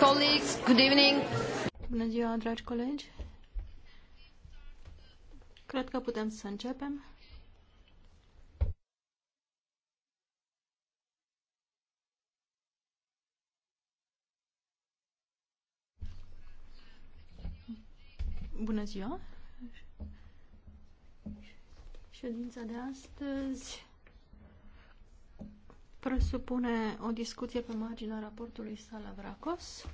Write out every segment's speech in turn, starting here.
Colleagues, good evening. Bună ziua, dragi colegi. Cred că putem să începem. Bună ziua! Ședința de astăzi presupune o discuție pe marginea raportului Salavracos.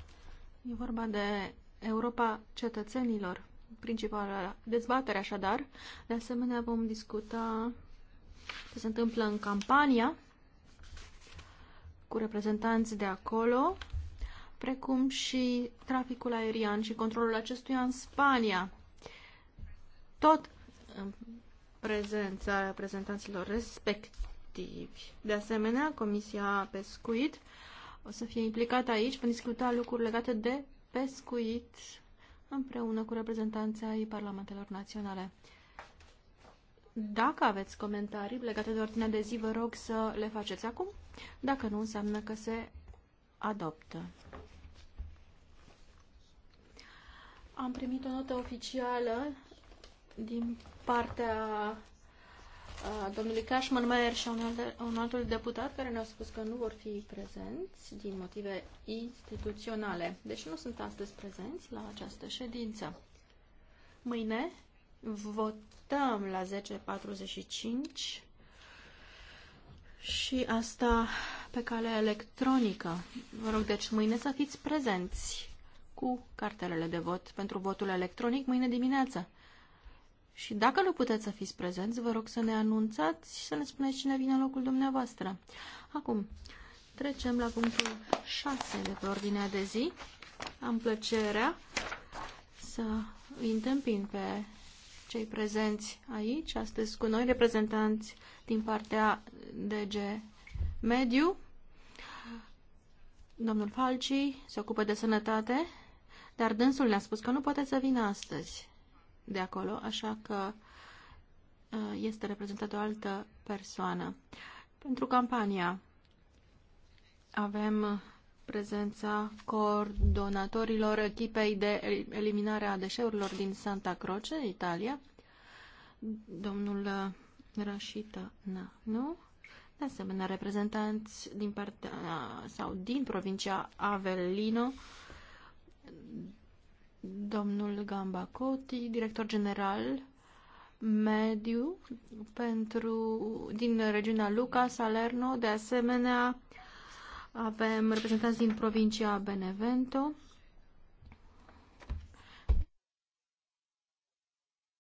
E vorba de Europa cetățenilor, principala dezbatere așadar. De asemenea vom discuta ce se întâmplă în campania cu reprezentanți de acolo, precum și traficul aerian și controlul acestuia în Spania. Tot prezența reprezentanților respectivi. De asemenea, Comisia Pescuit o să fie implicată aici pentru discuta lucruri legate de pescuit împreună cu reprezentanții ai Parlamentelor Naționale. Dacă aveți comentarii legate de ordinea de zi, vă rog să le faceți acum. Dacă nu, înseamnă că se adoptă. Am primit o notă oficială din partea a, domnului Cashman-Mayer și a un, alt, un altul deputat care ne-au spus că nu vor fi prezenți din motive instituționale. Deci nu sunt astăzi prezenți la această ședință. Mâine votăm la 10.45 și asta pe cale electronică. Vă rog, deci mâine să fiți prezenți cu cartelele de vot pentru votul electronic mâine dimineață. Și dacă nu puteți să fiți prezenți, vă rog să ne anunțați și să ne spuneți cine vine în locul dumneavoastră. Acum, trecem la punctul 6 de pe ordinea de zi. Am plăcerea să îi întâmpin pe cei prezenți aici, astăzi cu noi, reprezentanți din partea DG Mediu. Domnul Falci se ocupă de sănătate, dar dânsul ne-a spus că nu poate să vină astăzi de acolo, așa că uh, este reprezentată o altă persoană. Pentru campania avem prezența coordonatorilor echipei de eliminare a deșeurilor din Santa Croce, Italia, domnul uh, Rașita, na, nu? De asemenea, reprezentanți din partea sau din provincia Avellino, domnul Gamba Coti, director general mediu pentru, din regiunea Luca, Salerno. De asemenea, avem reprezentanți din provincia Benevento.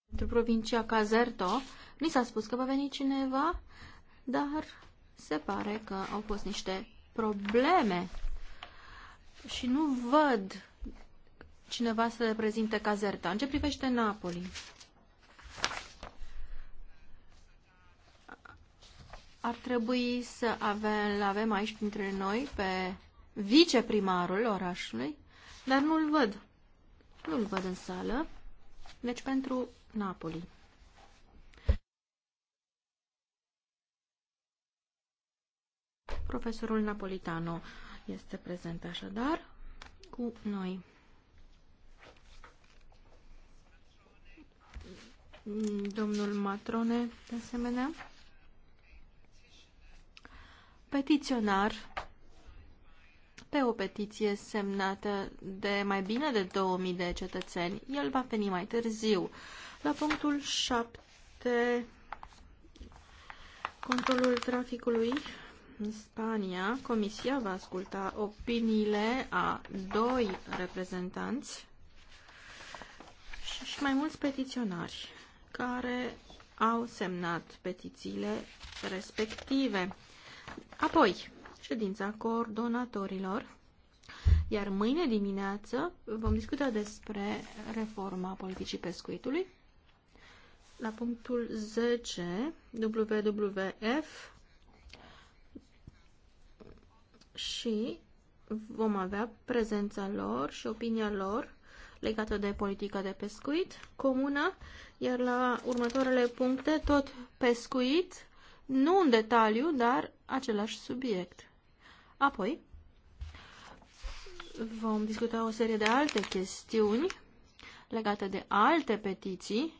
Pentru provincia Caserto, Mi s-a spus că va veni cineva, dar se pare că au fost niște probleme și nu văd cineva să reprezinte Cazerta. În ce privește Napoli? Ar trebui să avem, avem aici printre noi pe viceprimarul orașului, dar nu-l văd. Nu-l văd în sală. Deci pentru Napoli. Profesorul Napolitano este prezent așadar cu noi. domnul Matrone, de asemenea. Petiționar pe o petiție semnată de mai bine de 2000 de cetățeni. El va veni mai târziu. La punctul 7, controlul traficului în Spania, Comisia va asculta opiniile a doi reprezentanți și, și mai mulți petiționari care au semnat petițiile respective. Apoi, ședința coordonatorilor, iar mâine dimineață vom discuta despre reforma politicii pescuitului. La punctul 10, WWF și vom avea prezența lor și opinia lor legată de politica de pescuit comună, iar la următoarele puncte tot pescuit, nu în detaliu, dar același subiect. Apoi vom discuta o serie de alte chestiuni legate de alte petiții,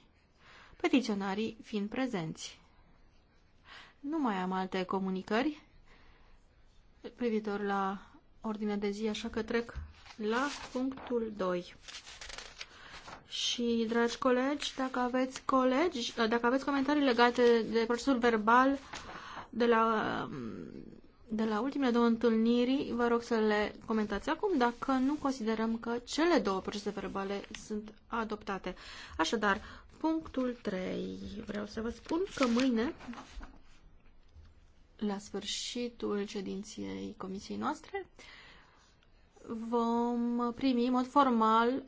petiționarii fiind prezenți. Nu mai am alte comunicări privitor la ordinea de zi, așa că trec la punctul 2. Și, dragi colegi, dacă aveți, colegi, dacă aveți comentarii legate de procesul verbal de la, de la ultimele două întâlniri, vă rog să le comentați acum, dacă nu considerăm că cele două procese verbale sunt adoptate. Așadar, punctul 3. Vreau să vă spun că mâine, la sfârșitul ședinției comisiei noastre, uh, vom primi în mod formal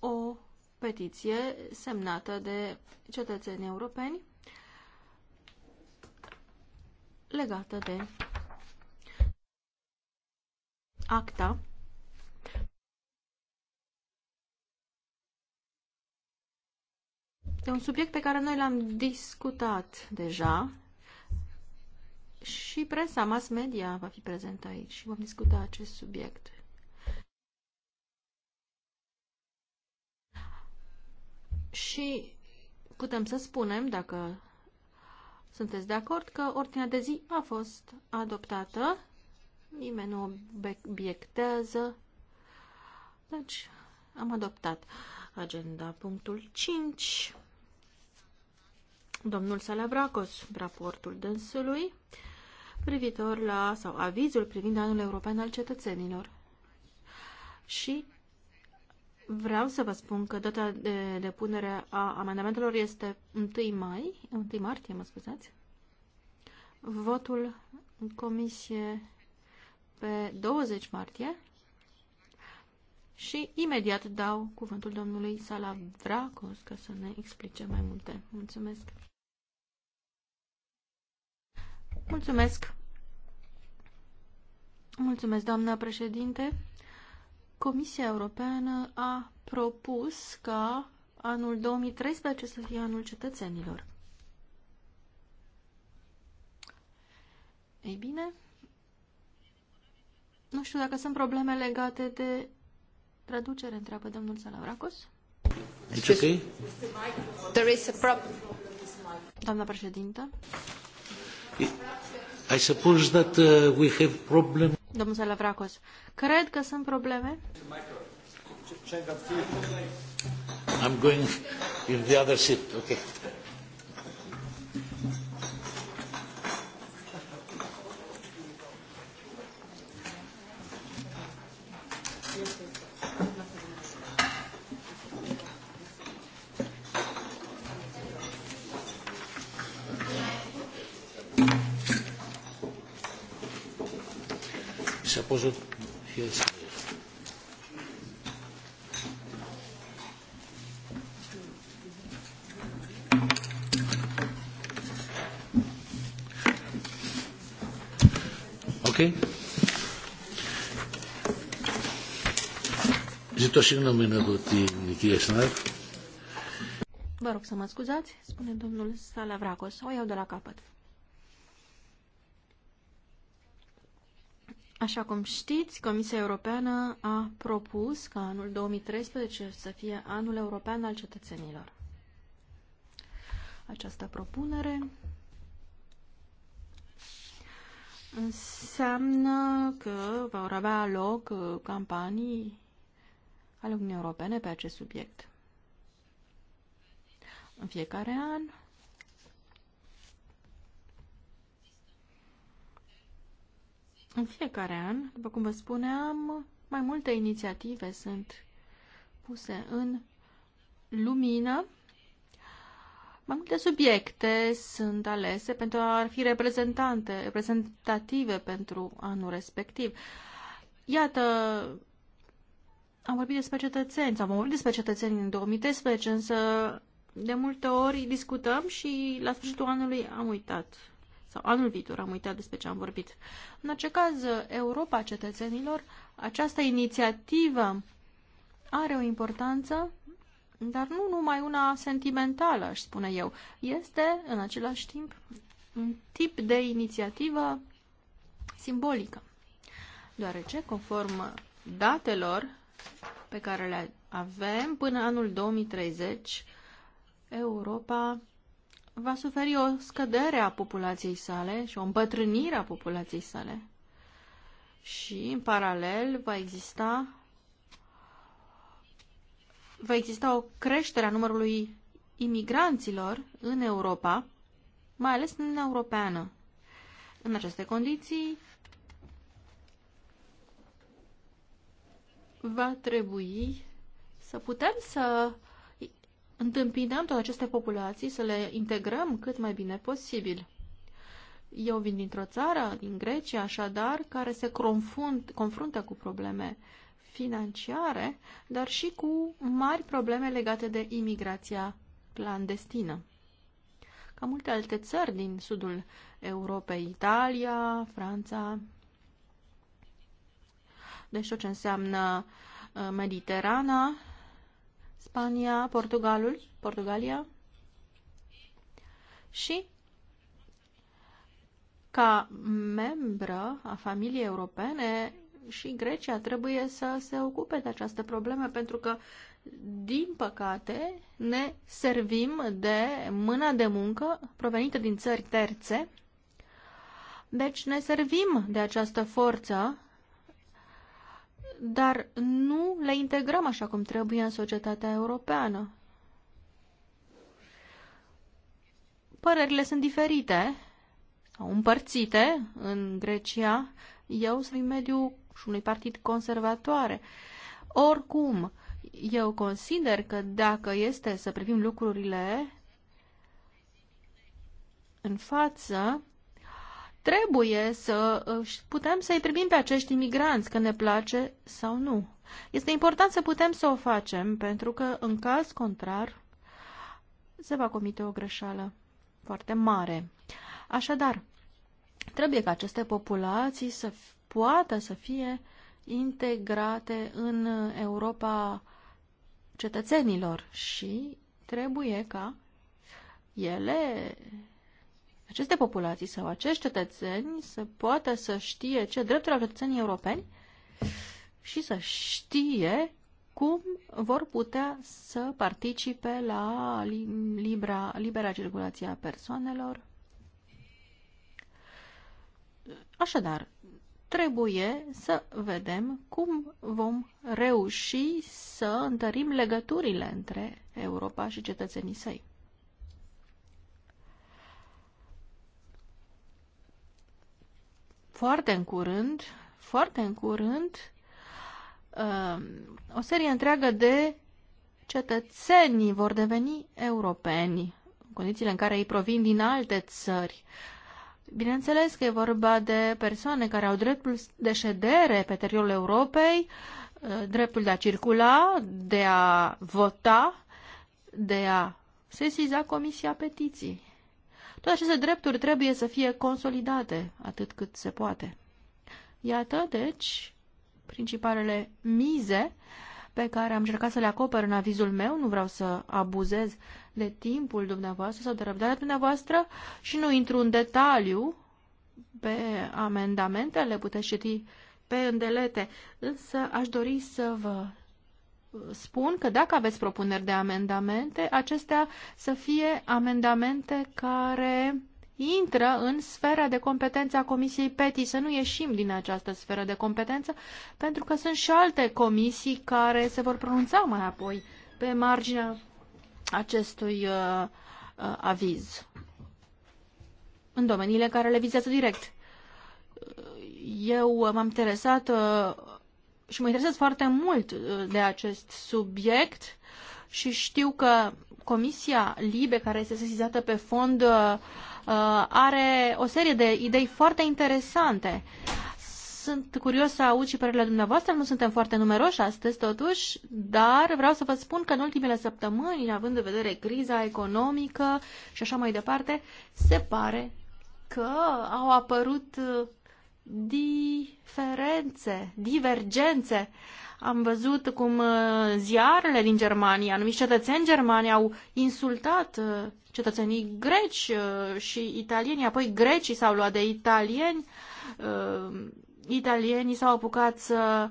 o petiție semnată de cetățenii europeni legată de acta de un subiect pe care noi l-am discutat deja și presa, mass media va fi prezentă aici și vom discuta acest subiect. și putem să spunem, dacă sunteți de acord, că ordinea de zi a fost adoptată. Nimeni nu obiectează. Deci, am adoptat agenda punctul 5. Domnul Salavracos, raportul dânsului privitor la, sau avizul privind anul european al cetățenilor. Și Vreau să vă spun că data de depunere a amendamentelor este 1 mai, 1 martie, mă scuzați. Votul în comisie pe 20 martie și imediat dau cuvântul domnului Sala Vracos ca să ne explice mai multe. Mulțumesc! Mulțumesc! Mulțumesc, doamna președinte! Comisia Europeană a propus ca anul 2013 să fie anul cetățenilor. Ei bine, nu știu dacă sunt probleme legate de traducere, întreabă domnul Salavracos. It's deci okay. There is a problem. Doamna președintă. I suppose that uh, we have problem. Domnul Salavracos, cred că sunt probleme. I'm going in the other seat. Okay. может für das Okay. Ζητώ συγγνώμη από την κυρία Vă rog să mă scuzați, spune domnul Salavracos. O iau de la capăt. Așa cum știți, Comisia Europeană a propus ca anul 2013 să fie anul european al cetățenilor. Această propunere înseamnă că vor avea loc uh, campanii ale Uniunii Europene pe acest subiect. În fiecare an În fiecare an, după cum vă spuneam, mai multe inițiative sunt puse în lumină. Mai multe subiecte sunt alese pentru a fi reprezentante, reprezentative pentru anul respectiv. Iată, am vorbit despre cetățeni, sau am vorbit despre cetățeni în 2013, însă de multe ori discutăm și la sfârșitul anului am uitat sau anul viitor, am uitat despre ce am vorbit. În orice caz, Europa cetățenilor, această inițiativă are o importanță, dar nu numai una sentimentală, aș spune eu. Este, în același timp, un tip de inițiativă simbolică, deoarece, conform datelor pe care le avem, până anul 2030, Europa va suferi o scădere a populației sale și o îmbătrânire a populației sale. Și, în paralel, va exista va exista o creștere a numărului imigranților în Europa, mai ales în Uniunea Europeană. În aceste condiții, va trebui să putem să întâmpinăm toate aceste populații, să le integrăm cât mai bine posibil. Eu vin dintr-o țară, din Grecia, așadar, care se confrunt, confruntă cu probleme financiare, dar și cu mari probleme legate de imigrația clandestină. Ca multe alte țări din sudul Europei, Italia, Franța, deci tot ce înseamnă uh, Mediterana Spania, Portugalul, Portugalia și ca membră a familiei europene și Grecia trebuie să se ocupe de această problemă pentru că, din păcate, ne servim de mâna de muncă provenită din țări terțe. Deci ne servim de această forță dar nu le integrăm așa cum trebuie în societatea europeană. Părerile sunt diferite sau împărțite în Grecia. Eu sunt în mediu și unui partid conservatoare. Oricum, eu consider că dacă este să privim lucrurile în față, trebuie să uh, putem să-i primim pe acești imigranți, că ne place sau nu. Este important să putem să o facem, pentru că, în caz contrar, se va comite o greșeală foarte mare. Așadar, trebuie ca aceste populații să poată să fie integrate în Europa cetățenilor și trebuie ca ele aceste populații sau acești cetățeni să poată să știe ce drepturi au cetățenii europeni și să știe cum vor putea să participe la libera, libera circulație a persoanelor. Așadar, trebuie să vedem cum vom reuși să întărim legăturile între Europa și cetățenii săi. foarte în curând, foarte în curând, uh, o serie întreagă de cetățeni vor deveni europeni, în condițiile în care ei provin din alte țări. Bineînțeles că e vorba de persoane care au dreptul de ședere pe teritoriul Europei, uh, dreptul de a circula, de a vota, de a sesiza Comisia Petiții. Toate aceste drepturi trebuie să fie consolidate atât cât se poate. Iată, deci, principalele mize pe care am încercat să le acoper în avizul meu, nu vreau să abuzez de timpul dumneavoastră sau de răbdarea dumneavoastră și nu intru în detaliu pe amendamente, le puteți citi pe îndelete, însă aș dori să vă spun că dacă aveți propuneri de amendamente, acestea să fie amendamente care intră în sfera de competență a Comisiei PETI, să nu ieșim din această sferă de competență, pentru că sunt și alte comisii care se vor pronunța mai apoi pe marginea acestui uh, uh, aviz în domeniile care le vizează direct. Eu m-am interesat uh, și mă interesez foarte mult uh, de acest subiect și știu că Comisia Libe, care este sesizată pe fond, uh, uh, are o serie de idei foarte interesante. Sunt curios să aud și părerile dumneavoastră, nu suntem foarte numeroși astăzi totuși, dar vreau să vă spun că în ultimele săptămâni, având în vedere criza economică și așa mai departe, se pare că au apărut diferențe, divergențe. Am văzut cum uh, ziarele din Germania, anumiți cetățeni germani au insultat uh, cetățenii greci uh, și italieni, apoi grecii s-au luat de italieni, italienii s-au apucat să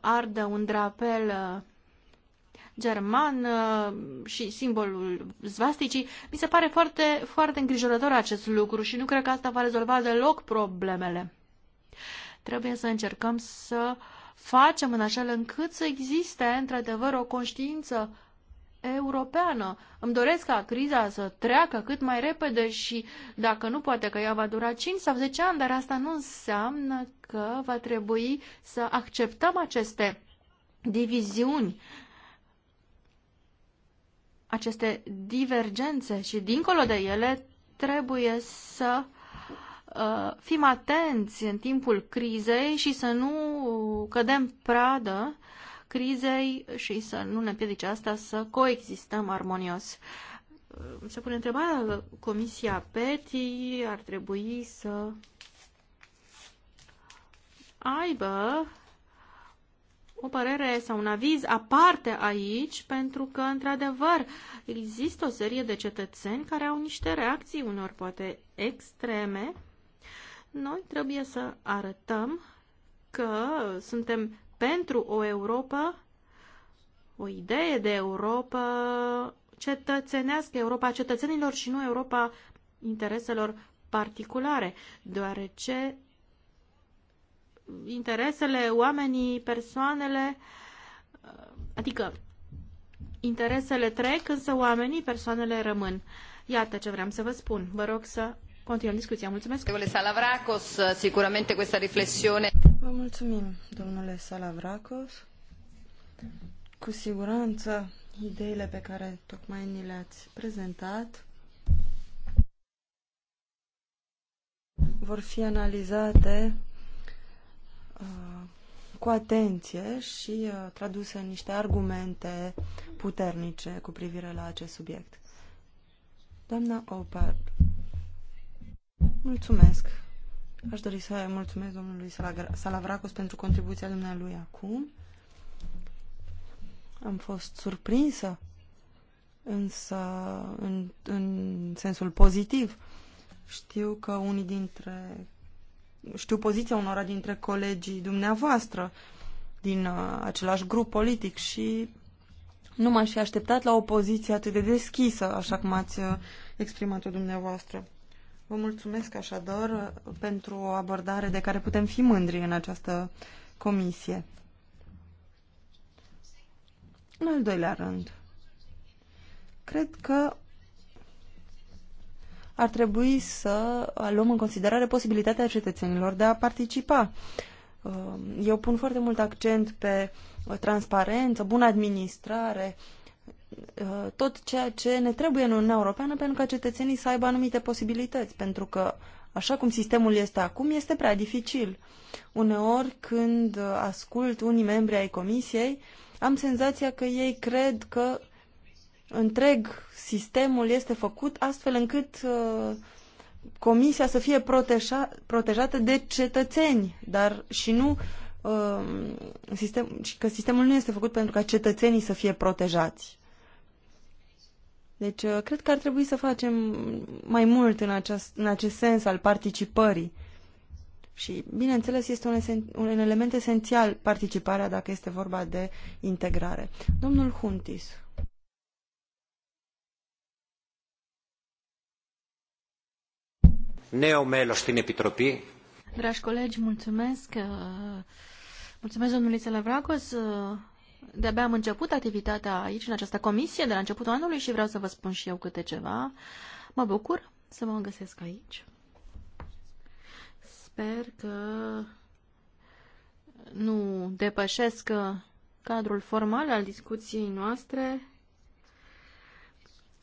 ardă un drapel german și simbolul zvasticii. Mi se pare foarte, foarte îngrijorător acest lucru și nu cred că asta va rezolva deloc problemele. Trebuie să încercăm să facem în așa încât să existe într-adevăr o conștiință europeană. Îmi doresc ca criza să treacă cât mai repede și dacă nu poate că ea va dura 5 sau 10 ani, dar asta nu înseamnă că va trebui să acceptăm aceste diviziuni aceste divergențe și dincolo de ele trebuie să uh, fim atenți în timpul crizei și să nu cădem pradă crizei și să nu ne împiedice asta să coexistăm armonios. Uh, se pune întrebarea că Comisia PETI ar trebui să aibă o părere sau un aviz aparte aici, pentru că, într-adevăr, există o serie de cetățeni care au niște reacții, unor poate extreme. Noi trebuie să arătăm că suntem pentru o Europa, o idee de Europa cetățenească, Europa cetățenilor și nu Europa intereselor particulare, deoarece interesele, oamenii, persoanele, uh, adică interesele trec, însă oamenii, persoanele rămân. Iată ce vreau să vă spun. Vă rog să continuăm discuția. Mulțumesc. Domnule Salavracos, siguramente questa riflessione. Vă mulțumim, domnule Salavracos. Cu siguranță, ideile pe care tocmai ni le-ați prezentat vor fi analizate cu atenție și uh, traduse în niște argumente puternice cu privire la acest subiect. Doamna Opar, mulțumesc. Aș dori să mulțumesc domnului Salavracos pentru contribuția dumnealui acum. Am fost surprinsă, însă în, în sensul pozitiv. Știu că unii dintre știu poziția unora dintre colegii dumneavoastră din uh, același grup politic și nu m-aș fi așteptat la o poziție atât de deschisă, așa cum ați uh, exprimat-o dumneavoastră. Vă mulțumesc așadar uh, pentru o abordare de care putem fi mândri în această comisie. În al doilea rând, cred că ar trebui să luăm în considerare posibilitatea cetățenilor de a participa. Uh, eu pun foarte mult accent pe uh, transparență, bună administrare, uh, tot ceea ce ne trebuie în Uniunea Europeană pentru ca cetățenii să aibă anumite posibilități, pentru că așa cum sistemul este acum, este prea dificil. Uneori, când ascult unii membri ai comisiei, am senzația că ei cred că întreg sistemul este făcut astfel încât uh, comisia să fie proteja, protejată de cetățeni, dar și nu uh, că sistemul nu este făcut pentru ca cetățenii să fie protejați. Deci, uh, cred că ar trebui să facem mai mult în, aceast, în acest sens al participării. Și, bineînțeles, este un, esen, un element esențial participarea dacă este vorba de integrare. Domnul Huntis. νέο μέλος στην Επιτροπή. Dragi colegi, mulțumesc. Uh, mulțumesc domnului Salavracos. Uh, de-abia am început activitatea aici, în această comisie, de la începutul anului și vreau să vă spun și eu câte ceva. Mă bucur să mă găsesc aici. Sper că nu depășesc uh, cadrul formal al discuției noastre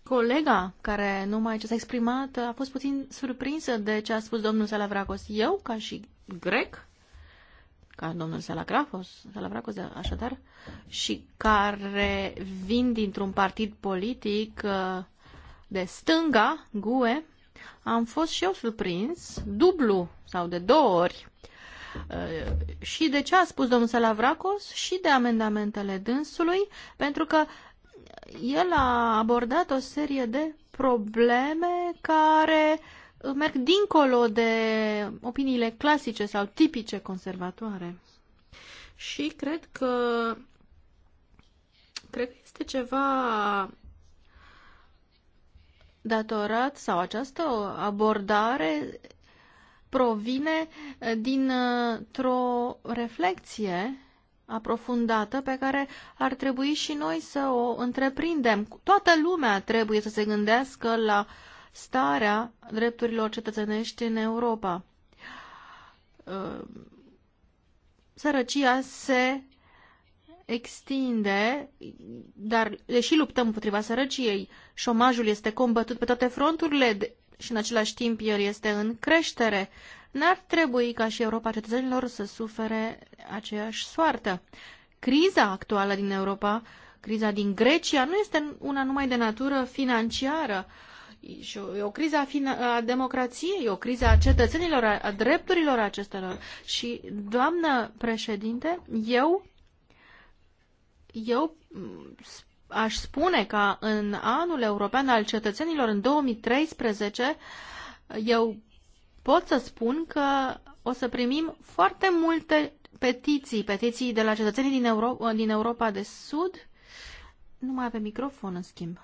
Colega care nu mai ce s-a exprimat a fost puțin surprinsă de ce a spus domnul Salavracos. Eu, ca și grec, ca domnul Salavracos, Salavracos da, așadar, și care vin dintr-un partid politic uh, de stânga, GUE, am fost și eu surprins, dublu sau de două ori, uh, și de ce a spus domnul Salavracos și de amendamentele dânsului, pentru că el a abordat o serie de probleme care merg dincolo de opiniile clasice sau tipice conservatoare. Și cred că cred că este ceva datorat sau această abordare provine dintr-o reflexie aprofundată pe care ar trebui și noi să o întreprindem. Toată lumea trebuie să se gândească la starea drepturilor cetățenești în Europa. Uh, sărăcia se extinde, dar deși luptăm împotriva sărăciei, șomajul este combătut pe toate fronturile și în același timp el este în creștere. N-ar trebui ca și Europa cetățenilor să sufere aceeași soartă. Criza actuală din Europa, criza din Grecia, nu este una numai de natură financiară. E o criză a democrației, e o criză a cetățenilor, a drepturilor acestor. Și, doamnă președinte, eu, eu aș spune că în anul european al cetățenilor, în 2013, eu pot să spun că o să primim foarte multe petiții, petiții de la cetățenii din, Euro- din Europa de Sud. Nu mai avem microfon, în schimb.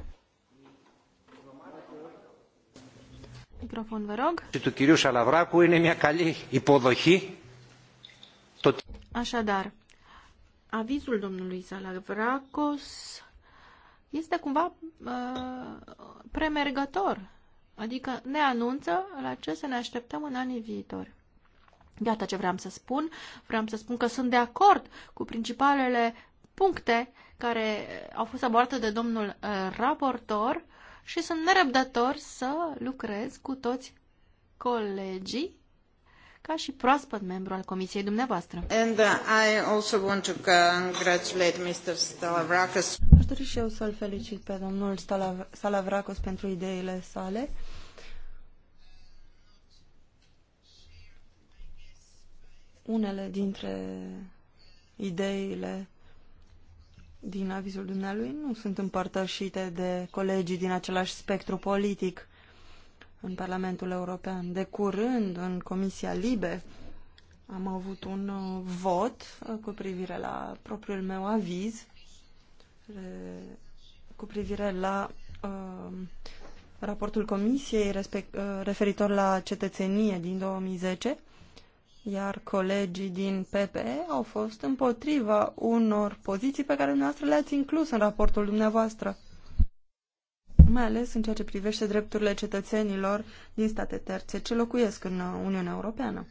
Microfon, vă rog. Și tu, Chiriu Șalavracu, e nemia cali ipodohi. Tot... Așadar, avizul domnului Salavracos este cumva uh, premergător Adică ne anunță la ce să ne așteptăm în anii viitori. Iată ce vreau să spun. Vreau să spun că sunt de acord cu principalele puncte care au fost abordate de domnul uh, raportor și sunt nerăbdător să lucrez cu toți colegii ca și proaspăt membru al comisiei dumneavoastră. And uh, I also want to congratulate Mr. Stavrakis dori și eu să-l felicit pe domnul Salavracos pentru ideile sale. Unele dintre ideile din avizul dumnealui nu sunt împărtășite de colegii din același spectru politic în Parlamentul European. De curând, în Comisia Libe, am avut un uh, vot uh, cu privire la propriul meu aviz despre, cu privire la uh, raportul Comisiei respect, uh, referitor la cetățenie din 2010, iar colegii din PPE au fost împotriva unor poziții pe care dumneavoastră le-ați inclus în raportul dumneavoastră, mai ales în ceea ce privește drepturile cetățenilor din state terțe ce locuiesc în Uniunea Europeană.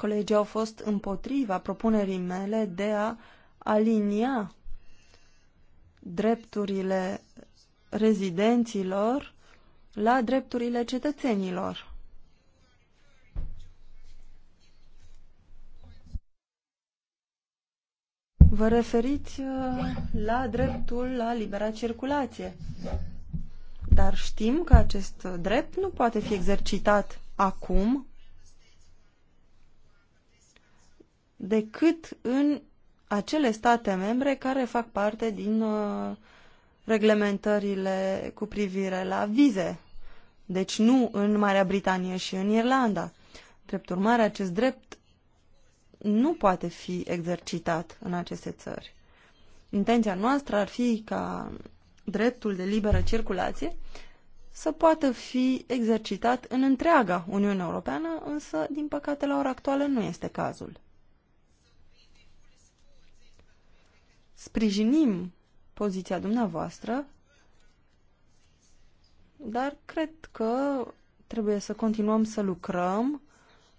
Colegii au fost împotriva propunerii mele de a alinia drepturile rezidenților la drepturile cetățenilor. Vă referiți uh, la dreptul la libera circulație. Dar știm că acest drept nu poate fi exercitat acum decât în acele state membre care fac parte din uh, reglementările cu privire la vize. Deci nu în Marea Britanie și în Irlanda. Drept urmare, acest drept nu poate fi exercitat în aceste țări. Intenția noastră ar fi ca dreptul de liberă circulație să poată fi exercitat în întreaga Uniune Europeană, însă, din păcate, la ora actuală nu este cazul. sprijinim poziția dumneavoastră, dar cred că trebuie să continuăm să lucrăm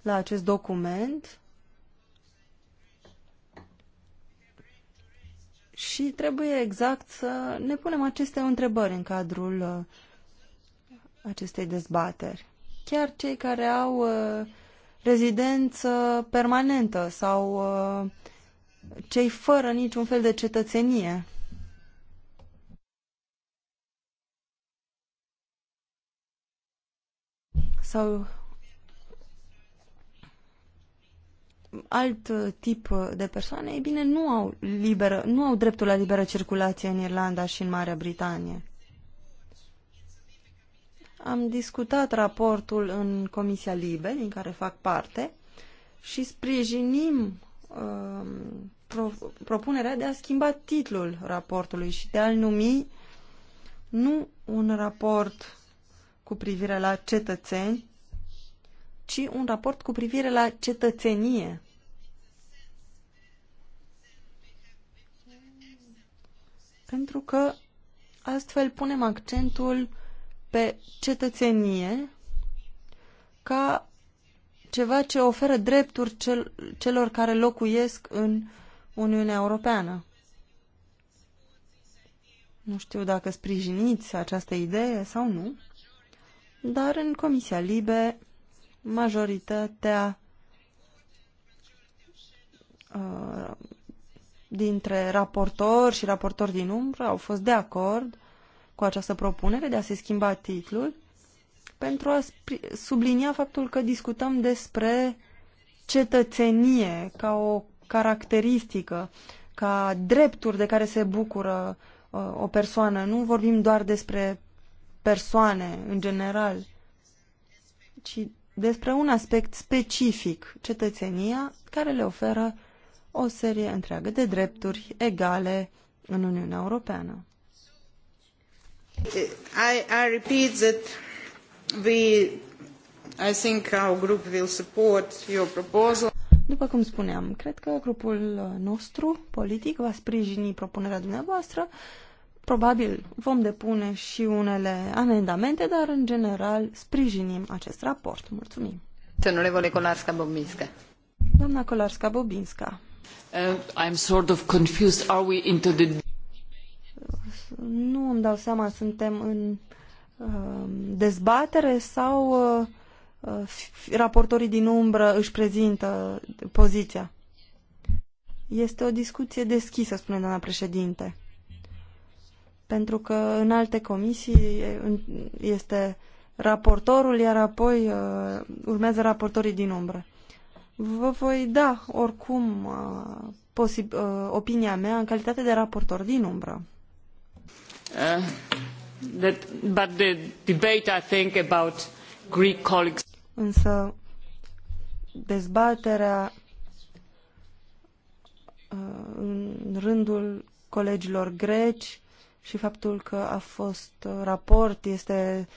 la acest document și trebuie exact să ne punem aceste întrebări în cadrul uh, acestei dezbateri. Chiar cei care au uh, rezidență permanentă sau uh, cei fără niciun fel de cetățenie. Sau alt tip de persoane, ei bine, nu au, liberă, nu au dreptul la liberă circulație în Irlanda și în Marea Britanie. Am discutat raportul în Comisia Libe, din care fac parte, și sprijinim Um, pro, propunerea de a schimba titlul raportului și de a-l numi nu un raport cu privire la cetățeni, ci un raport cu privire la cetățenie. Pentru că astfel punem accentul pe cetățenie ca ceva ce oferă drepturi cel, celor care locuiesc în Uniunea Europeană. Nu știu dacă sprijiniți această idee sau nu, dar în Comisia Libe majoritatea uh, dintre raportori și raportori din umbră au fost de acord cu această propunere de a se schimba titlul pentru a sublinia faptul că discutăm despre cetățenie ca o caracteristică, ca drepturi de care se bucură uh, o persoană. Nu vorbim doar despre persoane în general, ci despre un aspect specific, cetățenia, care le oferă o serie întreagă de drepturi egale în Uniunea Europeană. I, I repeat that We, I think our group will support your proposal. După cum spuneam, cred că grupul nostru politic va sprijini propunerea dumneavoastră. Probabil vom depune și unele amendamente, dar în general sprijinim acest raport. Mulțumim. Onorevole Kolarska Bobinska. Doamna Kolarska Bobinska. Uh, I'm sort of confused. Are we into the... Nu îmi dau seama, suntem în Um, dezbatere sau uh, uh, raportorii din umbră își prezintă poziția? Este o discuție deschisă, spune doamna președinte. Pentru că în alte comisii este raportorul, iar apoi uh, urmează raportorii din umbră. Vă voi da, oricum, opinia mea în calitate de raportor din umbră. Însă dezbaterea uh, în rândul colegilor greci și faptul că a fost uh, raport este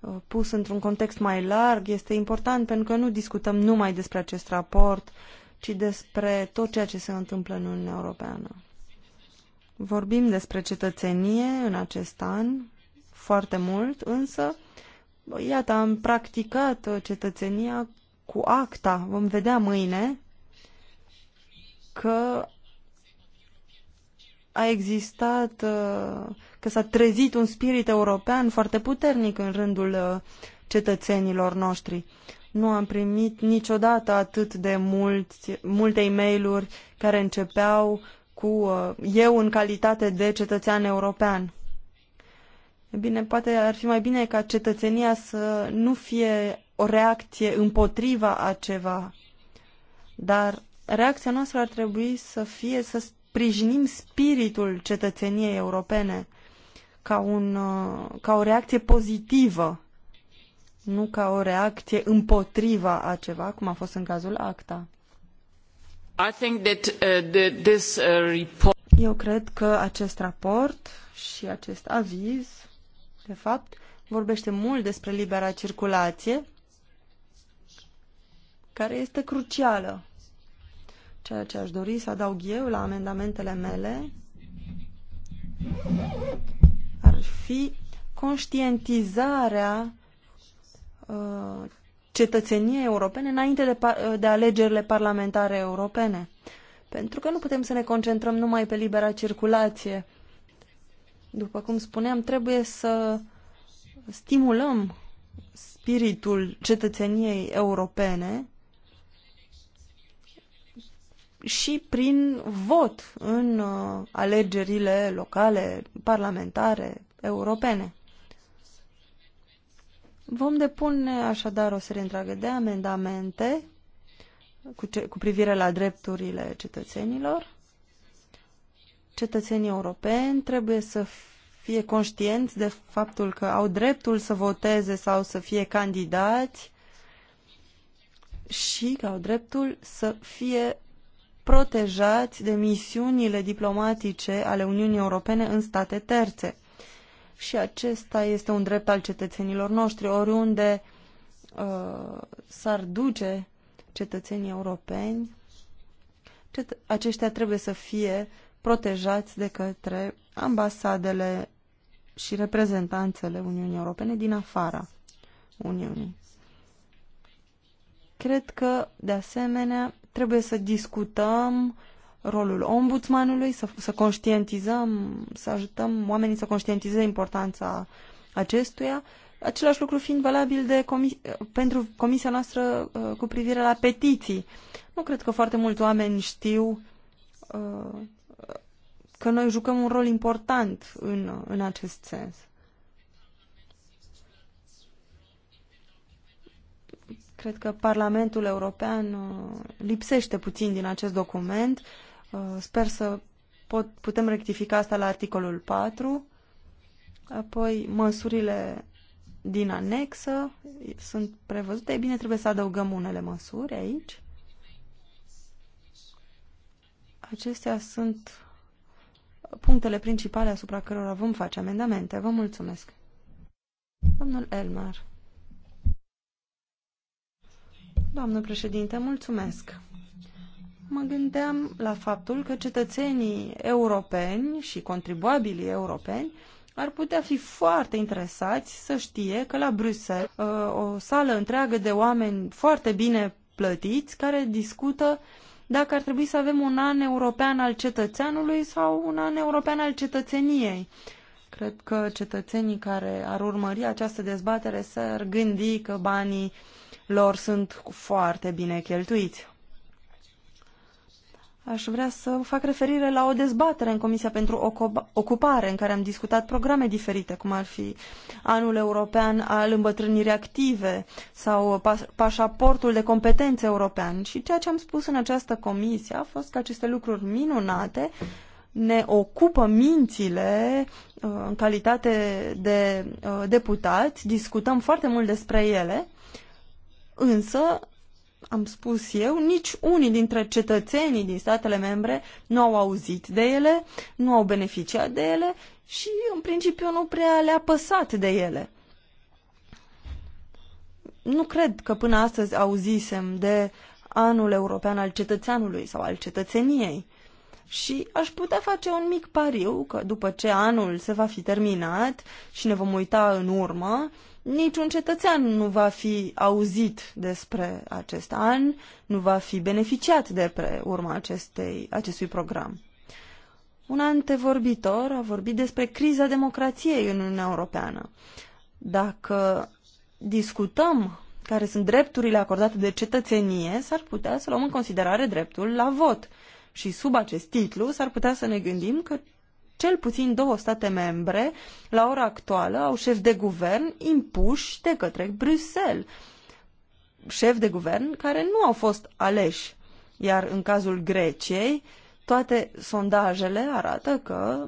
uh, pus într-un context mai larg este important pentru că nu discutăm numai despre acest raport, ci despre tot ceea ce se întâmplă în Uniunea Europeană. Vorbim despre cetățenie în acest an foarte mult, însă, iată, am practicat uh, cetățenia cu acta. Vom vedea mâine că a existat, uh, că s-a trezit un spirit european foarte puternic în rândul uh, cetățenilor noștri. Nu am primit niciodată atât de mulți, multe e mail care începeau cu eu în calitate de cetățean european bine, poate ar fi mai bine ca cetățenia să nu fie o reacție împotriva a ceva, dar reacția noastră ar trebui să fie să sprijinim spiritul cetățeniei europene ca, un, uh, ca o reacție pozitivă, nu ca o reacție împotriva a ceva, cum a fost în cazul ACTA. I think that, uh, the, this, uh, report... Eu cred că acest raport și acest aviz de fapt, vorbește mult despre libera circulație, care este crucială. Ceea ce aș dori să adaug eu la amendamentele mele ar fi conștientizarea uh, cetățeniei europene înainte de, uh, de alegerile parlamentare europene. Pentru că nu putem să ne concentrăm numai pe libera circulație după cum spuneam, trebuie să stimulăm spiritul cetățeniei europene și prin vot în uh, alegerile locale, parlamentare, europene. Vom depune așadar o serie întreagă de amendamente cu, ce, cu privire la drepturile cetățenilor Cetățenii europeni trebuie să fie conștienți de faptul că au dreptul să voteze sau să fie candidați și că au dreptul să fie protejați de misiunile diplomatice ale Uniunii Europene în state terțe. Și acesta este un drept al cetățenilor noștri, oriunde uh, s-ar duce cetățenii europeni, cet aceștia trebuie să fie protejați de către ambasadele și reprezentanțele Uniunii Europene din afara Uniunii. Cred că, de asemenea, trebuie să discutăm rolul ombudsmanului, să, să conștientizăm, să ajutăm oamenii să conștientizeze importanța acestuia, același lucru fiind valabil de comis- pentru comisia noastră uh, cu privire la petiții. Nu cred că foarte mulți oameni știu uh, că noi jucăm un rol important în, în acest sens. Cred că Parlamentul European uh, lipsește puțin din acest document. Uh, sper să pot, putem rectifica asta la articolul 4. Apoi, măsurile din anexă sunt prevăzute. E bine, trebuie să adăugăm unele măsuri aici. Acestea sunt punctele principale asupra cărora vom face amendamente. Vă mulțumesc. Domnul Elmar. Doamnă președinte, mulțumesc. Mă gândeam la faptul că cetățenii europeni și contribuabilii europeni ar putea fi foarte interesați să știe că la Bruxelles uh, o sală întreagă de oameni foarte bine plătiți care discută uh, dacă ar trebui să avem un an european al cetățeanului sau un an european al cetățeniei. Cred că cetățenii care ar urmări această dezbatere s-ar gândi că banii lor sunt foarte bine cheltuiți. Aș vrea să fac referire la o dezbatere în Comisia pentru Ocupare, în care am discutat programe diferite, cum ar fi Anul European al Îmbătrânirii Active sau Pașaportul de Competențe European. Și ceea ce am spus în această comisie a fost că aceste lucruri minunate ne ocupă mințile uh, în calitate de uh, deputați, discutăm foarte mult despre ele, însă am spus eu, nici unii dintre cetățenii din statele membre nu au auzit de ele, nu au beneficiat de ele și, în principiu, nu prea le-a păsat de ele. Nu cred că până astăzi auzisem de anul european al cetățeanului sau al cetățeniei. Și aș putea face un mic pariu că după ce anul se va fi terminat și ne vom uita în urmă, uh, niciun cetățean nu va fi auzit despre acest an, nu va fi beneficiat de pe urma acestei, acestui program. Un antevorbitor a vorbit despre criza democrației în Uniunea Europeană. Dacă discutăm care sunt drepturile acordate de cetățenie, s-ar putea să luăm în considerare dreptul la vot. Și sub acest titlu s-ar putea să ne gândim că cel puțin două state membre, la ora actuală, au șef de guvern impuși de către Bruxelles. Șef de guvern care nu au fost aleși. Iar în cazul Greciei, toate sondajele arată că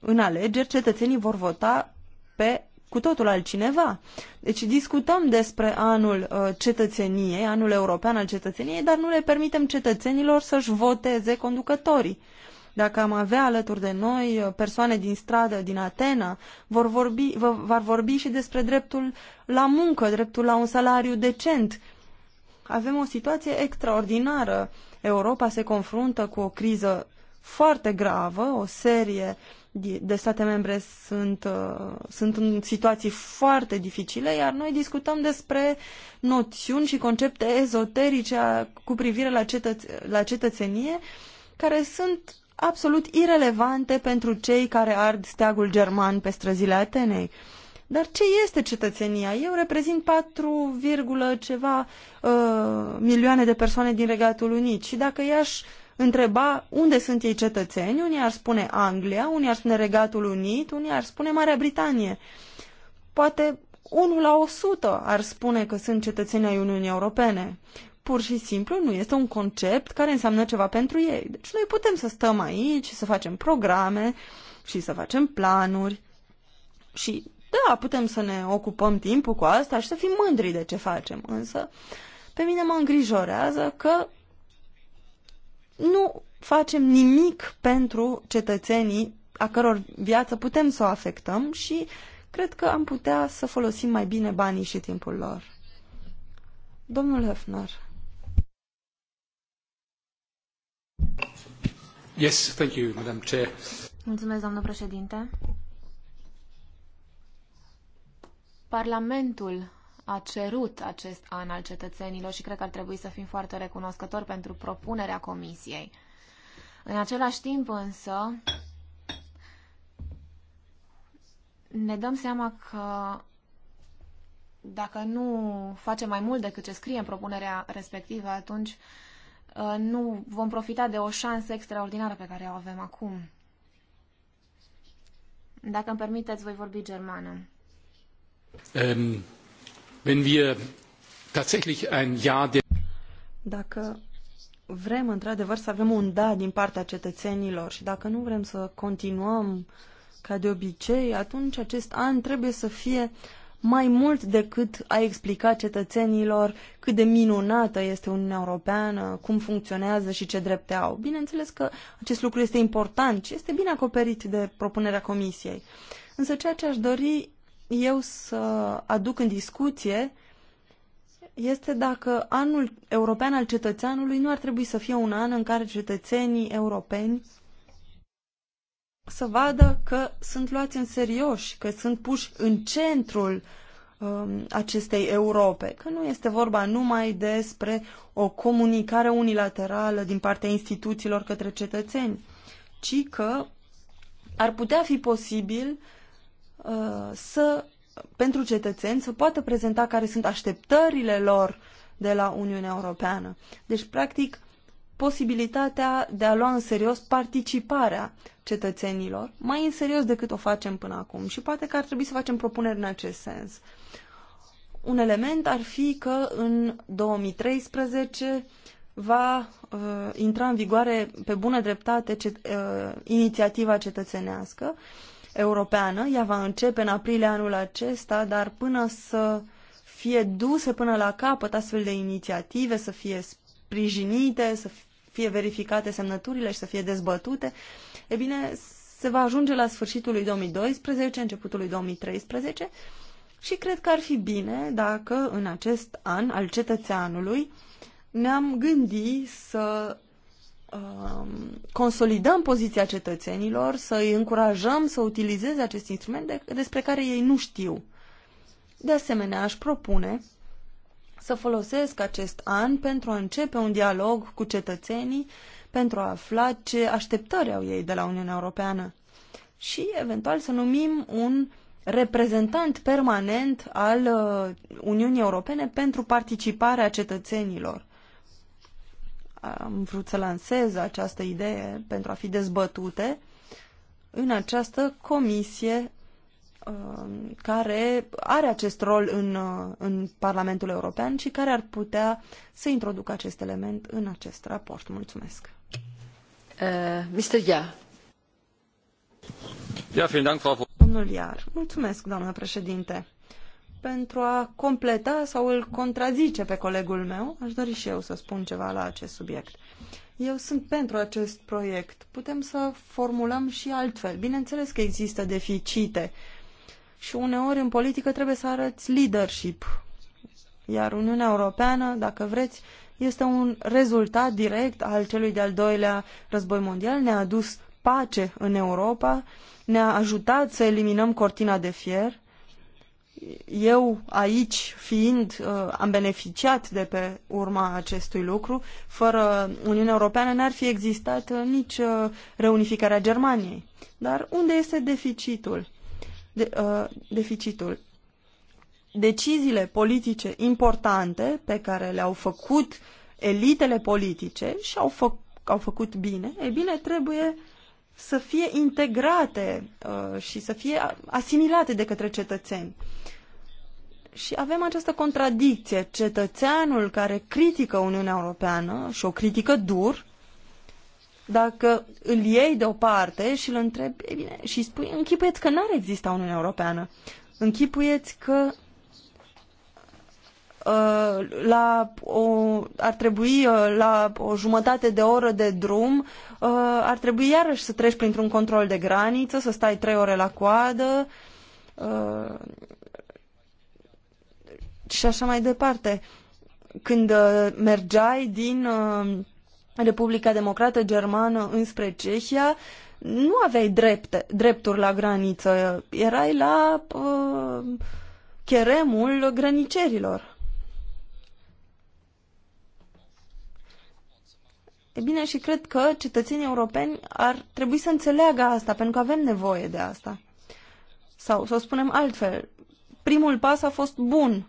în alegeri cetățenii vor vota pe cu totul altcineva. Deci discutăm despre anul uh, cetățeniei, anul european al cetățeniei, dar nu le permitem cetățenilor să-și voteze conducătorii. Uh, dacă am avea alături de noi uh, persoane din stradă, din Atena, vor vorbi, vor vorbi și despre dreptul la muncă, dreptul la un salariu decent. Avem o situație extraordinară. Europa se confruntă cu o criză foarte gravă, o serie de state membre sunt, uh, sunt în situații foarte dificile, iar noi discutăm despre noțiuni și concepte ezoterice cu privire la, cetăț- la cetățenie care sunt absolut irelevante pentru cei care ard steagul german pe străzile Atenei. Dar ce este cetățenia? Eu reprezint 4, ceva uh, milioane de persoane din Regatul Unit și dacă i-aș întreba unde sunt ei cetățeni, unii ar spune Anglia, unii ar spune Regatul Unit, unii ar spune Marea Britanie. Poate 1 la 100 ar spune că sunt cetățeni ai Uniunii Europene pur și simplu nu este un concept care înseamnă ceva pentru ei. Deci noi putem să stăm aici, să facem programe și să facem planuri și da, putem să ne ocupăm timpul cu asta și să fim mândri de ce facem, însă pe mine mă îngrijorează că nu facem nimic pentru cetățenii a căror viață putem să o afectăm și cred că am putea să folosim mai bine banii și timpul lor. Domnul Hefner. Yes, thank you, Madam Chair. Mulțumesc, doamnă președinte. Parlamentul a cerut acest an al cetățenilor și cred că ar trebui să fim foarte recunoscători pentru propunerea Comisiei. În același timp însă ne dăm seama că dacă nu facem mai mult decât ce scrie în propunerea respectivă, atunci Uh, nu vom profita de o șansă extraordinară pe care o avem acum. Dacă îmi permiteți, voi vorbi germană. Um, wenn wir tatsächlich ein de... Dacă vrem într-adevăr să avem un da din partea cetățenilor și dacă nu vrem să continuăm ca de obicei, atunci acest an trebuie să fie uh, mai mult decât a explica cetățenilor cât de minunată este Uniunea Europeană, cum funcționează și ce drepte au. Bineînțeles că acest lucru este important și este bine acoperit de propunerea Comisiei. Însă ceea ce aș dori eu să aduc în discuție este dacă anul european al cetățeanului nu ar trebui să fie un an în care cetățenii europeni să vadă că sunt luați în serios, că sunt puși în centrul um, acestei Europe, că nu este vorba numai despre o comunicare unilaterală din partea instituțiilor către cetățeni, ci că ar putea fi posibil uh, să, pentru cetățeni să poată prezenta care sunt așteptările lor de la Uniunea Europeană. Deci, practic, posibilitatea de a lua în serios participarea cetățenilor, mai în serios decât o facem până acum și poate că ar trebui să facem propuneri în acest sens. Un element ar fi că în 2013 va uh, intra în vigoare pe bună dreptate cet, uh, inițiativa cetățenească europeană. Ea va începe în aprilie anul acesta, dar până să fie duse până la capăt astfel de inițiative, să fie sprijinite, să fie verificate semnăturile și să fie dezbătute, e bine, se va ajunge la sfârșitul lui 2012, începutul lui 2013 și cred că ar fi bine dacă în acest an al cetățeanului ne-am gândit să um, consolidăm poziția cetățenilor, să îi încurajăm să utilizeze acest instrument despre care ei nu știu. De asemenea, aș propune să folosesc acest an pentru a începe un dialog cu cetățenii, pentru a afla ce așteptări au ei de la Uniunea Europeană și eventual să numim un reprezentant permanent al uh, Uniunii Europene pentru participarea cetățenilor. Am vrut să lansez această idee pentru a fi dezbătute în această comisie Uh, care are acest rol în, uh, în Parlamentul European și care ar putea să introducă acest element în acest raport. Mulțumesc. Uh, Mr. Ia. Ia, vielen Dank, Domnul Iar. Mulțumesc, doamnă președinte. Pentru a completa sau îl contrazice pe colegul meu, aș dori și eu să spun ceva la acest subiect. Eu sunt pentru acest proiect. Putem să formulăm și altfel. Bineînțeles că există deficite uh, și uneori în politică trebuie să arăți leadership. Iar Uniunea Europeană, dacă vreți, este un rezultat direct al celui de-al doilea război mondial. Ne-a adus pace în Europa, ne-a ajutat să eliminăm cortina de fier. Eu aici fiind uh, am beneficiat de pe urma acestui lucru. Fără Uniunea Europeană n-ar fi existat uh, nici uh, reunificarea Germaniei. Dar unde este deficitul? de, uh, deficitul. Deciziile politice importante pe care le-au făcut elitele politice și au, fă, au făcut bine, e bine, trebuie să fie integrate uh, și să fie asimilate de către cetățeni. Și avem această contradicție. Cetățeanul care critică Uniunea Europeană și o critică dur, dacă îl iei deoparte și îl întrebi, e bine, și spui, închipuieți că n-ar exista Uniunea Europeană. Închipuieți că uh, la o, ar trebui uh, la o jumătate de oră de drum, uh, ar trebui iarăși să treci printr-un control de graniță, să stai trei ore la coadă și așa mai departe. Când mergeai din Republica Democrată Germană înspre Cehia, nu aveai drepte, drepturi la graniță, erai la uh, cheremul grănicerilor. E bine, și cred că cetățenii europeni ar trebui să înțeleagă asta, pentru că avem nevoie de asta. Sau să o spunem altfel, primul pas a fost bun,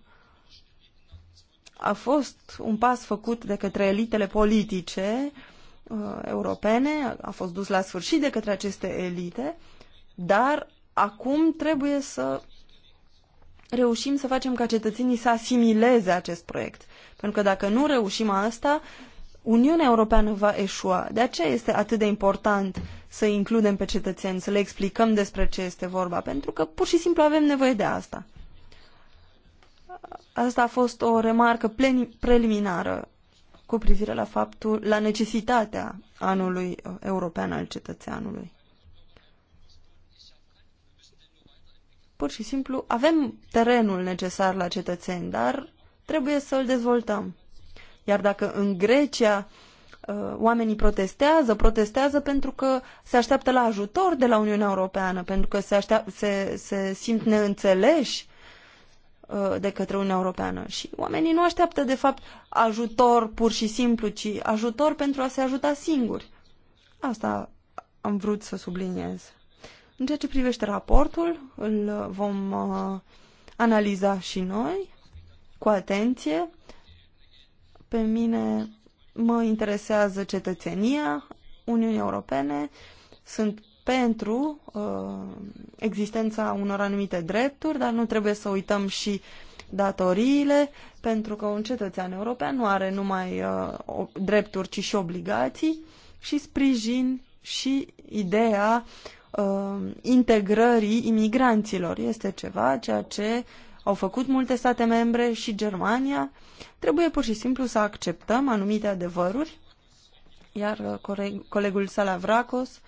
a fost un pas făcut de către elitele politice uh, europene, a fost dus la sfârșit de către aceste elite, dar acum trebuie să reușim să facem ca cetățenii să asimileze acest proiect. Pentru că dacă nu reușim asta, Uniunea Europeană va eșua. De aceea este atât de important să includem pe cetățeni, să le explicăm despre ce este vorba, pentru că pur și simplu avem nevoie de asta. Asta a fost o remarcă preliminară cu privire la faptul, la necesitatea anului uh, european al cetățeanului. Pur și simplu, avem terenul necesar la cetățeni, dar trebuie să îl dezvoltăm. Iar dacă în Grecia uh, oamenii protestează, protestează pentru că se așteaptă la ajutor de la Uniunea Europeană, pentru că se, așteaptă se, se simt neînțeleși, Uh, de către Uniunea Europeană. Și oamenii nu așteaptă, de fapt, ajutor pur și simplu, ci ajutor pentru a se ajuta singuri. Asta am vrut să subliniez. În ceea ce privește raportul, îl vom uh, analiza și noi cu atenție. Pe mine mă interesează cetățenia Uniunii Europene. Sunt pentru uh, existența unor anumite drepturi, dar nu trebuie să uităm și datoriile, pentru că un cetățean european nu are numai uh, drepturi, ci și obligații și sprijin și ideea uh, integrării imigranților. Este ceva ceea ce au făcut multe state membre și Germania. Trebuie pur și simplu să acceptăm anumite adevăruri, iar uh, colegul Salavracos uh,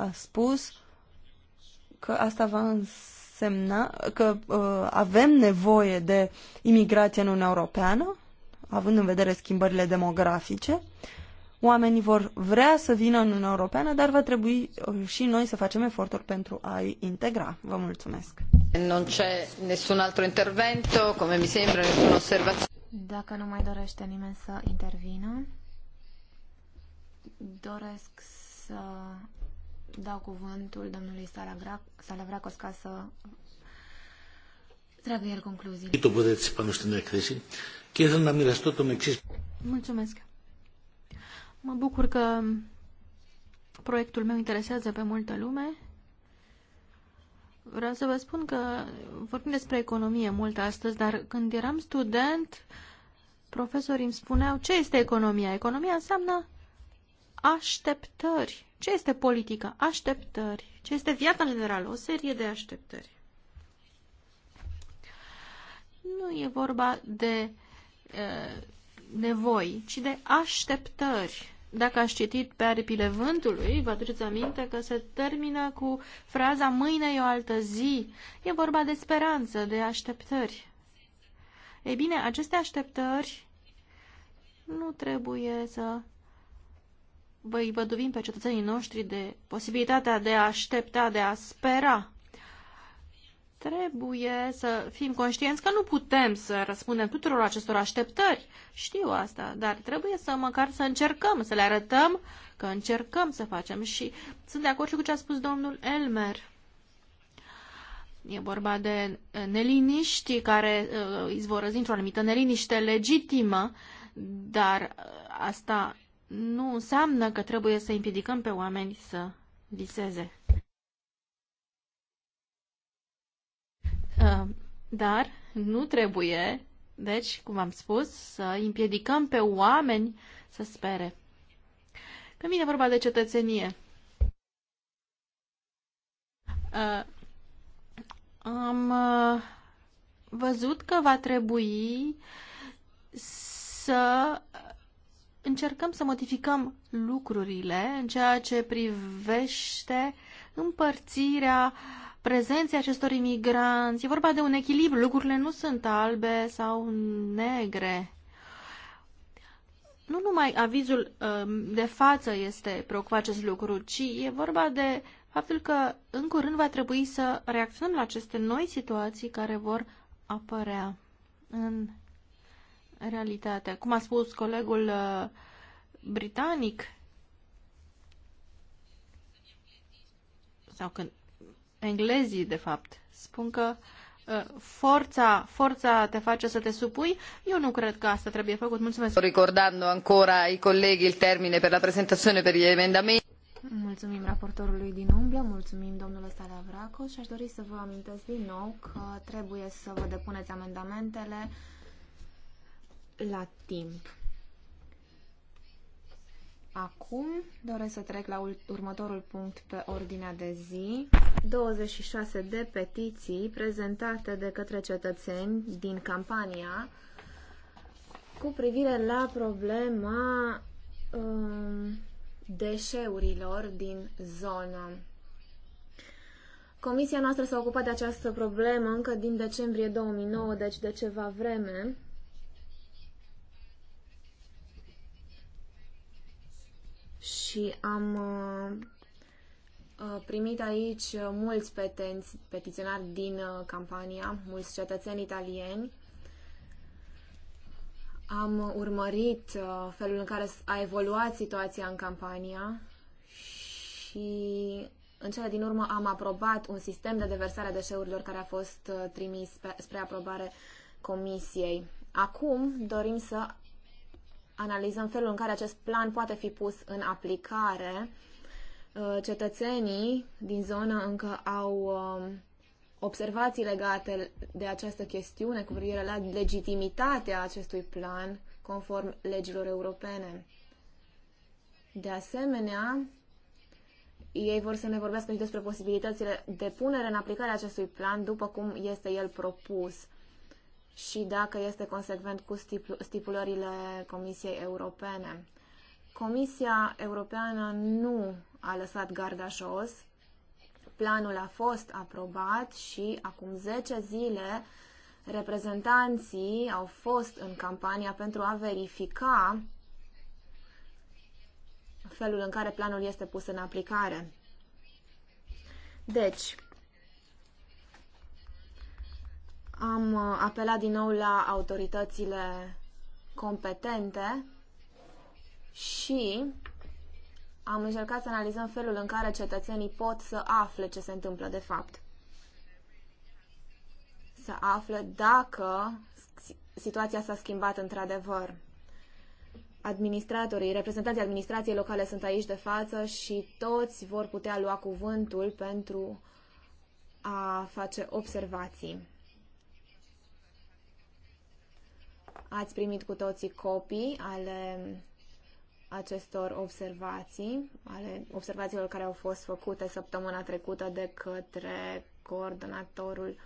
a spus că asta va însemna că uh, avem nevoie de imigrație în Uniunea Europeană, având în vedere schimbările demografice. Oamenii vor vrea să vină în Uniunea Europeană, dar va trebui uh, și noi să facem eforturi pentru a-i integra. Vă mulțumesc. Non c'è nessun altro intervento, come mi sembra, nessuna osservazione. Dacă nu mai dorește nimeni să intervină, doresc să dau cuvântul domnului Salavracos ca să tragă el concluzii. Mulțumesc. Mă bucur că proiectul meu interesează pe multă lume. Vreau să vă spun că vorbim despre economie mult astăzi, dar când eram student, profesorii îmi spuneau ce este economia. Economia înseamnă așteptări ce este politica? Așteptări. Ce este viața în general? O serie de așteptări. Nu e vorba de e, nevoi, ci de așteptări. Dacă ați citit pe aripile vântului, vă aduceți aminte că se termină cu fraza mâine e o altă zi. E vorba de speranță, de așteptări. Ei bine, aceste așteptări nu trebuie să îi văduvim pe cetățenii noștri de posibilitatea de a aștepta, de a spera. Trebuie să fim conștienți că nu putem să răspundem tuturor acestor așteptări. Știu asta, dar trebuie să măcar să încercăm, să le arătăm că încercăm să facem. Și sunt de acord și cu ce a spus domnul Elmer. E vorba de neliniști care uh, izvorăz dintr-o anumită neliniște legitimă, dar uh, asta nu înseamnă că trebuie să împiedicăm pe oameni să viseze. Uh, dar nu trebuie, deci, cum am spus, să împiedicăm pe oameni să spere. Când vine vorba de cetățenie, uh, am uh, văzut că va trebui să încercăm să modificăm lucrurile în ceea ce privește împărțirea prezenței acestor imigranți. E vorba de un echilibru, lucrurile nu sunt albe sau negre. Nu numai avizul um, de față este preocupat acest lucru, ci e vorba de faptul că în curând va trebui să reacționăm la aceste noi situații care vor apărea în realitate. Cum a spus colegul uh, britanic, sau când englezii, de fapt, spun că uh, forța, forța te face să te supui, eu nu cred că asta trebuie făcut. Mulțumesc. Ricordando ancora ai colleghi il termine per la presentazione per gli emendamenti. Mulțumim raportorului din Umbria, mulțumim domnule Salavraco și aș dori să vă amintesc din nou că trebuie să vă depuneți amendamentele la timp. Acum doresc să trec la următorul punct pe ordinea de zi. 26 de petiții prezentate de către cetățeni din campania cu privire la problema um, deșeurilor din zonă. Comisia noastră s-a ocupat de această problemă încă din decembrie 2009, deci de ceva vreme. și am uh, primit aici mulți petenți, petiționari din uh, campania, mulți cetățeni italieni. Am urmărit uh, felul în care a evoluat situația în campania și în cele din urmă am aprobat un sistem de deversare a deșeurilor care a fost trimis spre aprobare comisiei. Acum dorim să analizăm felul în care acest plan poate fi pus în aplicare. Uh, cetățenii din zonă încă au um, observații legate de această chestiune cu privire la legitimitatea acestui plan conform legilor europene. De asemenea, ei vor să ne vorbească și despre posibilitățile de punere în aplicare a acestui plan după cum este el propus și dacă este consecvent cu stipulările Comisiei Europene. Comisia Europeană nu a lăsat garda jos. Planul a fost aprobat și acum 10 zile reprezentanții au fost în campania pentru a verifica felul în care planul este pus în aplicare. Deci, Am uh, apelat din nou la autoritățile competente și am încercat să analizăm felul în care cetățenii pot să afle ce se întâmplă de fapt. Să afle dacă situația s-a schimbat într-adevăr. Administratorii, reprezentanții administrației locale sunt aici de față și toți vor putea lua cuvântul pentru a face observații. Ați primit cu toții copii ale acestor observații, ale observațiilor care au fost făcute săptămâna trecută de către coordonatorul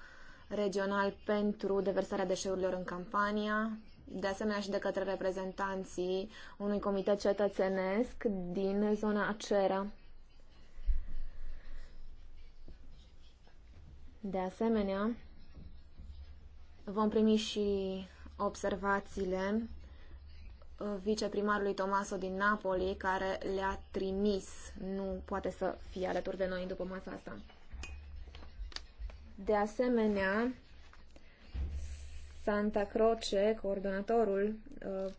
regional pentru deversarea deșeurilor în campania, de asemenea și de către reprezentanții unui comitet cetățenesc din zona acera. De asemenea, vom primi și observațiile uh, viceprimarului Tomaso din Napoli, care le-a trimis. Nu poate să fie alături de noi după masa asta. De asemenea, Santa Croce, coordonatorul uh,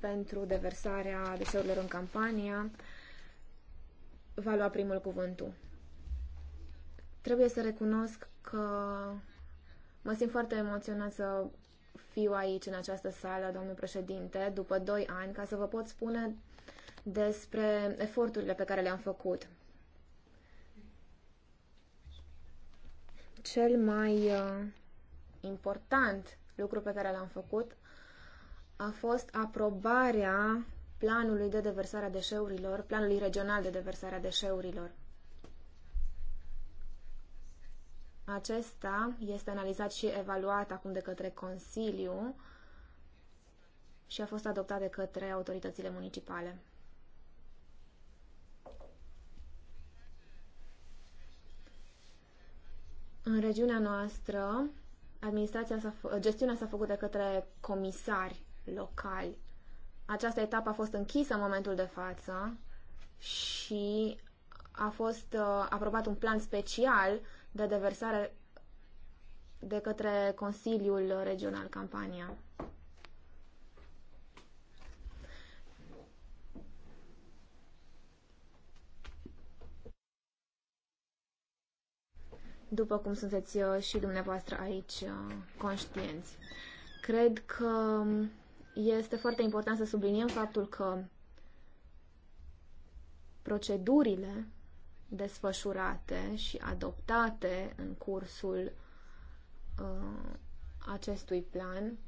pentru deversarea deșeurilor în campania, va lua primul cuvântul. Trebuie să recunosc că mă simt foarte emoționat să fiu aici, în această sală, domnul președinte, după doi ani, ca să vă pot spune despre eforturile pe care le-am făcut. Cel mai uh, important lucru pe care l-am făcut a fost aprobarea planului de deversare a deșeurilor, planului regional de deversare a deșeurilor. Acesta este analizat și evaluat acum de către Consiliu și a fost adoptat de către autoritățile municipale. În regiunea noastră, administrația s gestiunea s-a făcut de către comisari locali. Această etapă a fost închisă în momentul de față și a fost uh, aprobat un plan special de deversare de către Consiliul Regional Campania. după cum sunteți uh, și dumneavoastră aici uh, conștienți. Cred că um, este foarte important să subliniem faptul că procedurile desfășurate și adoptate în cursul uh, acestui plan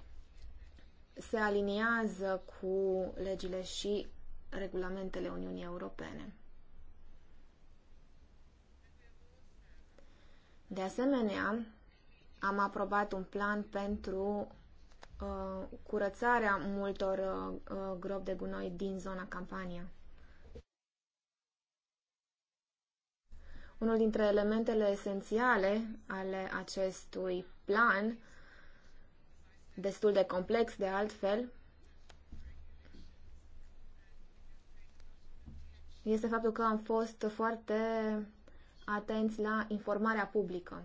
se aliniază cu legile și regulamentele Uniunii Europene. De asemenea, am aprobat un plan pentru uh, curățarea multor uh, uh gropi de gunoi din zona Campania. Unul dintre elementele esențiale ale acestui plan, destul de complex de altfel, este faptul că am fost foarte atenți la informarea publică.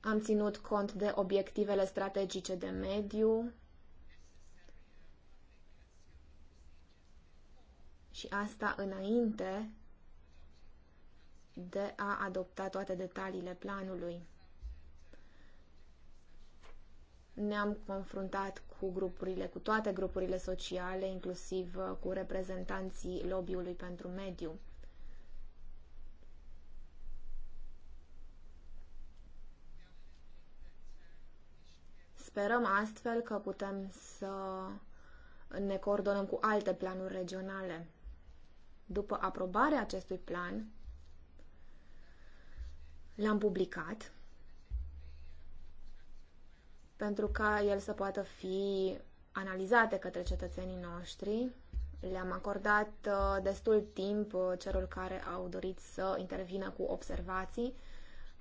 Am ținut cont de obiectivele strategice de mediu, și asta înainte de a adopta toate detaliile planului. Ne-am confruntat cu grupurile, cu toate grupurile sociale, inclusiv uh, cu reprezentanții lobby-ului pentru mediu. Sperăm astfel că putem să ne coordonăm cu alte planuri regionale după aprobarea acestui plan, l-am publicat pentru ca el să poată fi analizat de către cetățenii noștri. Le-am acordat uh, destul timp uh, celor care au dorit să intervină cu observații.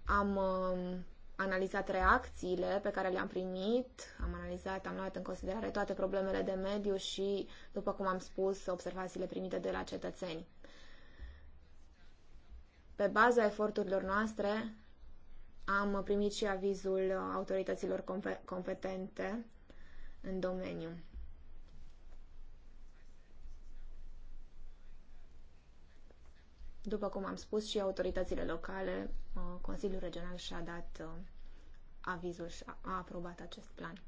Am um, analizat reacțiile pe care le-am primit, am analizat, am luat în considerare toate problemele de mediu și, după cum am spus, observațiile primite de la cetățeni. Pe baza eforturilor noastre, am primit și avizul autorităților competente în domeniu. După cum am spus, și autoritățile locale Uh, Consiliul Regional și-a dat uh, avizul și a aprobat acest plan.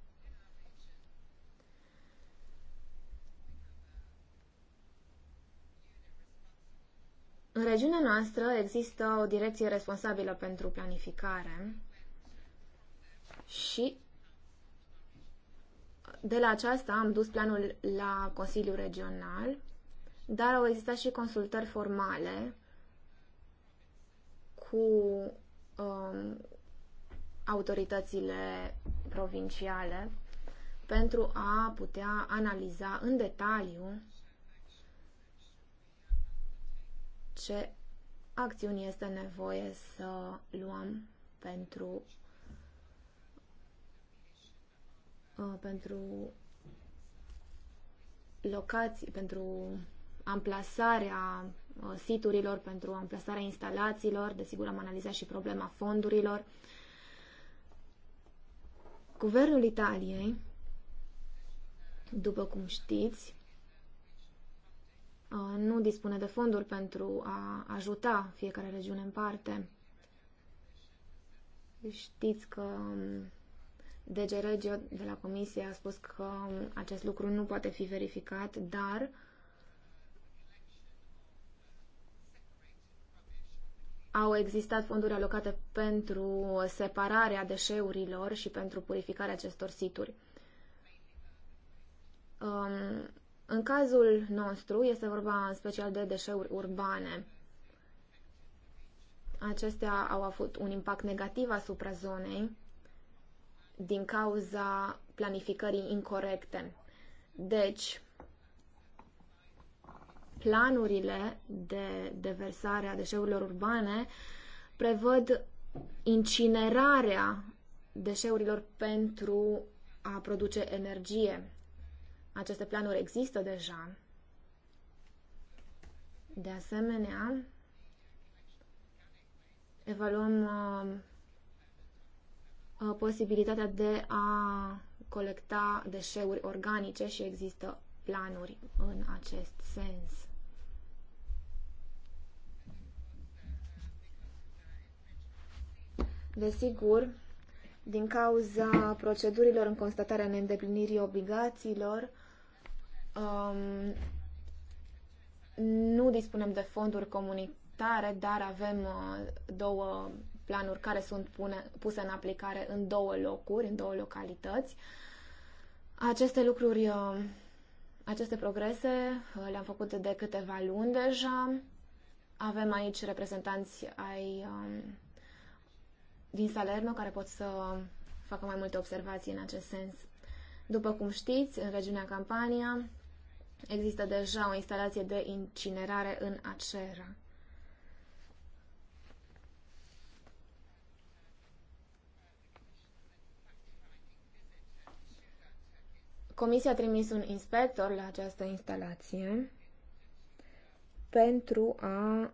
În regiunea noastră există o direcție responsabilă pentru planificare și de la aceasta am dus planul la Consiliul Regional, dar au existat și consultări formale cu um, autoritățile provinciale pentru a putea analiza în detaliu ce acțiuni este nevoie să luăm pentru uh, pentru locații, pentru amplasarea Uh, siturilor, pentru amplasarea instalațiilor, desigur am analizat și problema fondurilor. Guvernul Italiei, după cum știți, uh, nu dispune de fonduri pentru a ajuta fiecare regiune în parte. Știți că um, DG Regio de la Comisie a spus că um, acest lucru nu poate fi verificat, dar uh, au existat fonduri alocate pentru separarea deșeurilor și pentru purificarea acestor situri. Um, în cazul nostru este vorba în special de deșeuri urbane. Acestea au avut un impact negativ asupra zonei din cauza planificării incorrecte. Deci, planurile de deversare a deșeurilor urbane prevăd incinerarea deșeurilor pentru a produce energie. Aceste planuri există deja. De asemenea, evaluăm uh, uh posibilitatea de a colecta deșeuri organice și există planuri în acest sens. Desigur, din cauza procedurilor în constatarea neîndeplinirii obligațiilor, um, nu dispunem de fonduri comunitare, dar avem uh, două planuri care sunt pune, puse în aplicare în două locuri, în două localități. Aceste lucruri, uh, aceste progrese uh, le-am făcut de câteva luni deja. Avem aici reprezentanți ai um, din Salerno care pot să facă mai multe observații în acest sens. După cum știți, în regiunea Campania există deja o instalație de incinerare în Acera. Comisia a trimis un inspector la această instalație pentru a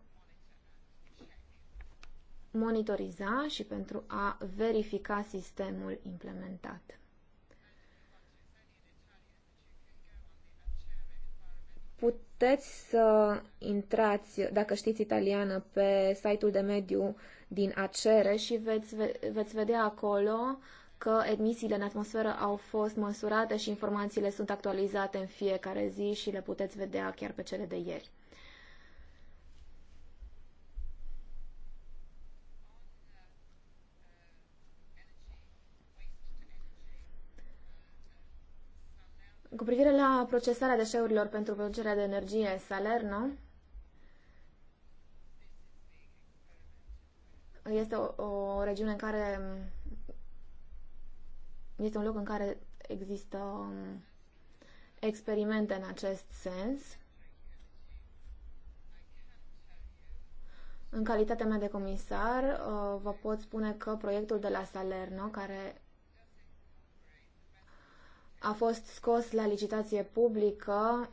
monitoriza și pentru a verifica sistemul implementat. Puteți să intrați, dacă știți italiană, pe site-ul de mediu din Acere și veți, veți vedea acolo că emisiile în atmosferă au fost măsurate și informațiile sunt actualizate în fiecare zi și le puteți vedea chiar pe cele de ieri. Cu privire la procesarea deșeurilor pentru producerea de energie, Salerno este o, o regiune în care este un loc în care există um, experimente în acest sens. În calitatea mea de comisar, uh, vă pot spune că proiectul de la Salerno, care a fost scos la licitație publică,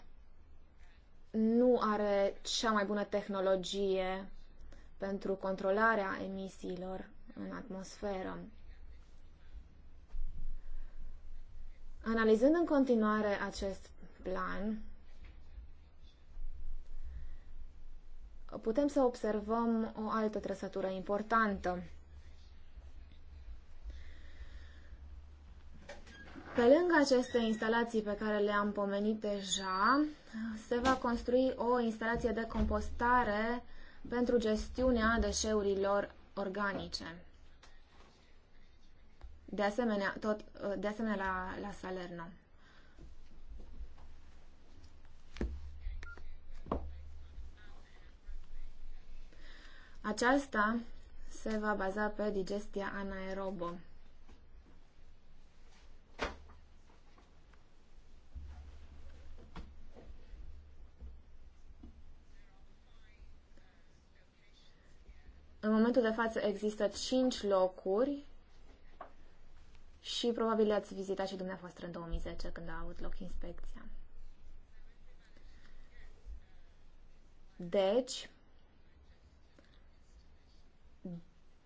nu are cea mai bună tehnologie pentru controlarea emisiilor în atmosferă. Analizând în continuare acest plan, putem să observăm o altă trăsătură importantă – Pe lângă aceste instalații pe care le-am pomenit deja, se va construi o instalație de compostare pentru gestiunea deșeurilor organice. De asemenea, tot, de asemenea la, la Salerno. Aceasta se va baza pe digestia anaerobă. În momentul de față există 5 locuri și probabil le-ați vizitat și dumneavoastră în 2010 când a avut loc inspecția. Deci,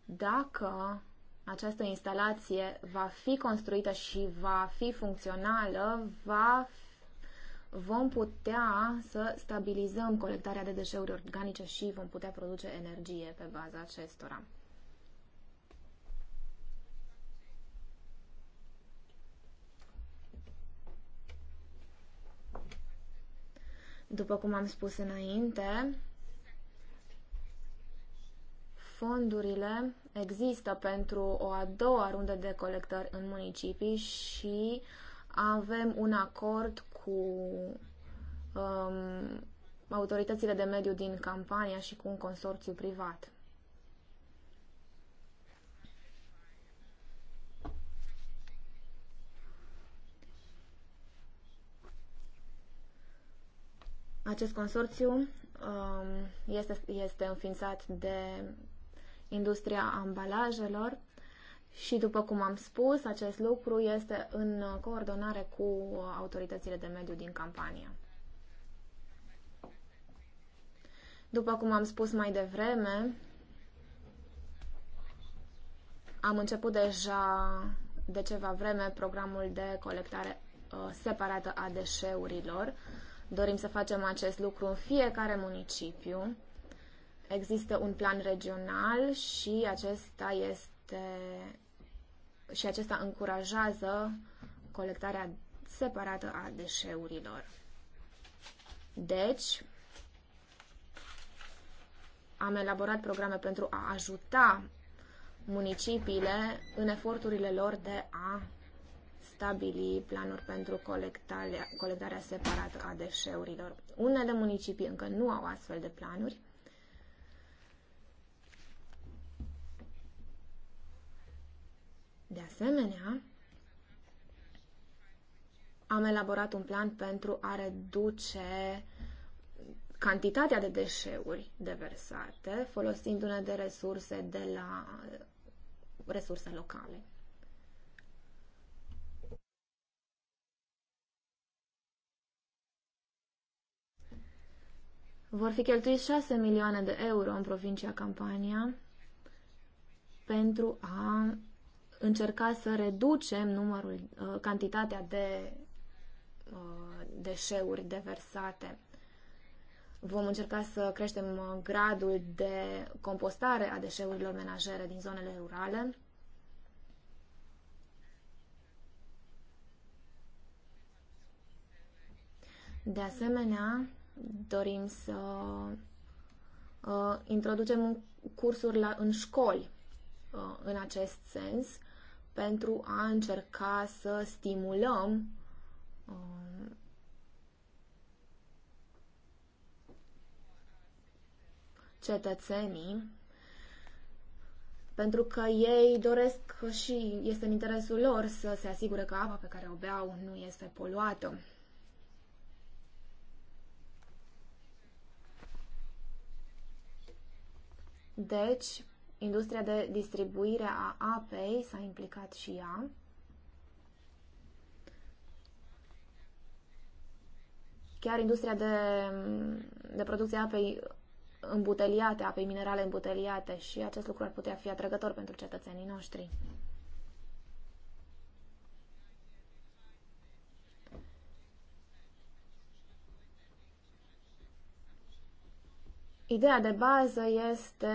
dacă această instalație va fi construită și va fi funcțională, va vom putea să stabilizăm colectarea de deșeuri organice și vom putea produce energie pe baza acestora. După cum am spus înainte, fondurile există pentru o a doua rundă de colectări în municipii și avem un acord cu um, autoritățile de mediu din Campania și cu un consorțiu privat. Acest consorțiu um, este, este înființat de industria ambalajelor și după cum am spus, acest lucru este în coordonare cu autoritățile de mediu din campania. După cum am spus mai devreme, am început deja de ceva vreme programul de colectare uh, separată a deșeurilor. Dorim să facem acest lucru în fiecare municipiu. Există un plan regional și acesta este și acesta încurajează colectarea separată a deșeurilor. Deci, am elaborat programe pentru a ajuta municipiile în eforturile lor de a stabili planuri pentru colectarea, colectarea separată a deșeurilor. Unele municipii încă nu au astfel de planuri, De asemenea, am elaborat un plan pentru a reduce cantitatea de deșeuri deversate, folosindu-ne de resurse de la resurse locale. Vor fi cheltuiți 6 milioane de euro în provincia Campania pentru a încerca să reducem numărul, uh, cantitatea de uh, deșeuri deversate. Vom încerca să creștem uh, gradul de compostare a deșeurilor menajere din zonele rurale. De asemenea, dorim să uh, introducem cursuri la, în școli uh, în acest sens pentru a încerca să stimulăm uh, cetățenii pentru că ei doresc și este în interesul lor să se asigure că apa pe care o beau nu este poluată. Deci, Industria de distribuire a apei s-a implicat și ea. Chiar industria de, de producție apei îmbuteliate, apei minerale îmbuteliate și acest lucru ar putea fi atrăgător pentru cetățenii noștri. Ideea de bază este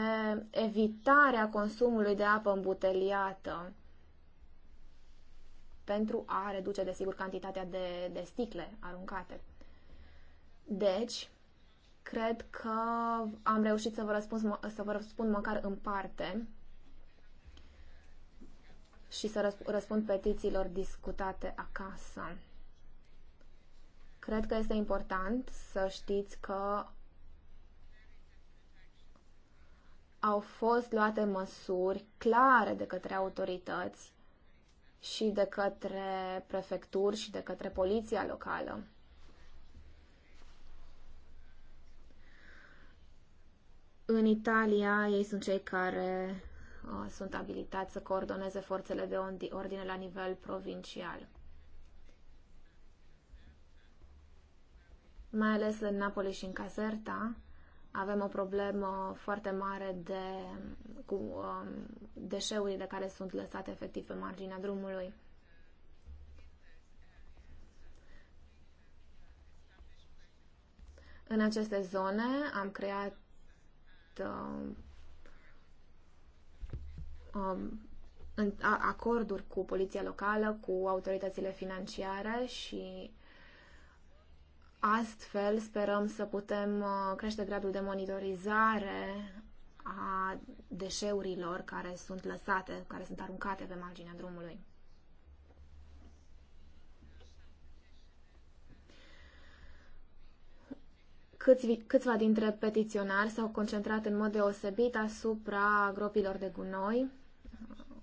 evitarea consumului de apă îmbuteliată pentru a reduce, desigur, cantitatea de, de sticle aruncate. Deci, cred că am reușit să vă, răspund, să vă răspund măcar în parte și să răspund petițiilor discutate acasă. Cred că este important să știți că au fost luate măsuri clare de către autorități și de către prefecturi și de către poliția locală. În Italia, ei sunt cei care uh, sunt abilitați să coordoneze forțele de ordine la nivel provincial. Mai ales în Napoli și în Caserta, avem o problemă foarte mare de, cu um, deșeurile care sunt lăsate efectiv pe marginea drumului. În aceste zone am creat um, um, acorduri cu poliția locală, cu autoritățile financiare și Astfel sperăm să putem uh, crește gradul de monitorizare a deșeurilor care sunt lăsate, care sunt aruncate pe marginea drumului. câțiva dintre petiționari s-au concentrat în mod deosebit asupra gropilor de gunoi, uh,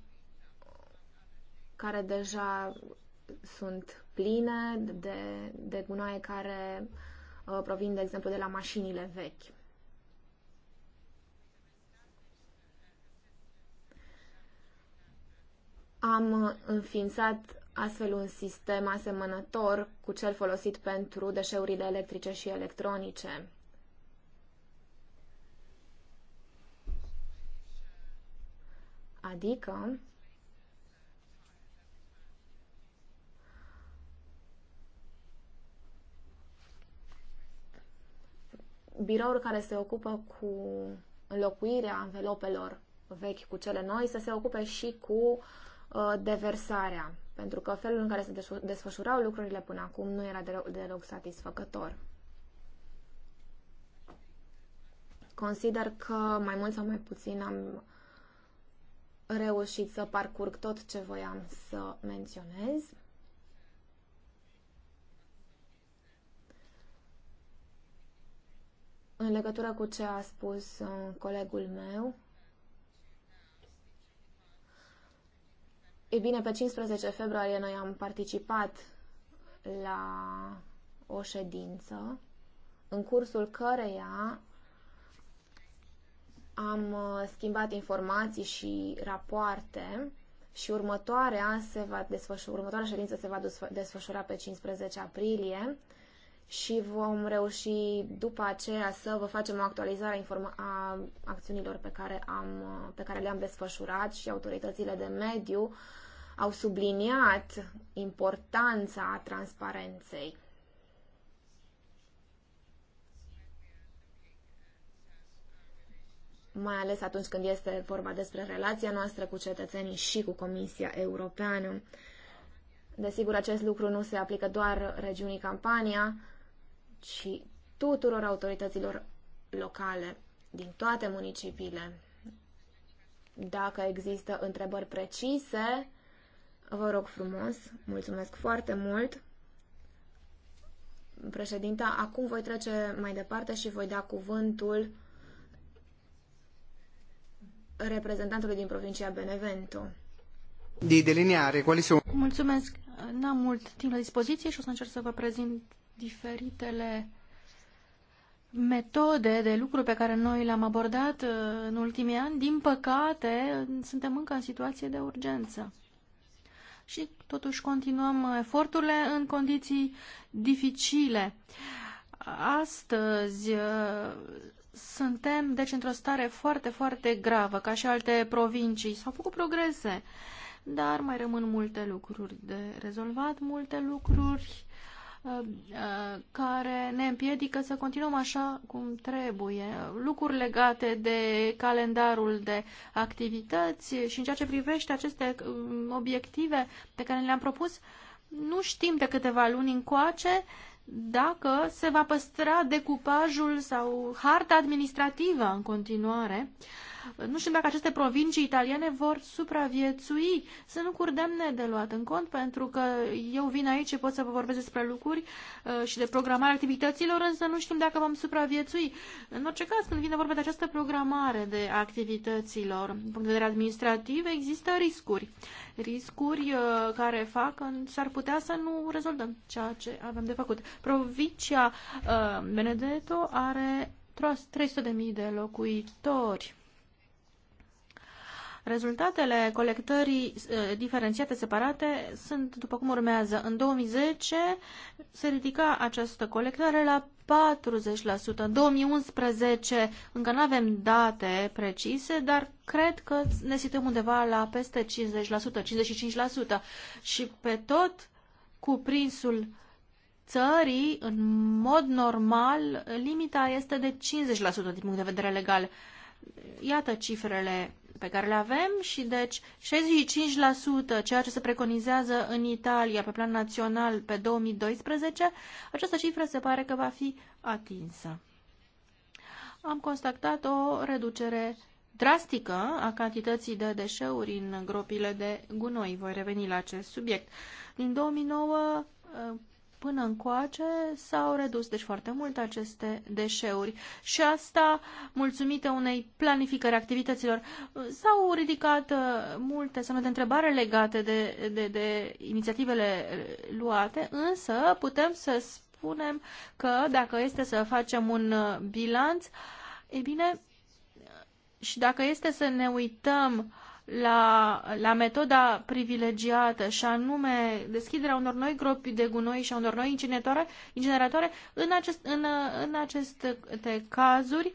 care deja sunt pline de, de gunoaie care uh, provin, de exemplu, de la mașinile vechi. Am înființat astfel un sistem asemănător cu cel folosit pentru deșeurile electrice și electronice. Adică, birouri care se ocupă cu înlocuirea anvelopelor vechi cu cele noi să se ocupe și cu uh, deversarea, pentru că felul în care se desfășurau lucrurile până acum nu era deloc, deloc satisfăcător. Consider că mai mult sau mai puțin am reușit să parcurg tot ce voiam să menționez. în legătură cu ce a spus uh, colegul meu. E bine, pe 15 februarie noi am participat la o ședință în cursul căreia am uh, schimbat informații și rapoarte și următoarea, se va desfășura, următoarea ședință se va desfășura pe 15 aprilie și vom reuși după aceea să vă facem o actualizare a acțiunilor pe care, am, pe care le-am desfășurat și autoritățile de mediu au subliniat importanța transparenței. mai ales atunci când este vorba despre relația noastră cu cetățenii și cu Comisia Europeană. Desigur, acest lucru nu se aplică doar regiunii Campania, și tuturor autorităților locale din toate municipiile. Dacă există întrebări precise, vă rog frumos, mulțumesc foarte mult. Președinta, acum voi trece mai departe și voi da cuvântul reprezentantului din provincia Benevento. De delineare, quali sunt? Mulțumesc. N-am mult timp la dispoziție și o să încerc să vă prezint diferitele metode de lucru pe care noi le-am abordat uh, în ultimii ani, din păcate, suntem încă în situație de urgență. Și totuși continuăm eforturile în condiții dificile. Astăzi uh, suntem, deci, într-o stare foarte, foarte gravă, ca și alte provincii. S-au făcut progrese, dar mai rămân multe lucruri de rezolvat, multe lucruri Uh, uh, care ne împiedică să continuăm așa cum trebuie. Lucruri legate de calendarul de activități și în ceea ce privește aceste um, obiective pe care le-am propus, nu știm de câteva luni încoace dacă se va păstra decupajul sau harta administrativă în continuare. Uh, nu știm dacă aceste provincii italiene vor supraviețui. Sunt lucruri demne de luat în cont, pentru că eu vin aici și pot să vă vorbesc despre lucruri uh, și de programarea activităților, însă nu știm dacă vom supraviețui. În orice caz, când vine vorba de această programare de activităților, din punct de vedere administrativ, există riscuri. Riscuri uh, care fac că s-ar putea să nu rezolvăm ceea ce avem de făcut. Provincia uh, Benedetto are 300.000 de locuitori. Rezultatele colectării eh, diferențiate separate sunt după cum urmează. În 2010 se ridica această colectare la 40%. În 2011 încă nu avem date precise, dar cred că ne situăm undeva la peste 50%, 55% și pe tot cuprinsul țării, în mod normal, limita este de 50% din punct de vedere legal. Iată cifrele pe care le avem și deci 65% ceea ce se preconizează în Italia pe plan național pe 2012, această cifră se pare că va fi atinsă. Am constatat o reducere drastică a cantității de deșeuri în gropile de gunoi. Voi reveni la acest subiect. Din 2009 până încoace s-au redus deci foarte mult aceste deșeuri și asta mulțumită unei planificări activităților. S-au ridicat uh, multe semne de întrebare legate de, de, de inițiativele luate, însă putem să spunem că dacă este să facem un uh, bilanț, e bine, și dacă este să ne uităm uh, la, la metoda privilegiată și anume deschiderea unor noi gropi de gunoi și a unor noi incineratoare, incineratoare în, acest, în, în aceste cazuri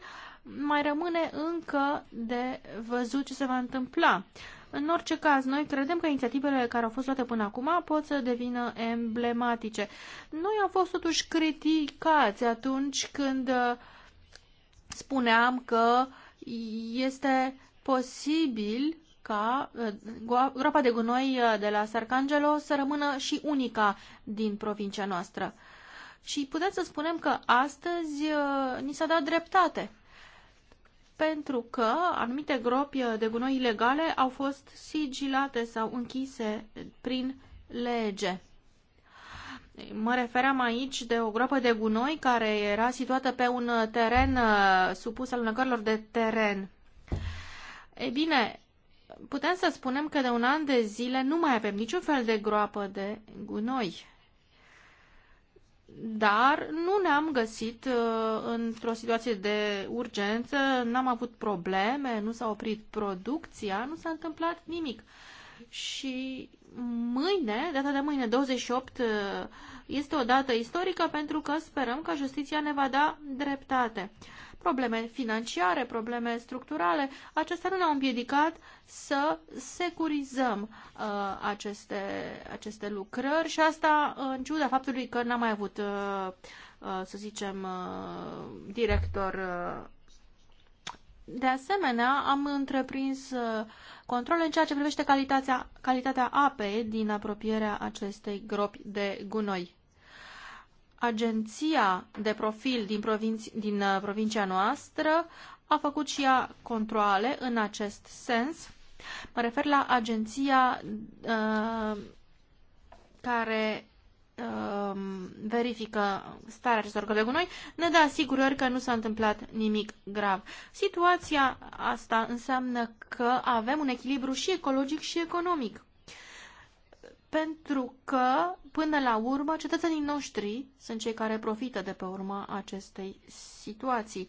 mai rămâne încă de văzut ce se va întâmpla. În orice caz, noi credem că inițiativele care au fost luate până acum pot să devină emblematice. Noi am fost totuși criticați atunci când uh, spuneam că este posibil ca uh, groapa de gunoi uh, de la Sarcangelo să rămână și unica din provincia noastră. Și putem să spunem că astăzi uh, ni s-a dat dreptate, pentru că anumite gropi de gunoi ilegale au fost sigilate sau închise prin lege. Mă refeream aici de o groapă de gunoi care era situată pe un teren supus alunecărilor de teren. Ei bine, putem să spunem că de un an de zile nu mai avem niciun fel de groapă de gunoi. Dar nu ne-am găsit uh, într-o situație de urgență, n-am avut probleme, nu s-a oprit producția, nu s-a întâmplat nimic. Și mâine, data de mâine, 28, uh, este o dată istorică pentru că sperăm că justiția ne va da dreptate. Probleme financiare, probleme structurale, acestea nu ne-au împiedicat să securizăm uh, aceste, aceste lucrări și asta în ciuda faptului că n-am mai avut, uh, uh, să zicem, uh, director uh, de asemenea, am întreprins uh, control în ceea ce privește calitatea, calitatea apei din apropierea acestei gropi de gunoi. Agenția de profil din, provinci, din uh, provincia noastră a făcut și ea controle în acest sens. Mă refer la agenția uh, care Um, verifică starea acestor colegi noi, ne dă asigurări că nu s-a întâmplat nimic grav. Situația asta înseamnă că avem un echilibru și ecologic și economic. Pentru că, până la urmă, cetățenii noștri sunt cei care profită de pe urma acestei situații.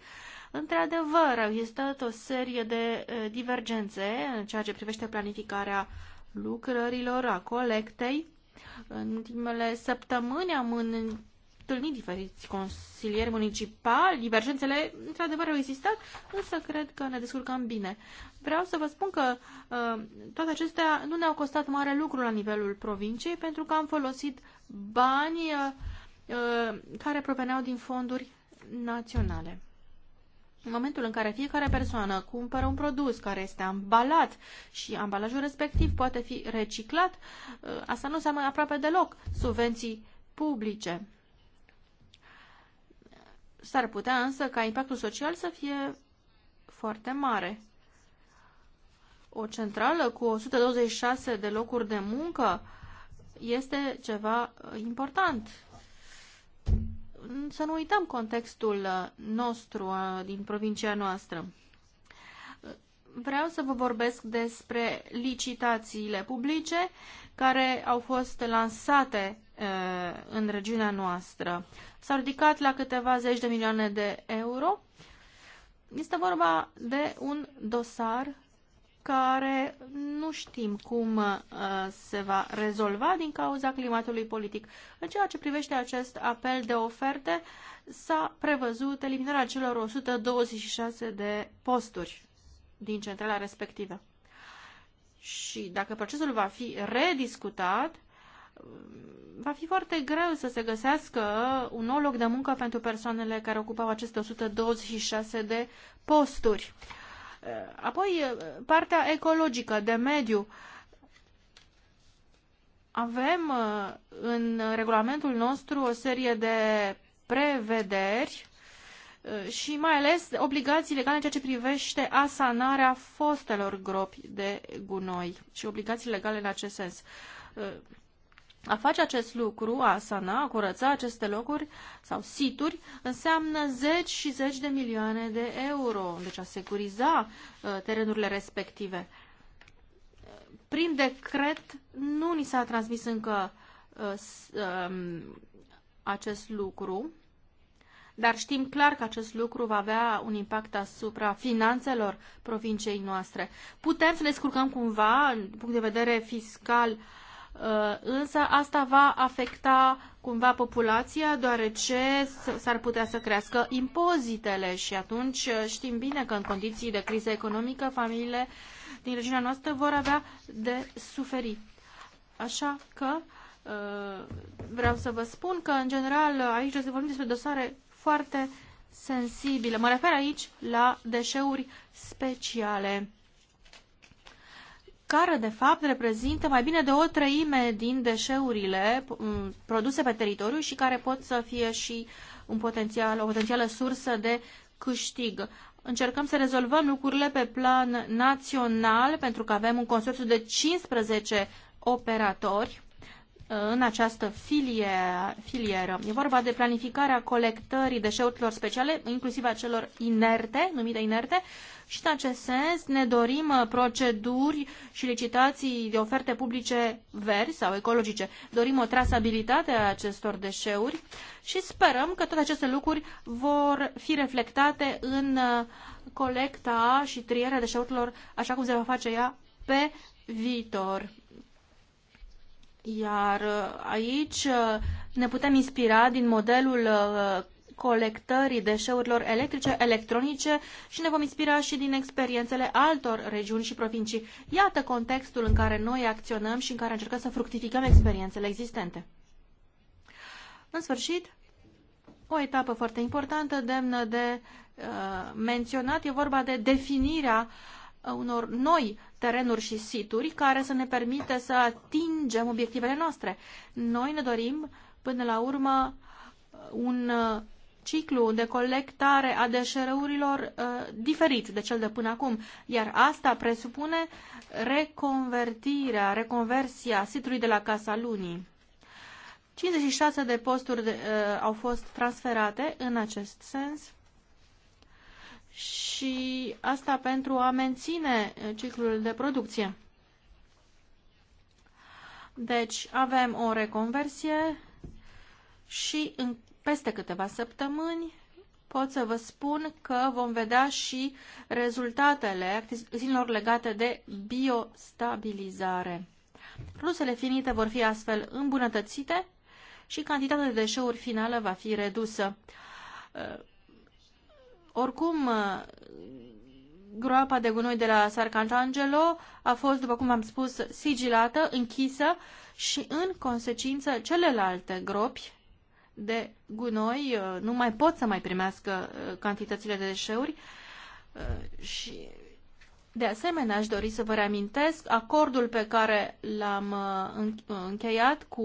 Într-adevăr, există o serie de eh, divergențe în ceea ce privește planificarea lucrărilor, a colectei, în ultimele săptămâni am întâlnit diferiți consilieri municipali, divergențele într-adevăr au existat, însă cred că ne descurcăm bine. Vreau să vă spun că uh, toate acestea nu ne-au costat mare lucru la nivelul provinciei, pentru că am folosit bani uh, care proveneau din fonduri naționale. În momentul în care fiecare persoană cumpără un produs care este ambalat și ambalajul respectiv poate fi reciclat, ă, asta nu înseamnă aproape deloc subvenții publice. S-ar putea însă ca impactul social să fie foarte mare. O centrală cu 126 de locuri de muncă este ceva ă, important să nu uităm contextul uh, nostru uh, din provincia noastră. Vreau să vă vorbesc despre licitațiile publice care au fost lansate uh, în regiunea noastră. S-au ridicat la câteva zeci de milioane de euro. Este vorba de un dosar care nu știm cum uh, se va rezolva din cauza climatului politic. În ceea ce privește acest apel de oferte, s-a prevăzut eliminarea celor 126 de posturi din centrala respectivă. Și dacă procesul va fi rediscutat, mm, va fi foarte greu să se găsească un nou loc de muncă pentru persoanele care ocupau aceste 126 de posturi. Eh, apoi, eh, partea ecologică, de mediu. Avem eh, în regulamentul nostru o serie de prevederi și mai ales obligații legale în ceea ce privește asanarea fostelor gropi de gunoi și obligații legale în acest sens. A face acest lucru, a sana, a curăța aceste locuri sau situri, înseamnă zeci și zeci de milioane de euro, deci a securiza uh, terenurile respective. Prin decret nu ni s-a transmis încă uh, uh, acest lucru, dar știm clar că acest lucru va avea un impact asupra finanțelor provinciei noastre. Putem să ne scurcăm cumva, din punct de vedere fiscal, uh, Uh, însă asta va afecta cumva populația, deoarece s-ar putea să crească impozitele și atunci uh, știm bine că în condiții de criză economică familiile din regiunea noastră vor avea de suferit. Așa că uh, vreau să vă spun că, în general, aici se vorbim despre dosare foarte sensibile. Mă refer aici la deșeuri speciale care de fapt reprezintă mai bine de o treime din deșeurile mm, produse pe teritoriu și care pot să fie și un potențial, o potențială sursă de câștig. Încercăm să rezolvăm lucrurile pe plan național pentru că avem un consorțiu de 15 operatori în această filie, filieră. E vorba de planificarea colectării deșeurilor speciale, inclusiv a celor inerte, numite inerte, și în acest sens ne dorim uh, proceduri și licitații de oferte publice verzi sau ecologice. Dorim o trasabilitate a acestor deșeuri și sperăm că toate aceste lucruri vor fi reflectate în uh, colecta și trierea deșeurilor așa cum se va face ea pe viitor. Iar uh, aici uh, ne putem inspira din modelul uh, colectării deșeurilor electrice, electronice și ne vom inspira și din experiențele altor regiuni și provincii. Iată contextul în care noi acționăm și în care încercăm să fructificăm experiențele existente. În sfârșit, o etapă foarte importantă, demnă de uh, menționat, e vorba de definirea uh, Uh, unor noi terenuri și situri care să ne permită să atingem obiectivele noastre. Noi ne dorim, până la urmă, uh, un uh, ciclu de colectare a deșeurilor uh, diferit de cel de până acum, iar asta presupune reconvertirea, reconversia sitului de la Casa Lunii. 56 de posturi de, uh, au fost transferate în acest sens și asta pentru a menține eh, ciclul de producție. Deci avem o reconversie și în, peste câteva săptămâni pot să vă spun că vom vedea și rezultatele acțiunilor legate de biostabilizare. Produsele finite vor fi astfel îmbunătățite și cantitatea de deșeuri finală va fi redusă. Eh, oricum, uh, groapa de gunoi de la Sarcantangelo a fost, după cum am spus, sigilată, închisă și, în consecință, celelalte gropi de gunoi uh, nu mai pot să mai primească uh, cantitățile de deșeuri și de asemenea, aș dori să vă reamintesc acordul pe care l-am încheiat cu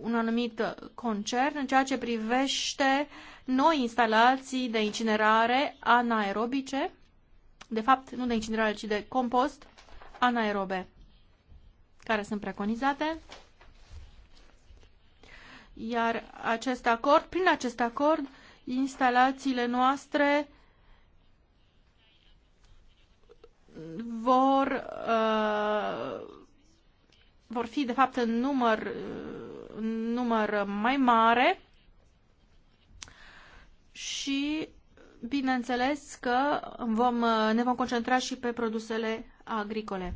un anumit concern în ceea ce privește uh, noi instalații de incinerare anaerobice, de fapt nu de incinerare, ci de compost anaerobe, care sunt preconizate. Iar acest acord, prin acest acord, instalațiile noastre vor, uh, vor fi, de fapt, în număr, în număr mai mare și bineînțeles că vom, ne vom concentra și pe produsele agricole.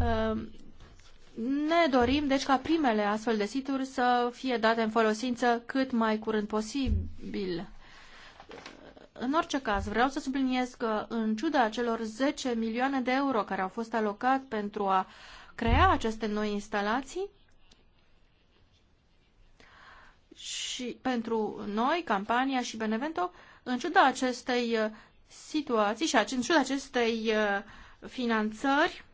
Ehm, ne dorim, deci, ca primele astfel de situri să fie date în folosință cât mai curând posibil. În orice caz, vreau să subliniez că, în ciuda celor 10 milioane de euro care au fost alocat pentru a crea aceste noi instalații, și pentru noi, Campania și Benevento, în ciuda acestei uh, situații și în ciuda acestei uh, finanțări,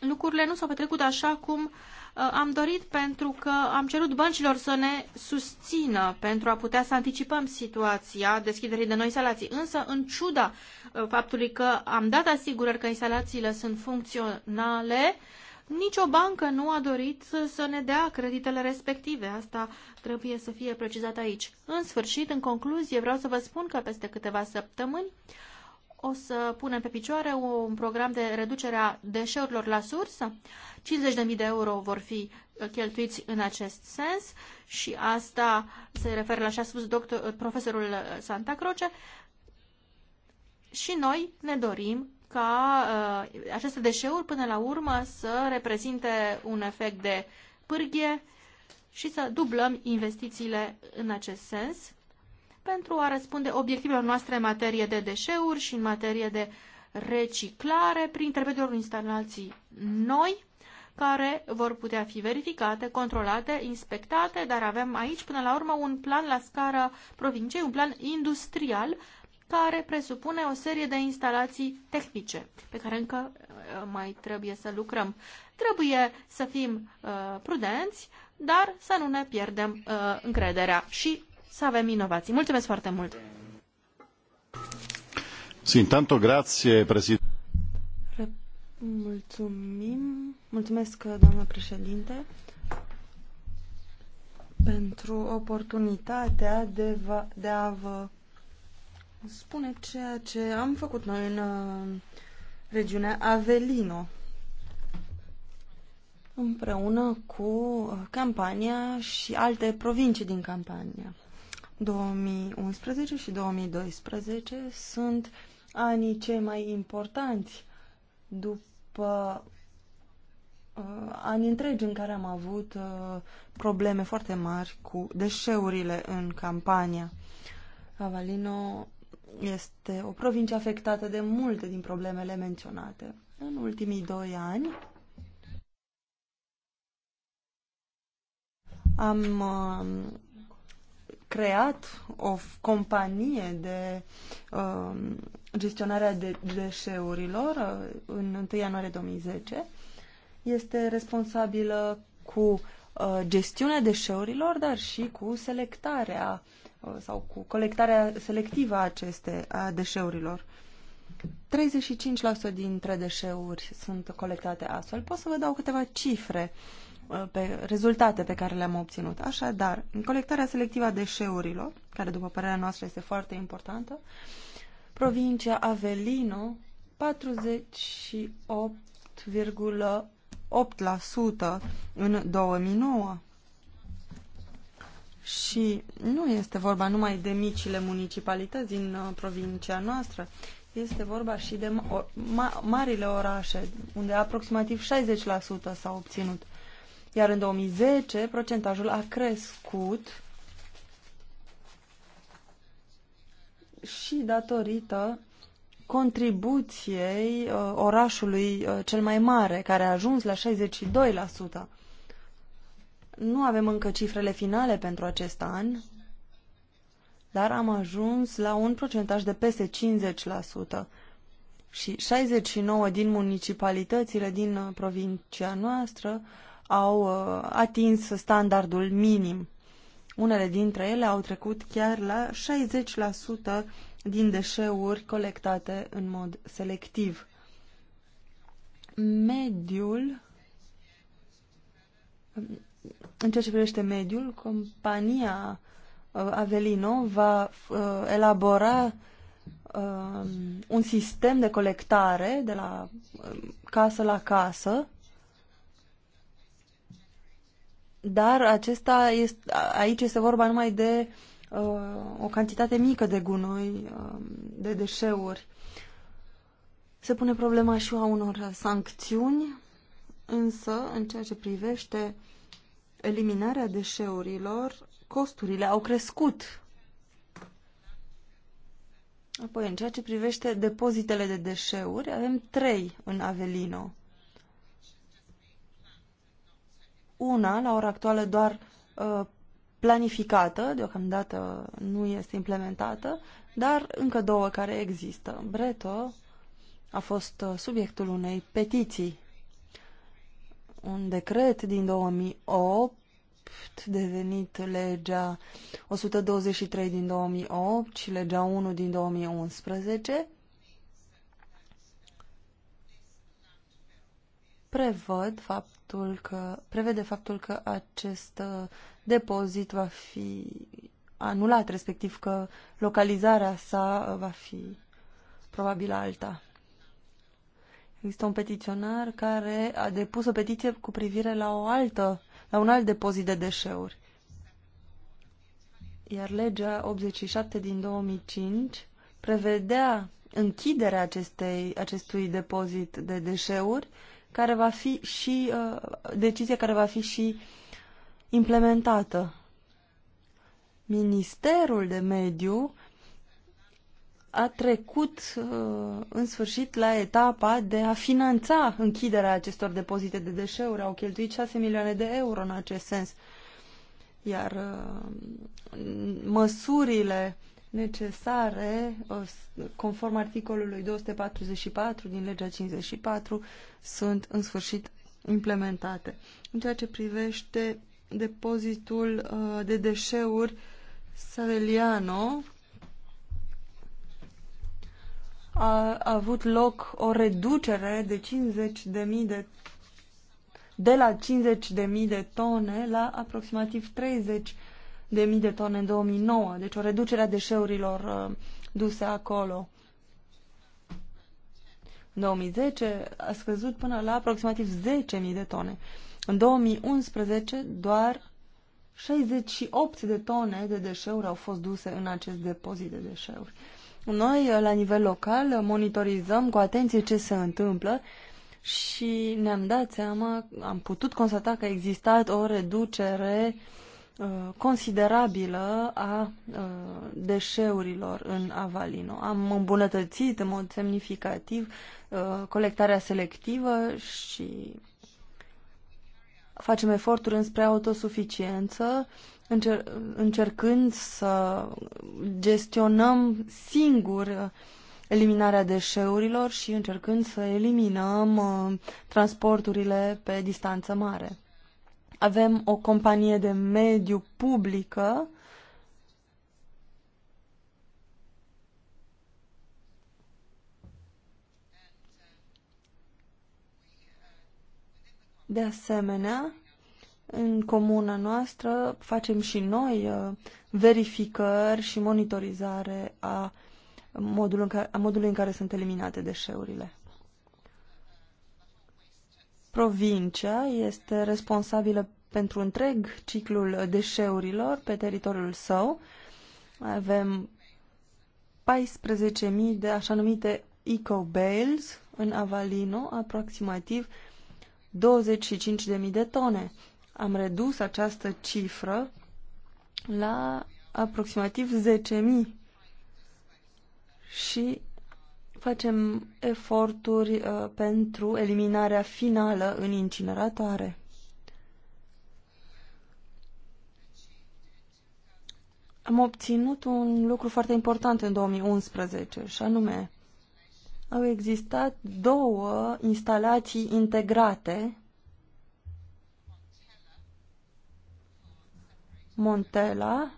lucrurile nu s-au petrecut așa cum uh, am dorit pentru că am cerut băncilor să ne susțină pentru a putea să anticipăm situația deschiderii de noi instalații. Însă, în ciuda faptului că am dat asigurări că instalațiile sunt funcționale, nicio bancă nu a dorit să, să ne dea creditele respective. Asta trebuie să fie precizat aici. În sfârșit, în concluzie, vreau să vă spun că peste câteva săptămâni o să punem pe picioare un program de reducere a deșeurilor la sursă. 50.000 de euro vor fi uh, cheltuiți în acest sens și asta se referă la ce a spus doctor, uh, profesorul uh, Santa Croce. Și noi ne dorim ca uh, aceste deșeuri până la urmă să reprezinte un efect de pârghie și să dublăm investițiile în acest sens pentru a răspunde obiectivelor noastre în materie de deșeuri și în materie de reciclare prin intermediul instalații noi care vor putea fi verificate, controlate, inspectate, dar avem aici până la urmă un plan la scară provinciei, un plan industrial care presupune o serie de instalații tehnice pe care încă uh, mai trebuie să lucrăm. Trebuie să fim uh, prudenți, dar să nu ne pierdem uh, încrederea și să avem inovații. Mulțumesc foarte mult! Sì, grazie, Mulțumim. Mulțumesc, doamnă președinte, pentru oportunitatea de, va, de a vă spune ceea ce am făcut noi în uh, regiunea Avelino împreună cu uh, Campania și alte provincii din Campania. 2011 și 2012 sunt anii cei mai importanti după uh, ani întregi în care am avut uh, probleme foarte mari cu deșeurile în Campania. Avalino este o provincie afectată de multe din problemele menționate. În ultimii doi ani am um, creat o companie de uh, gestionare de deșeurilor uh, în 1 ianuarie 2010. Este responsabilă cu uh, gestiunea deșeurilor, dar și cu selectarea uh, sau cu colectarea selectivă a aceste a deșeurilor. 35% dintre deșeuri sunt colectate astfel. Pot să vă dau câteva cifre uh, pe rezultate pe care le-am obținut. Așadar, colectarea selectivă a deșeurilor, care după părerea noastră este foarte importantă, provincia Avellino 48,8% în 2009. Și nu este vorba numai de micile municipalități din uh, provincia noastră, este vorba și de ma marile orașe, unde aproximativ 60% s au obținut. Iar în 2010 procentajul a crescut și datorită contribuției uh, orașului uh, cel mai mare, care a ajuns la 62%. Nu avem încă cifrele finale pentru acest an, dar am ajuns la un procentaj de peste 50% și 69 din municipalitățile din uh, provincia noastră au uh, atins standardul minim. Unele dintre ele au trecut chiar la 60% din deșeuri colectate în mod selectiv. Mediul în ceea ce privește mediul, compania uh, Avelino va uh, elabora uh, un sistem de colectare de la casă la casă, dar acesta este, aici este vorba numai de o cantitate mică de gunoi, um, de deșeuri. Se pune problema și a unor sancțiuni, însă, în ceea ce privește eliminarea deșeurilor, costurile au crescut. Apoi, în ceea ce privește depozitele de deșeuri, avem trei în Avelino. Una, la ora actuală, doar uh, planificată, deocamdată nu este implementată, dar încă două care există. Breto a fost uh, subiectul unei petiții un decret din 2008 devenit legea 123 din 2008 și legea 1 din 2011 prevăd faptul că, prevede faptul că acest uh, depozit va fi anulat, respectiv că localizarea sa uh, va fi probabil alta. Există un petiționar care a depus o petiție cu privire la o altă, la un alt depozit de deșeuri. Iar legea 87 din 2005 prevedea închiderea acestei, acestui depozit de deșeuri, care va fi și uh, decizie care va fi și implementată. Ministerul de Mediu a trecut uh, în sfârșit la etapa de a finanța închiderea acestor depozite de deșeuri. Au cheltuit 6 milioane de euro în acest sens. Iar uh, măsurile necesare, uh, conform articolului 244 din legea 54, sunt în sfârșit implementate. În ceea ce privește depozitul de deșeuri Saveliano, a avut loc o reducere de 50 de mii de de la 50 de mii de tone la aproximativ 30 de mii de tone în 2009, deci o reducere a deșeurilor uh, duse acolo. În 2010 a scăzut până la aproximativ 10.000 de tone. În 2011 doar 68 de tone de deșeuri au fost duse în acest depozit de deșeuri. Uh, noi, la nivel local, monitorizăm cu atenție ce se întâmplă și ne-am dat seama, am putut constata că a existat o reducere uh, considerabilă a uh, deșeurilor în Avalino. Am îmbunătățit în mod semnificativ uh, colectarea selectivă și facem eforturi înspre autosuficiență încer- încercând să gestionăm singur eliminarea deșeurilor și încercând să eliminăm uh, transporturile pe distanță mare. Avem o companie de mediu publică De asemenea, în comuna noastră facem și noi uh, verificări și monitorizare a, modului în care, a modului în care sunt eliminate deșeurile. Provincia este responsabilă pentru întreg ciclul deșeurilor pe teritoriul său. Avem 14.000 de așa numite eco-bales în Avalino, aproximativ 25.000 de tone am redus această cifră la aproximativ 10.000 și facem eforturi uh, pentru eliminarea finală în incineratoare. Am obținut un lucru foarte important în 2011 și anume au existat două instalații integrate Montela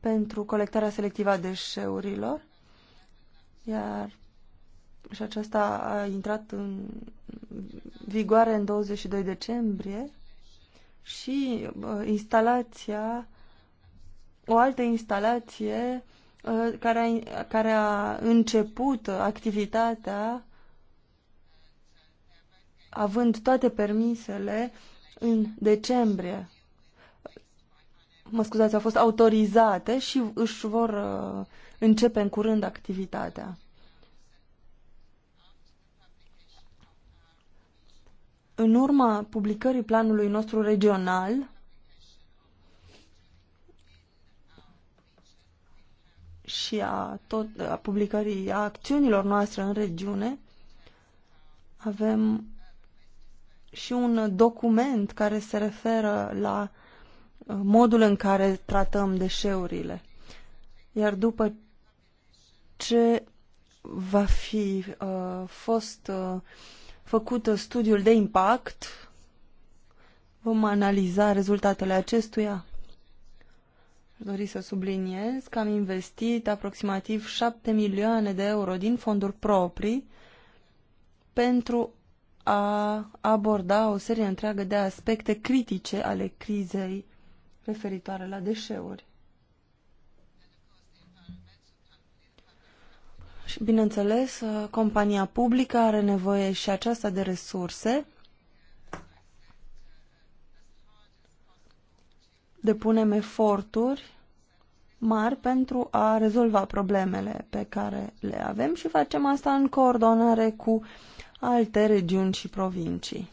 pentru colectarea selectivă a deșeurilor, iar și aceasta a intrat în vigoare în 22 decembrie și uh, instalația, o altă instalație uh, care, a, care a început activitatea având toate permisele în decembrie mă scuzați, au fost autorizate și își vor uh, începe în curând activitatea. În urma publicării planului nostru regional, și a, tot, a publicării a acțiunilor noastre în regiune, avem și un document care se referă la uh, modul în care tratăm deșeurile. Iar după ce va fi uh, fost uh, făcut studiul de impact, vom analiza rezultatele acestuia. Aș dori să subliniez că am investit aproximativ 7 milioane de euro din fonduri proprii pentru a aborda o serie întreagă de aspecte critice ale crizei referitoare la deșeuri. Și, bineînțeles, uh, compania publică are nevoie și aceasta de resurse. Depunem eforturi mari pentru a rezolva problemele pe care le avem și facem asta în coordonare cu alte regiuni și provincii.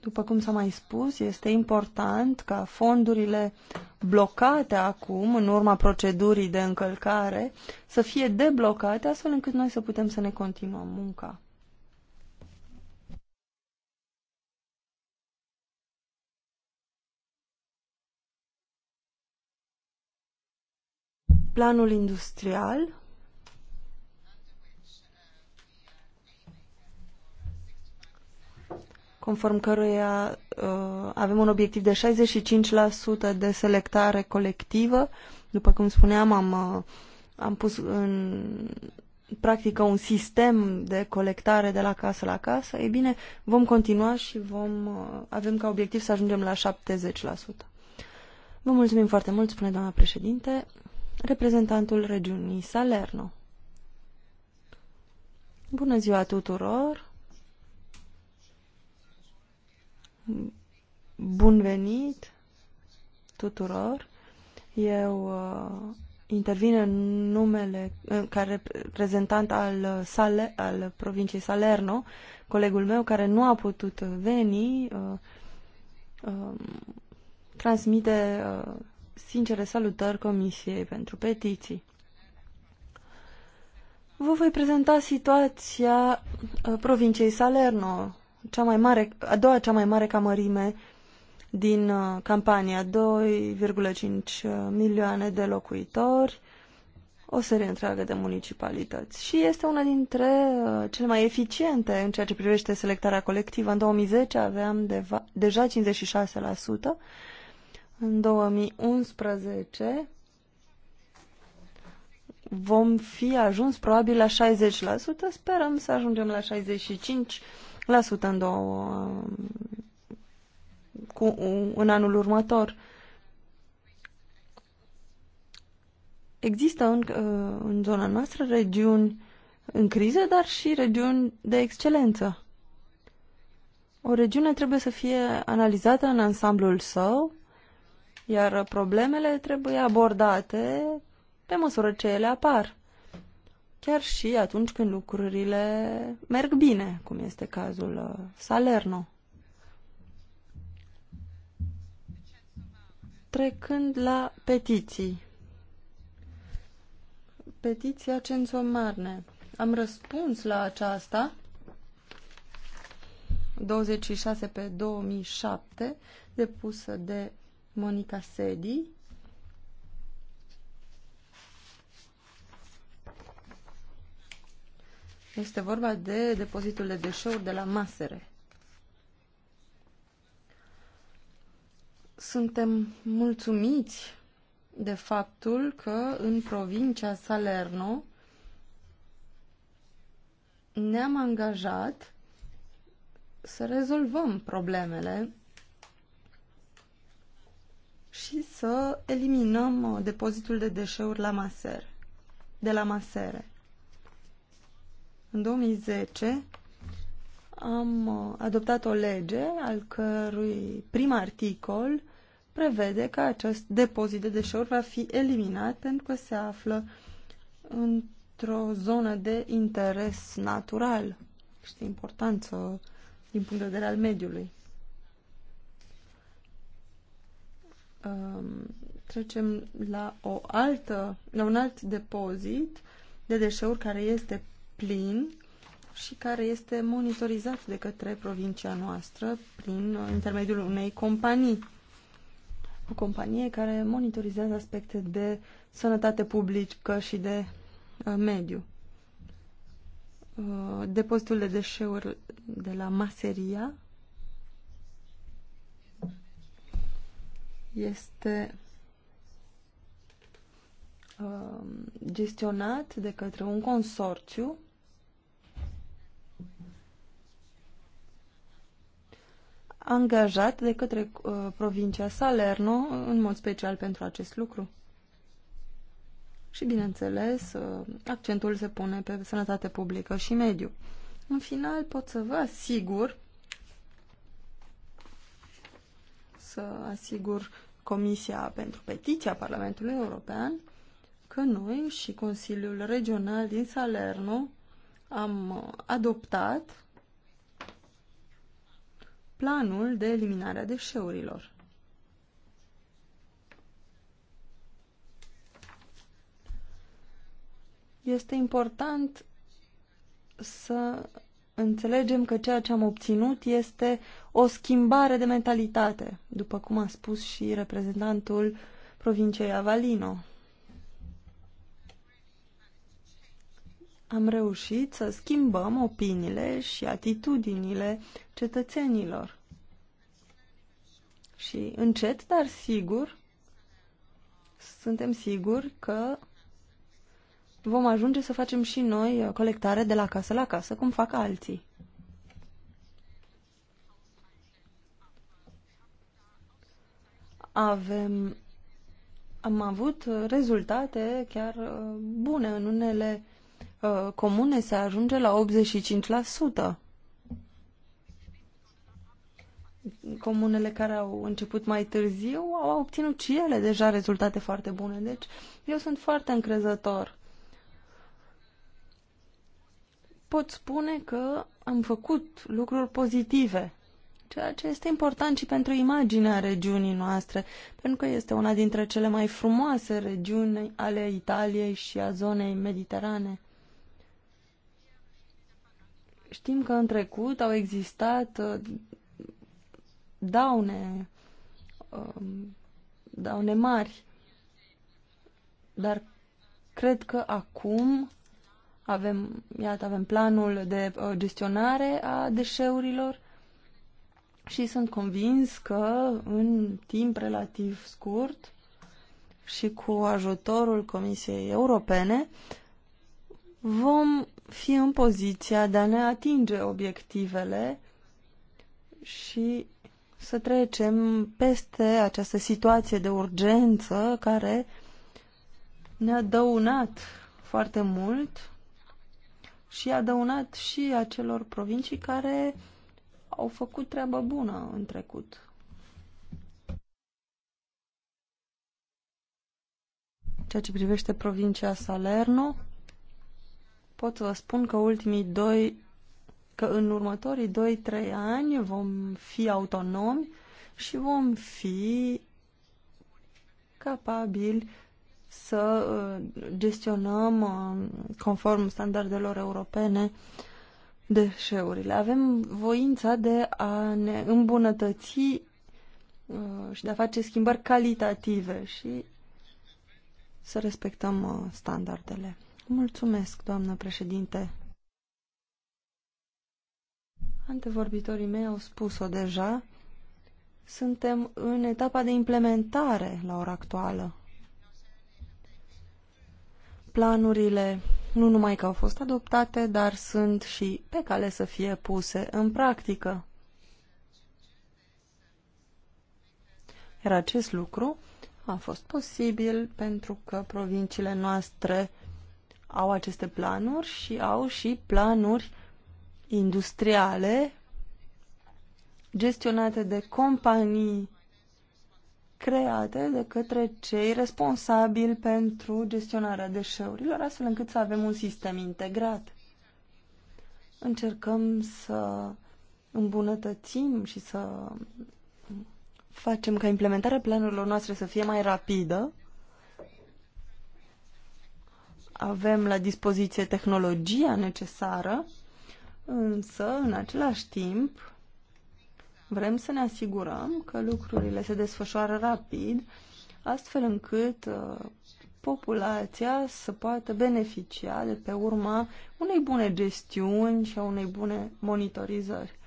După cum s-a mai spus, este important ca fondurile blocate acum, în urma procedurii de încălcare, să fie deblocate astfel încât noi să putem să ne continuăm munca. Planul industrial conform căruia uh, avem un obiectiv de 65% de selectare colectivă. După cum spuneam, am, uh, am pus în practică un sistem de colectare de la casă la casă. Ei bine, vom continua și vom, uh, avem ca obiectiv să ajungem la 70%. Vă mulțumim foarte mult, spune doamna președinte, reprezentantul regiunii Salerno. Bună ziua tuturor! Bun venit tuturor. Eu uh, intervin în numele, ca reprezentant al, uh, Sale, al provinciei Salerno, colegul meu care nu a putut uh, veni, uh, uh, transmite uh, sincere salutări Comisiei pentru Petiții. Vă voi prezenta situația uh, provinciei Salerno, cea mai mare, a doua cea mai mare camărime din uh, campania, 2,5 uh, milioane de locuitori, o serie întreagă de municipalități. Și este una dintre uh, cele mai eficiente în ceea ce privește selectarea colectivă. În 2010 aveam deva, deja 56%, în 2011 vom fi ajuns probabil la 60%, sperăm să ajungem la 65% în, două, cu, în anul următor. Există în, uh, în zona noastră regiuni în criză, dar și regiuni de excelență. O regiune trebuie să fie analizată în ansamblul său, iar problemele trebuie abordate pe măsură ce ele apar chiar și atunci când lucrurile merg bine, cum este cazul uh, Salerno. Trecând la petiții. Petiția Censo Marne. Am răspuns la aceasta 26 pe 2007, depusă de Monica Sedi, Este vorba de depozitul de deșeuri de la Masere. Suntem mulțumiți de faptul că în provincia Salerno ne-am angajat să rezolvăm problemele și să eliminăm uh, depozitul de deșeuri la maser, de la masere. În 2010 am uh, adoptat o lege al cărui prim articol prevede că acest depozit de deșeuri va fi eliminat pentru că se află într-o zonă de interes natural și de importanță din punct de vedere al mediului. Um, trecem la o altă, la un alt depozit de deșeuri care este plin și care este monitorizat de către provincia noastră prin intermediul unei companii. O companie care monitorizează aspecte de sănătate publică și de uh, mediu. Uh, depozitul de deșeuri de la Maseria este uh, gestionat de către un consorțiu angajat de către uh, provincia Salerno, în mod special pentru acest lucru. Și, bineînțeles, uh, accentul se pune pe sănătate publică și mediu. În final, pot să vă asigur să asigur Comisia pentru Petiția Parlamentului European că noi și Consiliul Regional din Salerno am uh, adoptat planul de eliminare a deșeurilor. Este important să înțelegem că ceea ce am obținut este o schimbare de mentalitate, după cum a spus și reprezentantul provinciei Avalino. am reușit să schimbăm opiniile și atitudinile cetățenilor. Și încet, dar sigur, suntem siguri că vom ajunge să facem și noi colectare de la casă la casă, cum fac alții. Avem, am avut rezultate chiar uh, bune în unele Uh, comune se ajunge la 85%. Comunele care au început mai târziu au obținut și ele deja rezultate foarte bune. Deci eu sunt foarte încrezător. Pot spune că am făcut lucruri pozitive ceea ce este important și pentru imaginea regiunii noastre, pentru că este una dintre cele mai frumoase regiuni ale Italiei și a zonei mediterane. Știm că în trecut au existat uh, daune, um, daune mari, dar cred că acum avem, iată, avem planul de uh, gestionare a deșeurilor și sunt convins că în timp relativ scurt și cu ajutorul Comisiei Europene vom fi în poziția de a ne atinge obiectivele și să trecem peste această situație de urgență care ne-a dăunat foarte mult și a dăunat și acelor provincii care au făcut treabă bună în trecut. Ceea ce privește provincia Salerno, pot să vă spun că ultimii doi, că în următorii 2-3 ani vom fi autonomi și vom fi capabili să uh, gestionăm uh, conform standardelor europene deșeurile. Avem voința de a ne îmbunătăți uh, și de a face schimbări calitative și să respectăm standardele. Mulțumesc, doamnă președinte. Antevorbitorii mei au spus-o deja. Suntem în etapa de implementare la ora actuală. Planurile nu numai că au fost adoptate, dar sunt și pe cale să fie puse în practică. Iar acest lucru a fost posibil pentru că provinciile noastre au aceste planuri și au și planuri industriale gestionate de companii create de către cei responsabili pentru gestionarea deșeurilor, astfel încât să avem un sistem integrat. Încercăm să îmbunătățim și să facem ca implementarea planurilor noastre să fie mai rapidă avem la dispoziție tehnologia necesară, însă, în același timp, vrem să ne asigurăm că lucrurile se desfășoară rapid, astfel încât uh, populația să poată beneficia de pe urma unei bune gestiuni și a unei bune monitorizări.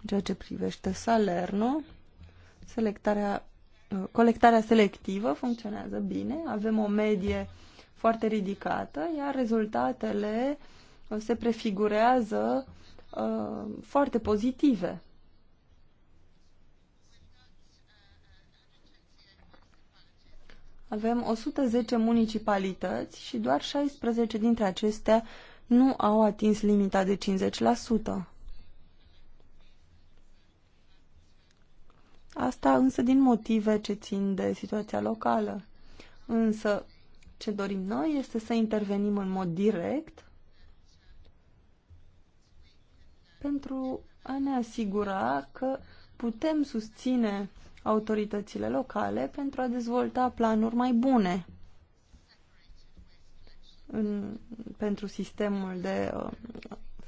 În ceea ce privește Salerno, selectarea, uh, colectarea selectivă funcționează bine, avem o medie uh, foarte ridicată, iar rezultatele uh, se prefigurează uh, foarte pozitive. Avem 110 municipalități și doar 16 dintre acestea nu au atins limita de 50%. Asta însă din motive ce țin de situația locală. Însă ce dorim noi este să intervenim în mod direct pentru a ne asigura că putem susține autoritățile locale pentru a dezvolta planuri mai bune în, pentru sistemul de uh,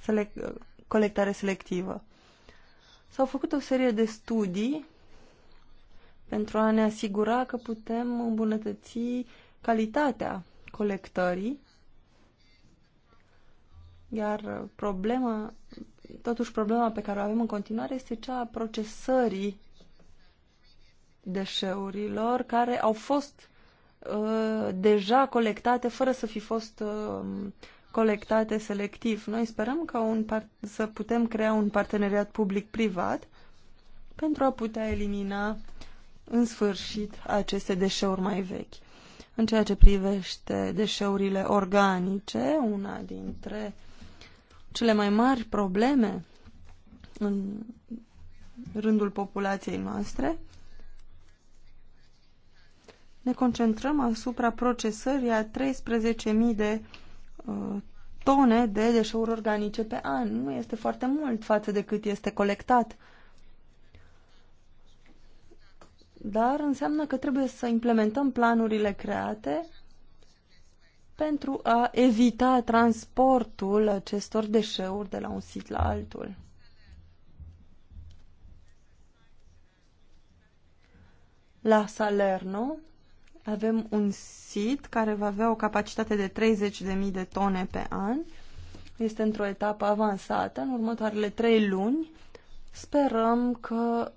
select, uh, colectare selectivă. S-au făcut o serie de studii pentru a ne asigura că putem îmbunătăți calitatea colectării, iar problema, totuși problema pe care o avem în continuare este cea a procesării deșeurilor care au fost uh, deja colectate fără să fi fost uh, colectate selectiv. Noi sperăm că un să putem crea un parteneriat public-privat pentru a putea elimina în sfârșit aceste deșeuri mai vechi. În ceea ce privește deșeurile organice, una dintre cele mai mari probleme în rândul populației noastre, ne concentrăm asupra procesării a 13.000 de uh, tone de deșeuri organice pe an. Nu este foarte mult față de cât este colectat. dar înseamnă că trebuie să implementăm planurile create pentru a evita transportul acestor deșeuri de la un sit la altul. La Salerno avem un sit care va avea o capacitate de 30.000 de tone pe an. Este într-o etapă avansată. În următoarele trei luni sperăm că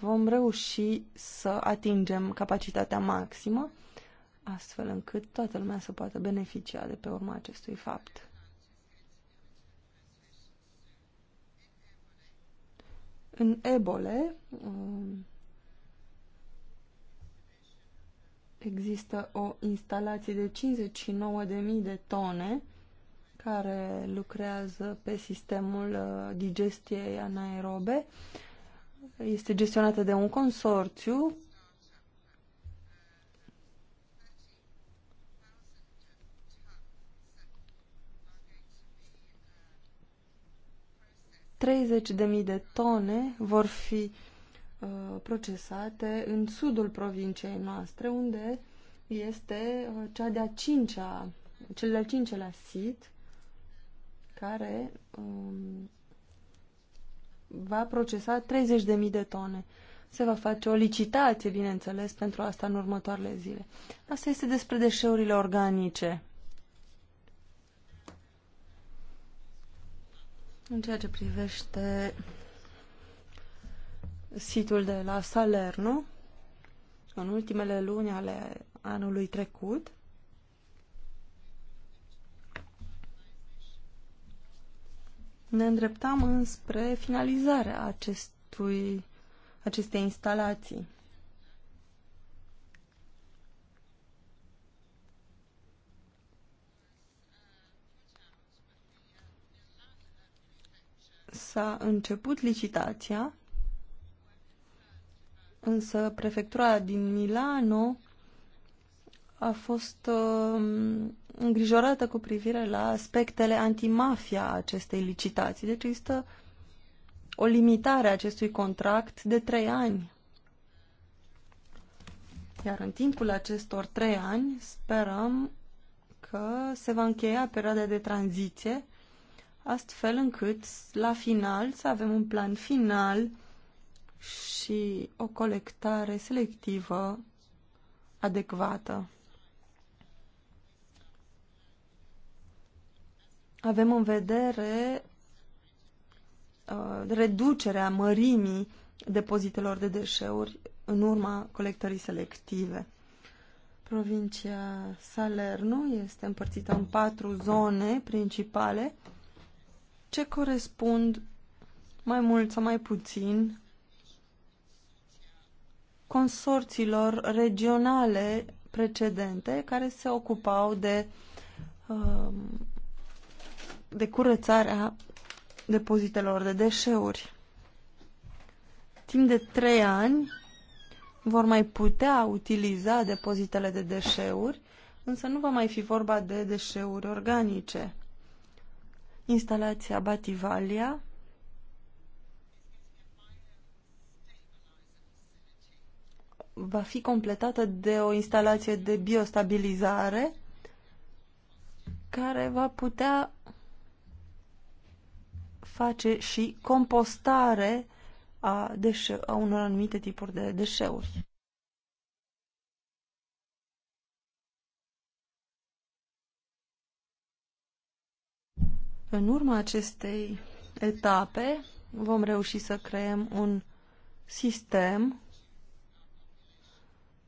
vom reuși să atingem capacitatea maximă, astfel încât toată lumea să poată beneficia de pe urma acestui fapt. În ebole um, există o instalație de 59.000 de tone care lucrează pe sistemul uh, digestiei anaerobe este gestionată de un consorțiu treizeci de mii de tone vor fi uh, procesate în sudul provinciei noastre, unde este uh, cea de-a cincea, cel de-al cincelea sit care um, va procesa 30.000 de tone. Se va face o licitație, bineînțeles, pentru asta în următoarele zile. Asta este despre deșeurile organice. În ceea ce privește situl de la Salerno, în ultimele luni ale anului trecut, Ne îndreptam înspre finalizarea acestui, acestei instalații. S-a început licitația, însă prefectura din Milano a fost uh, îngrijorată cu privire la aspectele antimafia acestei licitații. Deci există o limitare a acestui contract de trei ani. Iar în timpul acestor trei ani sperăm că se va încheia perioada de tranziție, astfel încât la final să avem un plan final și o colectare selectivă adecvată. avem în vedere uh, reducerea mărimii depozitelor de deșeuri în urma colectării selective. Provincia Salernu este împărțită în patru zone principale ce corespund mai mult sau mai puțin consorțiilor regionale precedente care se ocupau de uh, de curățare a depozitelor de deșeuri. Timp de trei ani vor mai putea utiliza depozitele de deșeuri, însă nu va mai fi vorba de deșeuri organice. Instalația Bativalia va fi completată de o instalație de biostabilizare care va putea face și compostare a, deșe- a unor anumite tipuri de deșeuri. În urma acestei etape vom reuși să creăm un sistem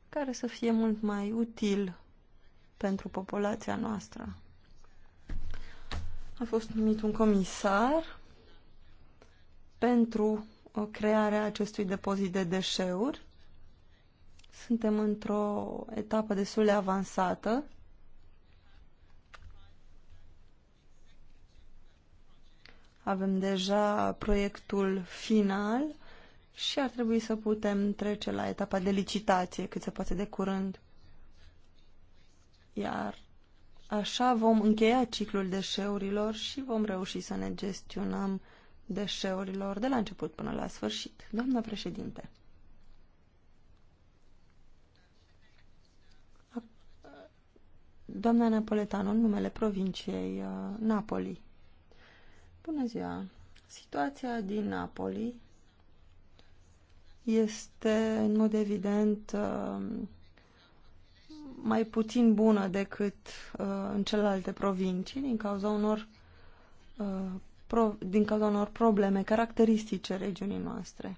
care să fie mult mai util pentru populația noastră. A fost numit un comisar pentru uh, crearea acestui depozit de deșeuri. Suntem într-o etapă destul de avansată. Avem deja proiectul final și ar trebui să putem trece la etapa de licitație cât se poate de curând. Iar așa vom încheia ciclul deșeurilor și vom reuși să ne gestionăm deșeurilor de la început până la sfârșit. Doamna președinte. Doamna Napoletano, în numele provinciei uh, Napoli. Bună ziua! Situația din Napoli este, în mod evident, uh, mai puțin bună decât uh, în celelalte provincii, din cauza unor pro, din cauza unor probleme caracteristice regiunii noastre.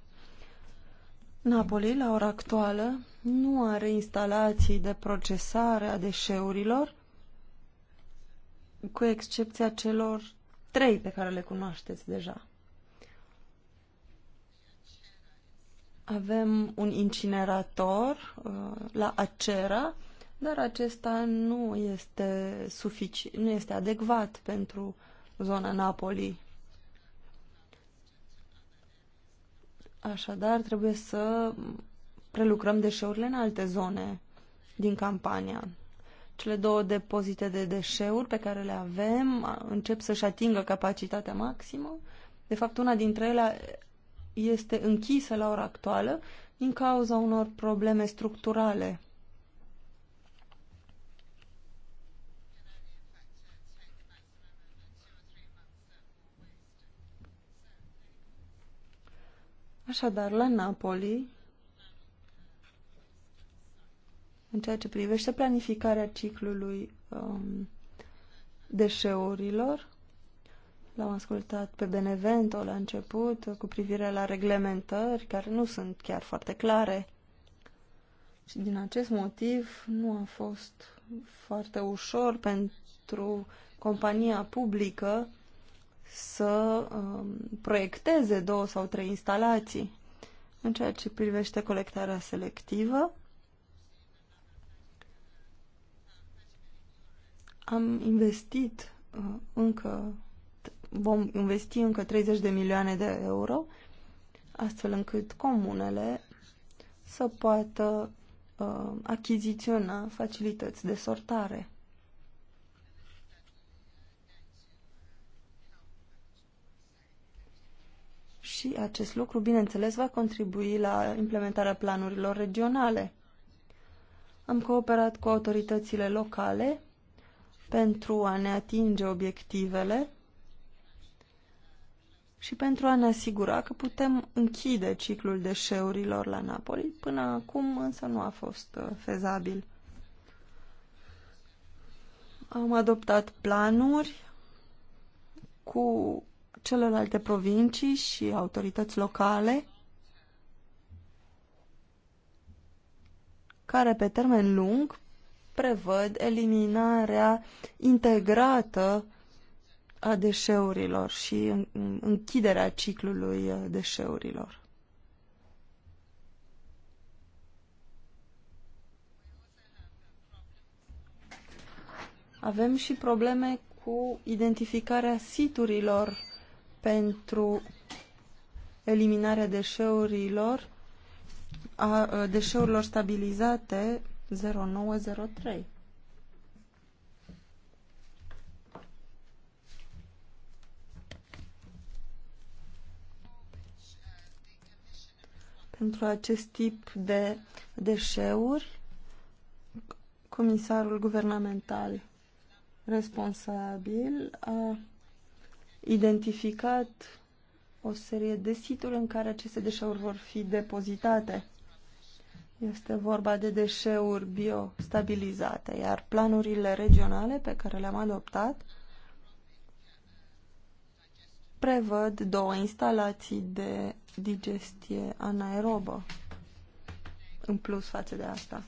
Napoli, la ora actuală, nu are instalații de procesare a deșeurilor, cu excepția celor trei pe care le cunoașteți deja. Avem un incinerator uh, la Acera, dar acesta nu este, sufici- nu este adecvat pentru uh, zona Napoli. Așadar, trebuie să prelucrăm deșeurile în alte zone din campania. Cele două depozite de deșeuri pe care le avem încep să-și atingă capacitatea maximă. De fapt, una dintre ele este închisă la ora actuală din cauza unor probleme structurale Așadar, la Napoli, în ceea ce privește planificarea ciclului um, deșeurilor, l-am ascultat pe Benevento la început cu privire la reglementări care nu sunt chiar foarte clare. Și din acest motiv nu a fost foarte ușor pentru compania publică să um, proiecteze două sau trei instalații. În ceea ce privește colectarea selectivă, am investit uh, încă, vom investi încă 30 de milioane de euro, astfel încât comunele să poată uh, achiziționa facilități de sortare. și acest lucru, bineînțeles, va contribui la implementarea planurilor regionale. Am cooperat cu autoritățile locale pentru a ne atinge obiectivele și pentru a ne asigura că putem închide ciclul deșeurilor la Napoli. Până acum însă nu a fost uh, fezabil. Am adoptat planuri cu celelalte provincii și autorități locale care pe termen lung prevăd eliminarea integrată a deșeurilor și închiderea ciclului uh, deșeurilor. Avem și probleme cu identificarea siturilor pentru eliminarea deșeurilor a deșeurilor stabilizate 0903. Pentru acest tip de deșeuri, comisarul guvernamental responsabil a identificat o serie de situri în care aceste deșeuri vor fi depozitate. Este vorba de deșeuri biostabilizate, iar planurile regionale pe care le-am adoptat prevăd două instalații de digestie anaerobă în plus față de asta.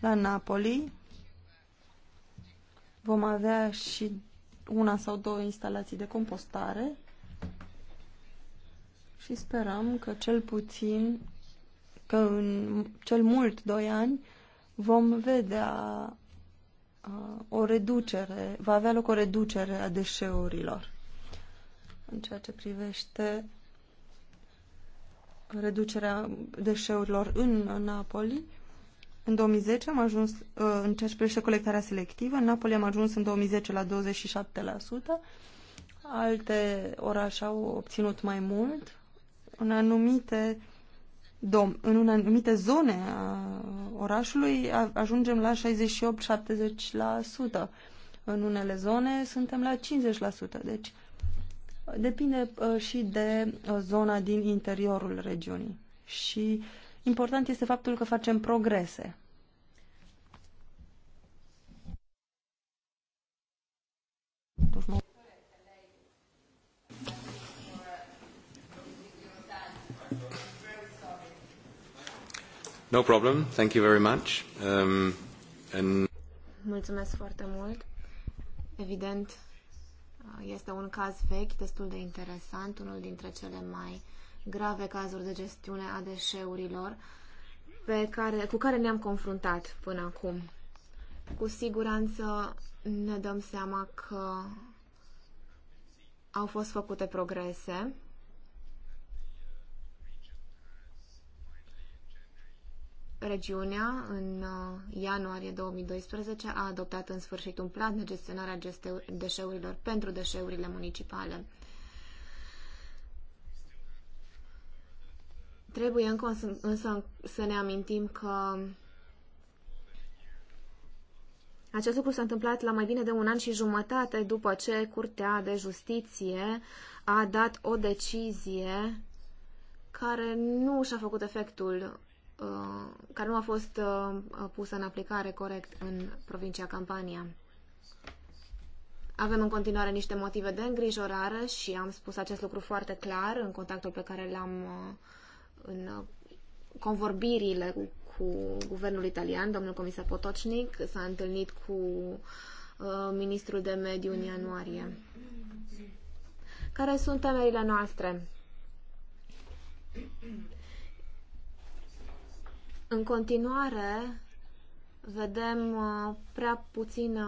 La Napoli vom avea și una sau două instalații de compostare și sperăm că cel puțin, că în cel mult doi ani vom vedea uh, o reducere, va avea loc o reducere a deșeurilor în ceea ce privește reducerea deșeurilor în Napoli. În 2010 am ajuns, uh, în ceea ce privește colectarea selectivă, în Napoli am ajuns în 2010 la 27%, alte orașe au obținut mai mult. În anumite, dom- în anumite zone a orașului ajungem la 68-70%. În unele zone suntem la 50%. Deci depinde uh, și de uh, zona din interiorul regiunii. Și uh, Important este faptul că facem progrese. No problem. Thank you very much. Um, and... Mulțumesc foarte mult. Evident, este un caz vechi, destul de interesant, unul dintre cele mai grave cazuri de gestiune a deșeurilor pe care, cu care ne-am confruntat până acum. Cu siguranță ne dăm seama că au fost făcute progrese. Regiunea, în uh, ianuarie 2012, a adoptat în sfârșit un plan de gestionare a deșeurilor pentru deșeurile municipale. Trebuie însă să ne amintim că acest lucru s-a întâmplat la mai bine de un an și jumătate după ce Curtea de Justiție a dat o decizie care nu și-a făcut efectul, uh, care nu a fost uh, pusă în aplicare corect în provincia Campania. Avem în continuare niște motive de îngrijorare și am spus acest lucru foarte clar în contactul pe care l-am uh, în uh, convorbirile cu, cu guvernul italian, domnul comisar Potocnic s-a întâlnit cu uh, ministrul de mediu în ianuarie. Care sunt temerile noastre? În continuare, vedem uh, prea puțină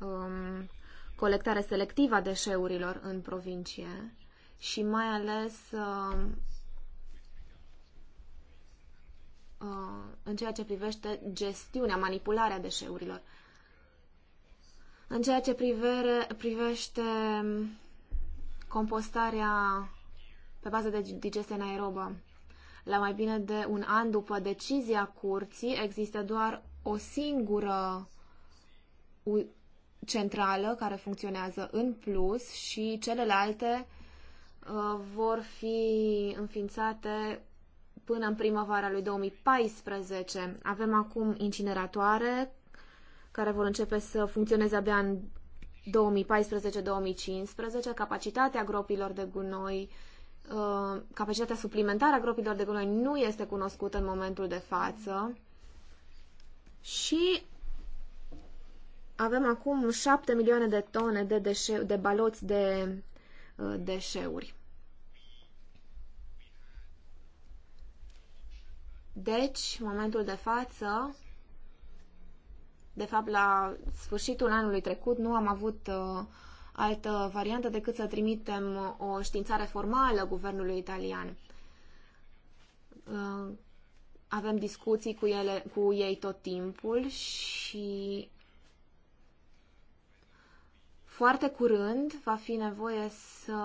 um, colectare selectivă a deșeurilor în provincie și mai ales um, Uh, în ceea ce privește gestiunea, manipularea deșeurilor. În ceea ce privere, privește um, compostarea pe bază de digestie aerobă, la mai bine de un an după decizia curții, există doar o singură centrală care funcționează în plus și celelalte uh, vor fi înființate până în primăvara lui 2014. Avem acum incineratoare care vor începe să funcționeze abia în 2014-2015. Capacitatea gropilor de gunoi, uh, capacitatea suplimentară a gropilor de gunoi nu este cunoscută în momentul de față. Și avem acum 7 milioane de tone de, deșe- de baloți de uh, deșeuri. Deci, momentul de față, de fapt la sfârșitul anului trecut, nu am avut uh, altă variantă decât să trimitem o științare formală guvernului italian. Uh, avem discuții cu, ele, cu ei tot timpul și foarte curând va fi nevoie să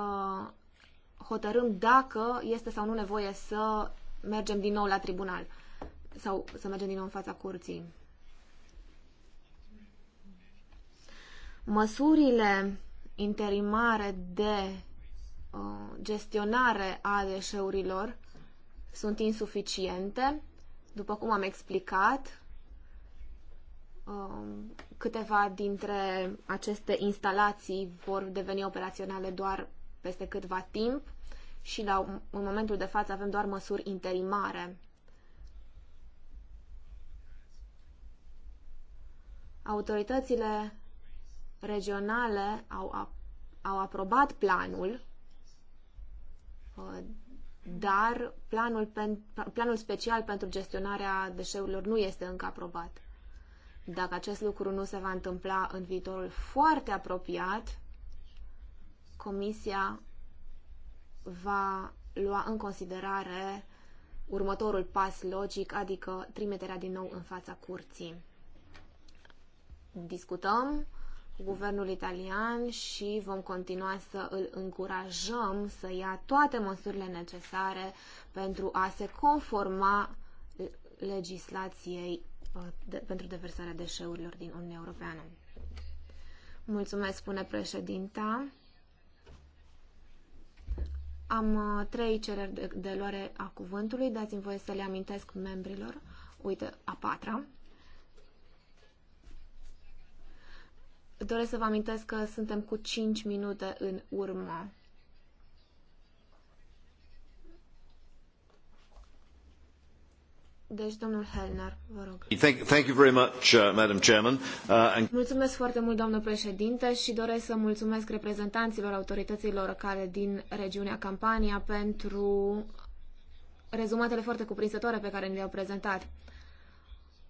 hotărâm dacă este sau nu nevoie să mergem din nou la tribunal sau să mergem din nou în fața curții. Măsurile interimare de uh, gestionare a deșeurilor sunt insuficiente, după cum am explicat, uh, câteva dintre aceste instalații vor deveni operaționale doar peste câtva timp și la, în momentul de față avem doar măsuri interimare. Autoritățile regionale au, au aprobat planul, uh, dar planul, pen, planul special pentru gestionarea deșeurilor nu este încă aprobat. Dacă acest lucru nu se va întâmpla în viitorul foarte apropiat, Comisia va lua în considerare următorul pas logic, adică trimiterea din nou în fața curții. Discutăm cu guvernul italian și vom continua să îl încurajăm să ia toate măsurile necesare pentru a se conforma legislației uh, de, pentru deversarea deșeurilor din Uniunea Europeană. Mulțumesc, spune președinta. Am uh, trei cereri de, de luare a cuvântului. Dați-mi voie să le amintesc membrilor. Uite, a patra. Doresc să vă amintesc că suntem cu 5 minute în urmă. Deci, domnul Helner, vă rog. Thank, you very much, uh, Madam Chairman. Uh, mulțumesc foarte mult, doamnă președinte, și doresc să mulțumesc reprezentanților autorităților locale din regiunea Campania pentru rezumatele foarte cuprinzătoare pe care ni le-au prezentat.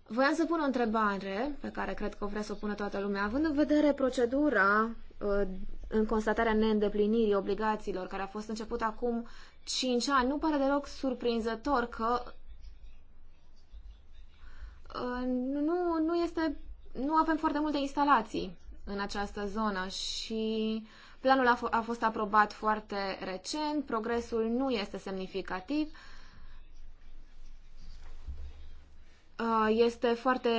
Voiam să pun o întrebare pe care cred că o vrea să o pună toată lumea, având în vedere procedura uh, în constatarea neîndeplinirii obligațiilor care a fost început acum 5 ani, nu pare deloc surprinzător că nu, nu, este, nu avem foarte multe instalații în această zonă și planul a, a fost aprobat foarte recent, progresul nu este semnificativ. Uh, este foarte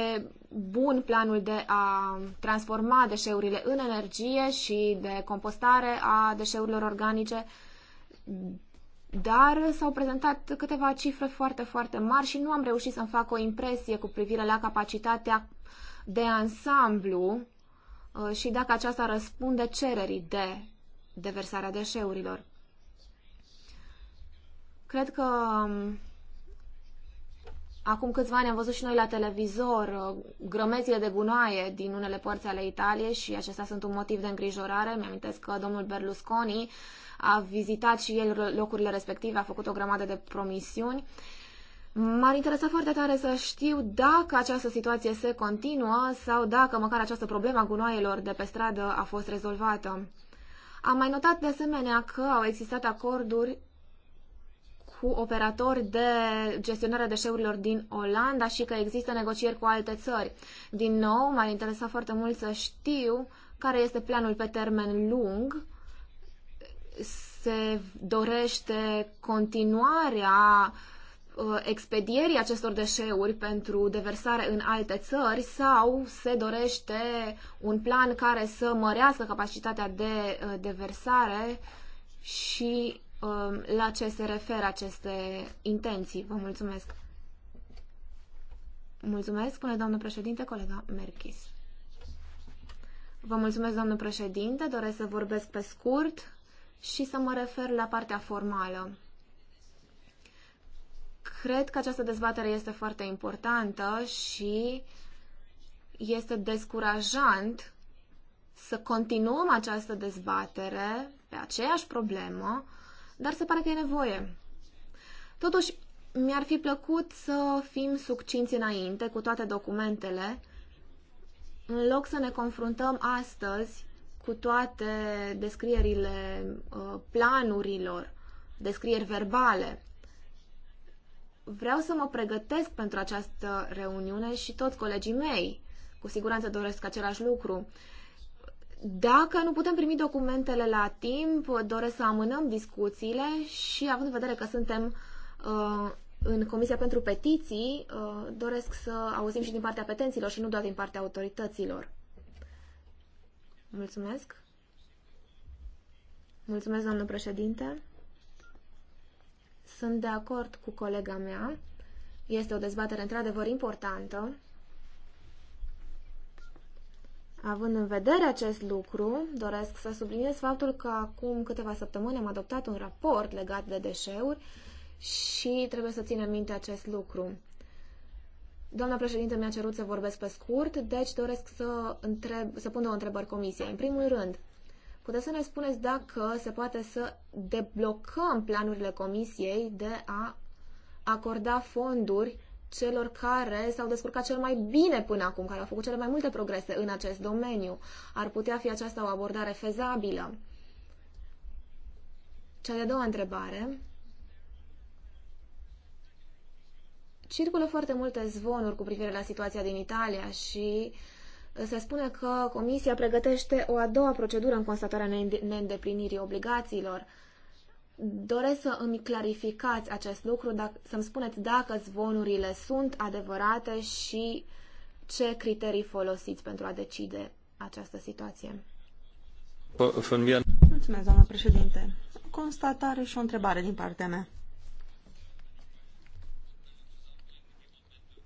bun planul de a transforma deșeurile în energie și de compostare a deșeurilor organice, dar s-au prezentat câteva cifre foarte, foarte mari și nu am reușit să-mi fac o impresie cu privire la capacitatea de ansamblu uh, și dacă aceasta răspunde cererii de deversarea deșeurilor. Cred că um, acum câțiva ani am văzut și noi la televizor uh, grămezile de gunoaie din unele părți ale Italiei și acestea sunt un motiv de îngrijorare. Mi-amintesc că domnul Berlusconi a vizitat și el locurile respective, a făcut o grămadă de promisiuni. M-ar interesa foarte tare să știu dacă această situație se continuă sau dacă măcar această problemă a gunoaielor de pe stradă a fost rezolvată. Am mai notat de asemenea că au existat acorduri cu operatori de gestionare deșeurilor din Olanda și că există negocieri cu alte țări. Din nou, m-ar interesa foarte mult să știu care este planul pe termen lung se dorește continuarea uh, expedierii acestor deșeuri pentru deversare în alte țări sau se dorește un plan care să mărească capacitatea de uh, deversare și um, la ce se referă aceste intenții. Vă mulțumesc. Mulțumesc, spune doamnă președinte, colega Merchis. Vă mulțumesc, doamnă președinte. Doresc să vorbesc pe scurt și să mă refer la partea formală. Cred că această dezbatere este foarte importantă și este descurajant să continuăm această dezbatere pe aceeași problemă, dar se pare că e nevoie. Totuși, mi-ar fi plăcut să fim succinți înainte cu toate documentele, în loc să ne confruntăm astăzi cu toate descrierile uh, planurilor, descrieri verbale. Vreau să mă pregătesc pentru această reuniune și toți colegii mei cu siguranță doresc același lucru. Dacă nu putem primi documentele la timp, doresc să amânăm discuțiile și având în vedere că suntem uh, în Comisia pentru Petiții, uh, doresc să auzim și din partea petenților și nu doar din partea autorităților. Mulțumesc. Mulțumesc, doamnă președinte. Sunt de acord cu colega mea. Este o dezbatere într-adevăr importantă. Având în vedere acest lucru, doresc să subliniez faptul că acum câteva săptămâni am adoptat un raport legat de deșeuri și trebuie să ținem minte acest lucru. Doamna președinte mi-a cerut să vorbesc pe scurt, deci doresc să, întreb, să pun două întrebări comisiei. În primul rând, puteți să ne spuneți dacă se poate să deblocăm planurile comisiei de a acorda fonduri celor care s-au descurcat cel mai bine până acum, care au făcut cele mai multe progrese în acest domeniu. Ar putea fi aceasta o abordare fezabilă? Cea de-a doua întrebare Circulă foarte multe zvonuri cu privire la situația din Italia și uh, se spune că Comisia pregătește o a doua procedură în constatarea neîndeplinirii obligațiilor. Doresc să îmi clarificați acest lucru, dacă, să-mi spuneți dacă zvonurile sunt adevărate și ce criterii folosiți pentru a decide această situație. Mulțumesc, doamnă președinte. O constatare și o întrebare din partea mea.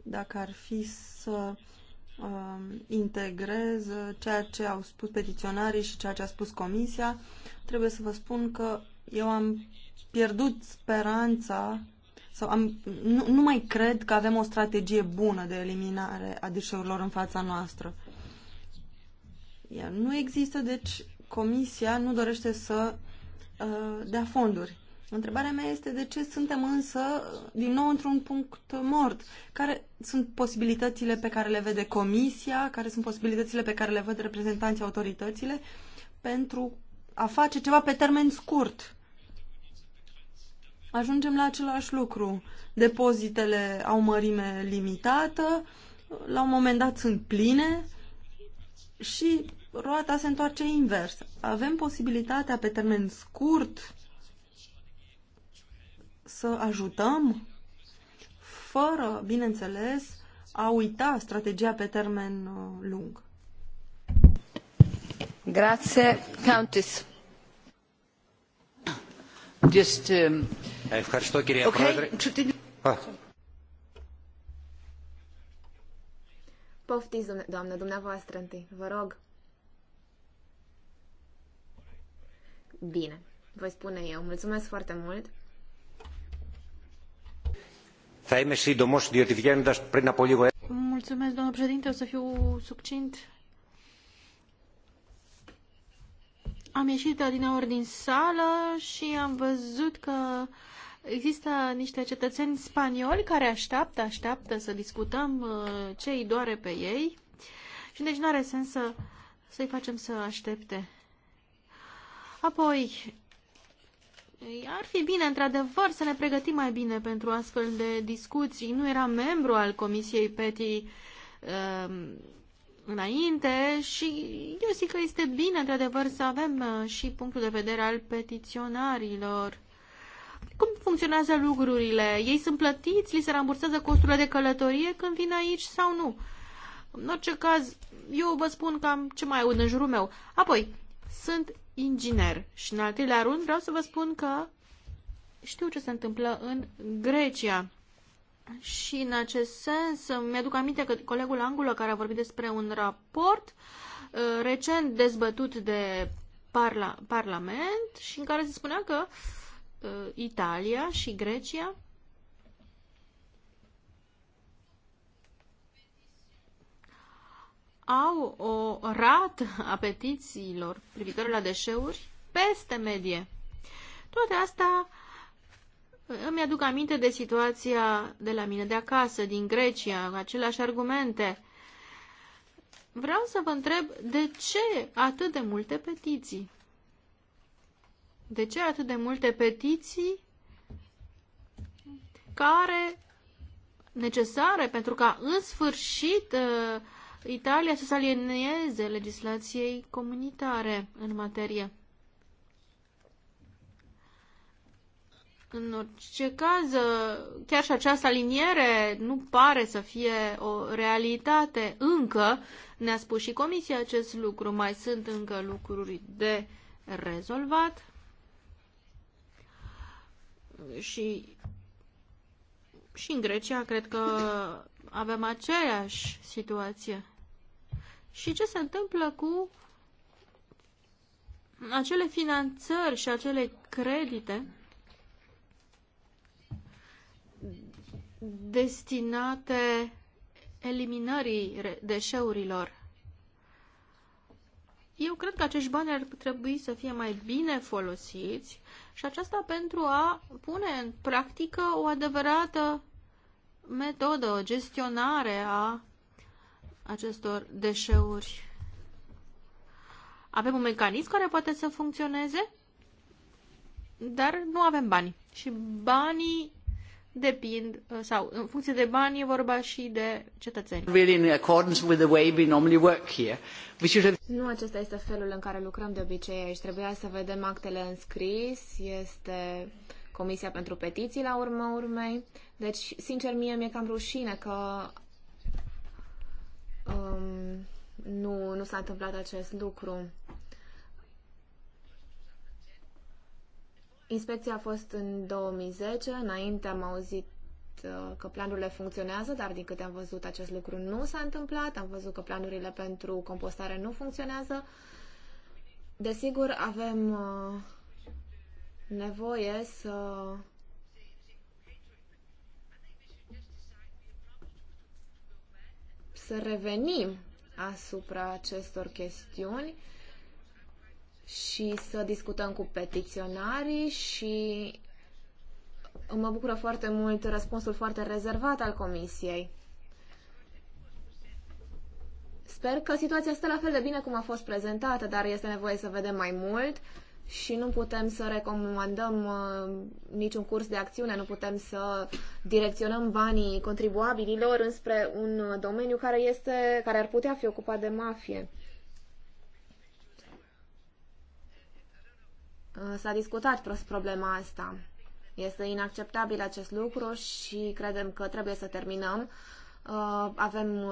dacă ar fi să uh, integrez ceea ce au spus petiționarii și ceea ce a spus comisia, trebuie să vă spun că eu am pierdut speranța sau am, nu, nu mai cred că avem o strategie bună de eliminare a deșeurilor în fața noastră. Iar nu există, deci comisia nu dorește să uh, dea fonduri. Întrebarea mea este de ce suntem însă din nou într-un punct mort. Care sunt posibilitățile pe care le vede Comisia, care sunt posibilitățile pe care le văd reprezentanții autoritățile pentru a face ceva pe termen scurt? Ajungem la același lucru. Depozitele au mărime limitată, la un moment dat sunt pline și roata se întoarce invers. Avem posibilitatea pe termen scurt să ajutăm fără, bineînțeles, a uita strategia pe termen uh, lung. Grazie, Countess. Just, um... Eh, okay. ah. Poftiți, doamnă, dumneavoastră întâi, vă rog. Bine, voi spune eu. Mulțumesc foarte mult. Θα είμαι σύντομος, διότι βγαίνοντας πριν από Mulțumesc, domnul președinte, o să fiu succint. Am ieșit din din sală și am văzut că există niște cetățeni spanioli care așteaptă, așteaptă să discutăm uh, ce îi doare pe ei și deci nu are sens să, să-i facem să aștepte. Apoi, ar fi bine, într-adevăr, să ne pregătim mai bine pentru astfel de discuții. Nu era membru al Comisiei PETI um, înainte și eu zic că este bine, într-adevăr, să avem uh, și punctul de vedere al petiționarilor. Cum funcționează lucrurile? Ei sunt plătiți? Li se rambursează costurile de călătorie când vin aici sau nu? În orice caz, eu vă spun cam ce mai aud în jurul meu. Apoi, sunt inginer. Și în al treilea rând vreau să vă spun că știu ce se întâmplă în Grecia. Și în acest sens, mi-aduc aminte că colegul Angulo, care a vorbit despre un raport uh, recent dezbătut de parla- Parlament și în care se spunea că uh, Italia și Grecia au o rată a petițiilor privitoare la deșeuri peste medie. Toate astea uh, îmi aduc aminte de situația de la mine de acasă, din Grecia, cu aceleași argumente. Vreau să vă întreb de ce atât de multe petiții? De ce atât de multe petiții care necesare pentru ca în sfârșit uh, Italia să se alinieze legislației comunitare în materie. În orice caz, chiar și această aliniere nu pare să fie o realitate încă. Ne-a spus și Comisia acest lucru. Mai sunt încă lucruri de rezolvat. Și, și în Grecia cred că avem aceeași situație și ce se întâmplă cu acele finanțări și acele credite destinate eliminării deșeurilor. Eu cred că acești bani ar trebui să fie mai bine folosiți și aceasta pentru a pune în practică o adevărată metodă, o gestionare a acestor deșeuri. Avem un mecanism care poate să funcționeze, dar nu avem bani. Și banii depind, sau în funcție de bani e vorba și de cetățeni. Really in accordance with the way we normally work here. We should have... Nu acesta este felul în care lucrăm de obicei aici. Trebuia să vedem actele înscris, este Comisia pentru Petiții la urmă urmei. Deci, sincer, mie mi-e cam rușine că um, nu, nu s-a întâmplat acest lucru. Inspecția a fost în 2010, înainte am auzit uh, că planurile funcționează, dar din câte am văzut acest lucru nu s-a întâmplat, am văzut că planurile pentru compostare nu funcționează. Desigur, avem uh, nevoie să să revenim asupra acestor chestiuni și să discutăm cu petiționarii și mă bucură foarte mult răspunsul foarte rezervat al comisiei. Sper că situația stă la fel de bine cum a fost prezentată, dar este nevoie să vedem mai mult și nu putem să recomandăm uh, niciun curs de acțiune, nu putem să direcționăm banii contribuabililor înspre un uh, domeniu care, este, care ar putea fi ocupat de mafie. Uh, s-a discutat prost problema asta. Este inacceptabil acest lucru și credem că trebuie să terminăm. Uh, avem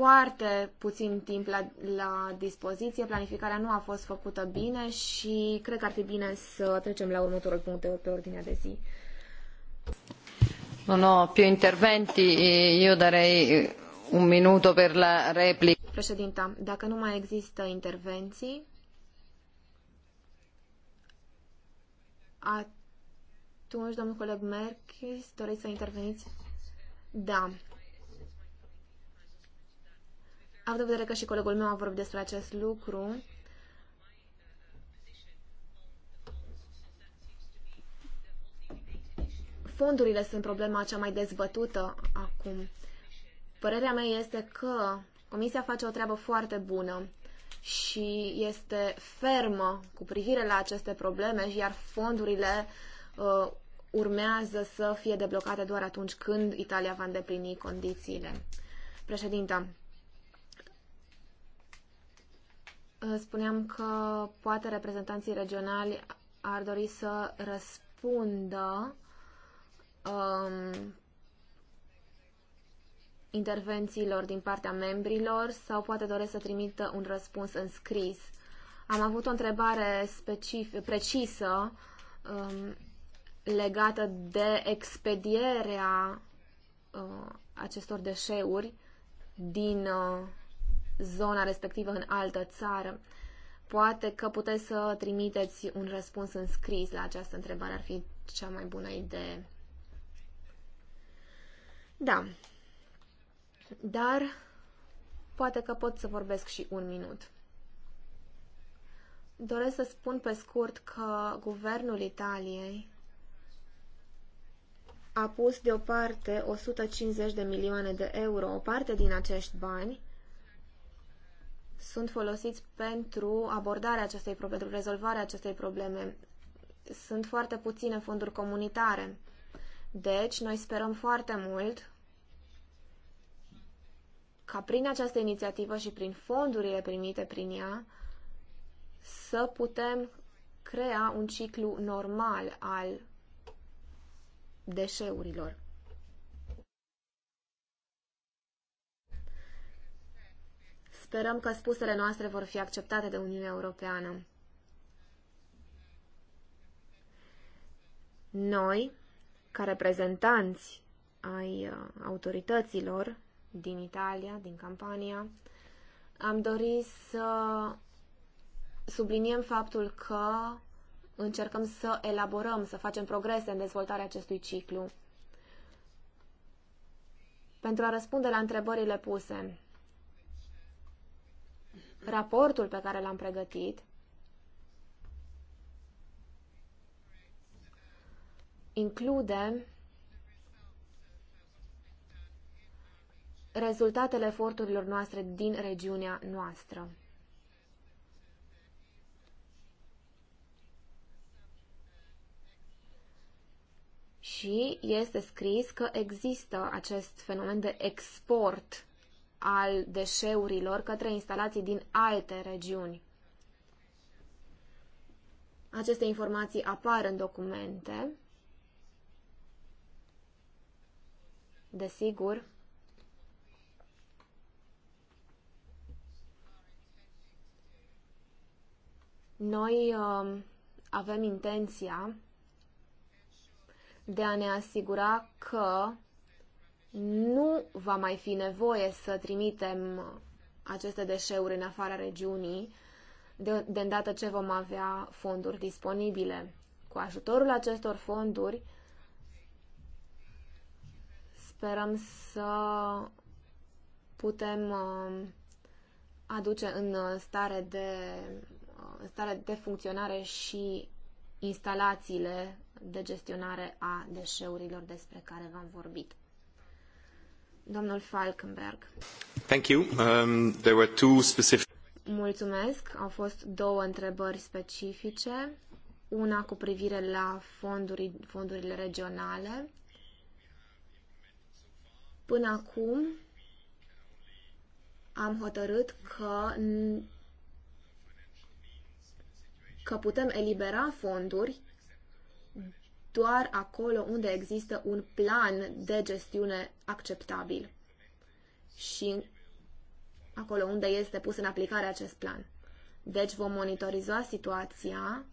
foarte puțin timp la, la dispoziție, planificarea nu a fost făcută bine și cred că ar fi bine să trecem la următorul punct de pe ordinea de zi. Nu ho più interventi, Eu darei un minut per la replică. Președinta, dacă nu mai există intervenții, atunci, domnul coleg Merkis, doriți să interveniți? Da. Având în vedere că și colegul meu a vorbit despre acest lucru, fondurile sunt problema cea mai dezbătută acum. Părerea mea este că Comisia face o treabă foarte bună și este fermă cu privire la aceste probleme, iar fondurile uh, urmează să fie deblocate doar atunci când Italia va îndeplini condițiile. Președinta, Uh, spuneam că poate reprezentanții regionali ar dori să răspundă um, intervențiilor din partea membrilor sau poate doresc să trimită un răspuns în scris. Am avut o întrebare specific, precisă um, legată de expedierea uh, acestor deșeuri din uh, zona respectivă în altă țară. Poate că puteți să trimiteți un răspuns în scris la această întrebare, ar fi cea mai bună idee. Da. Dar poate că pot să vorbesc și un minut. Doresc să spun pe scurt că guvernul Italiei a pus deoparte 150 de milioane de euro, o parte din acești bani, sunt folosiți pentru abordarea acestei probleme, pentru rezolvarea acestei probleme. Sunt foarte puține fonduri comunitare. Deci, noi sperăm foarte mult ca prin această inițiativă și prin fondurile primite prin ea să putem crea un ciclu normal al deșeurilor. Sperăm că spusele noastre vor fi acceptate de Uniunea Europeană. Noi, ca reprezentanți ai uh, autorităților din Italia, din Campania, am dorit să subliniem faptul că încercăm să elaborăm, să facem progrese în dezvoltarea acestui ciclu. Pentru a răspunde la întrebările puse, raportul pe care l-am pregătit include rezultatele eforturilor noastre din regiunea noastră. Și este scris că există acest fenomen de export al deșeurilor către instalații din alte regiuni. Aceste informații apar în documente. Desigur, noi uh, avem intenția de a ne asigura că nu va mai fi nevoie să trimitem aceste deșeuri în afara regiunii, de, de îndată ce vom avea fonduri disponibile. Cu ajutorul acestor fonduri, sperăm să putem um, aduce în stare de, în uh, stare de funcționare și instalațiile de gestionare a deșeurilor despre care v-am vorbit. Domnul Falkenberg. Thank you. Um, there were two specific... Mulțumesc. Au fost două întrebări specifice. Una cu privire la fonduri, fondurile regionale. Până acum am hotărât că că putem elibera fonduri doar acolo unde există un plan de gestiune acceptabil și acolo unde este pus în aplicare acest plan. Deci vom monitoriza situația.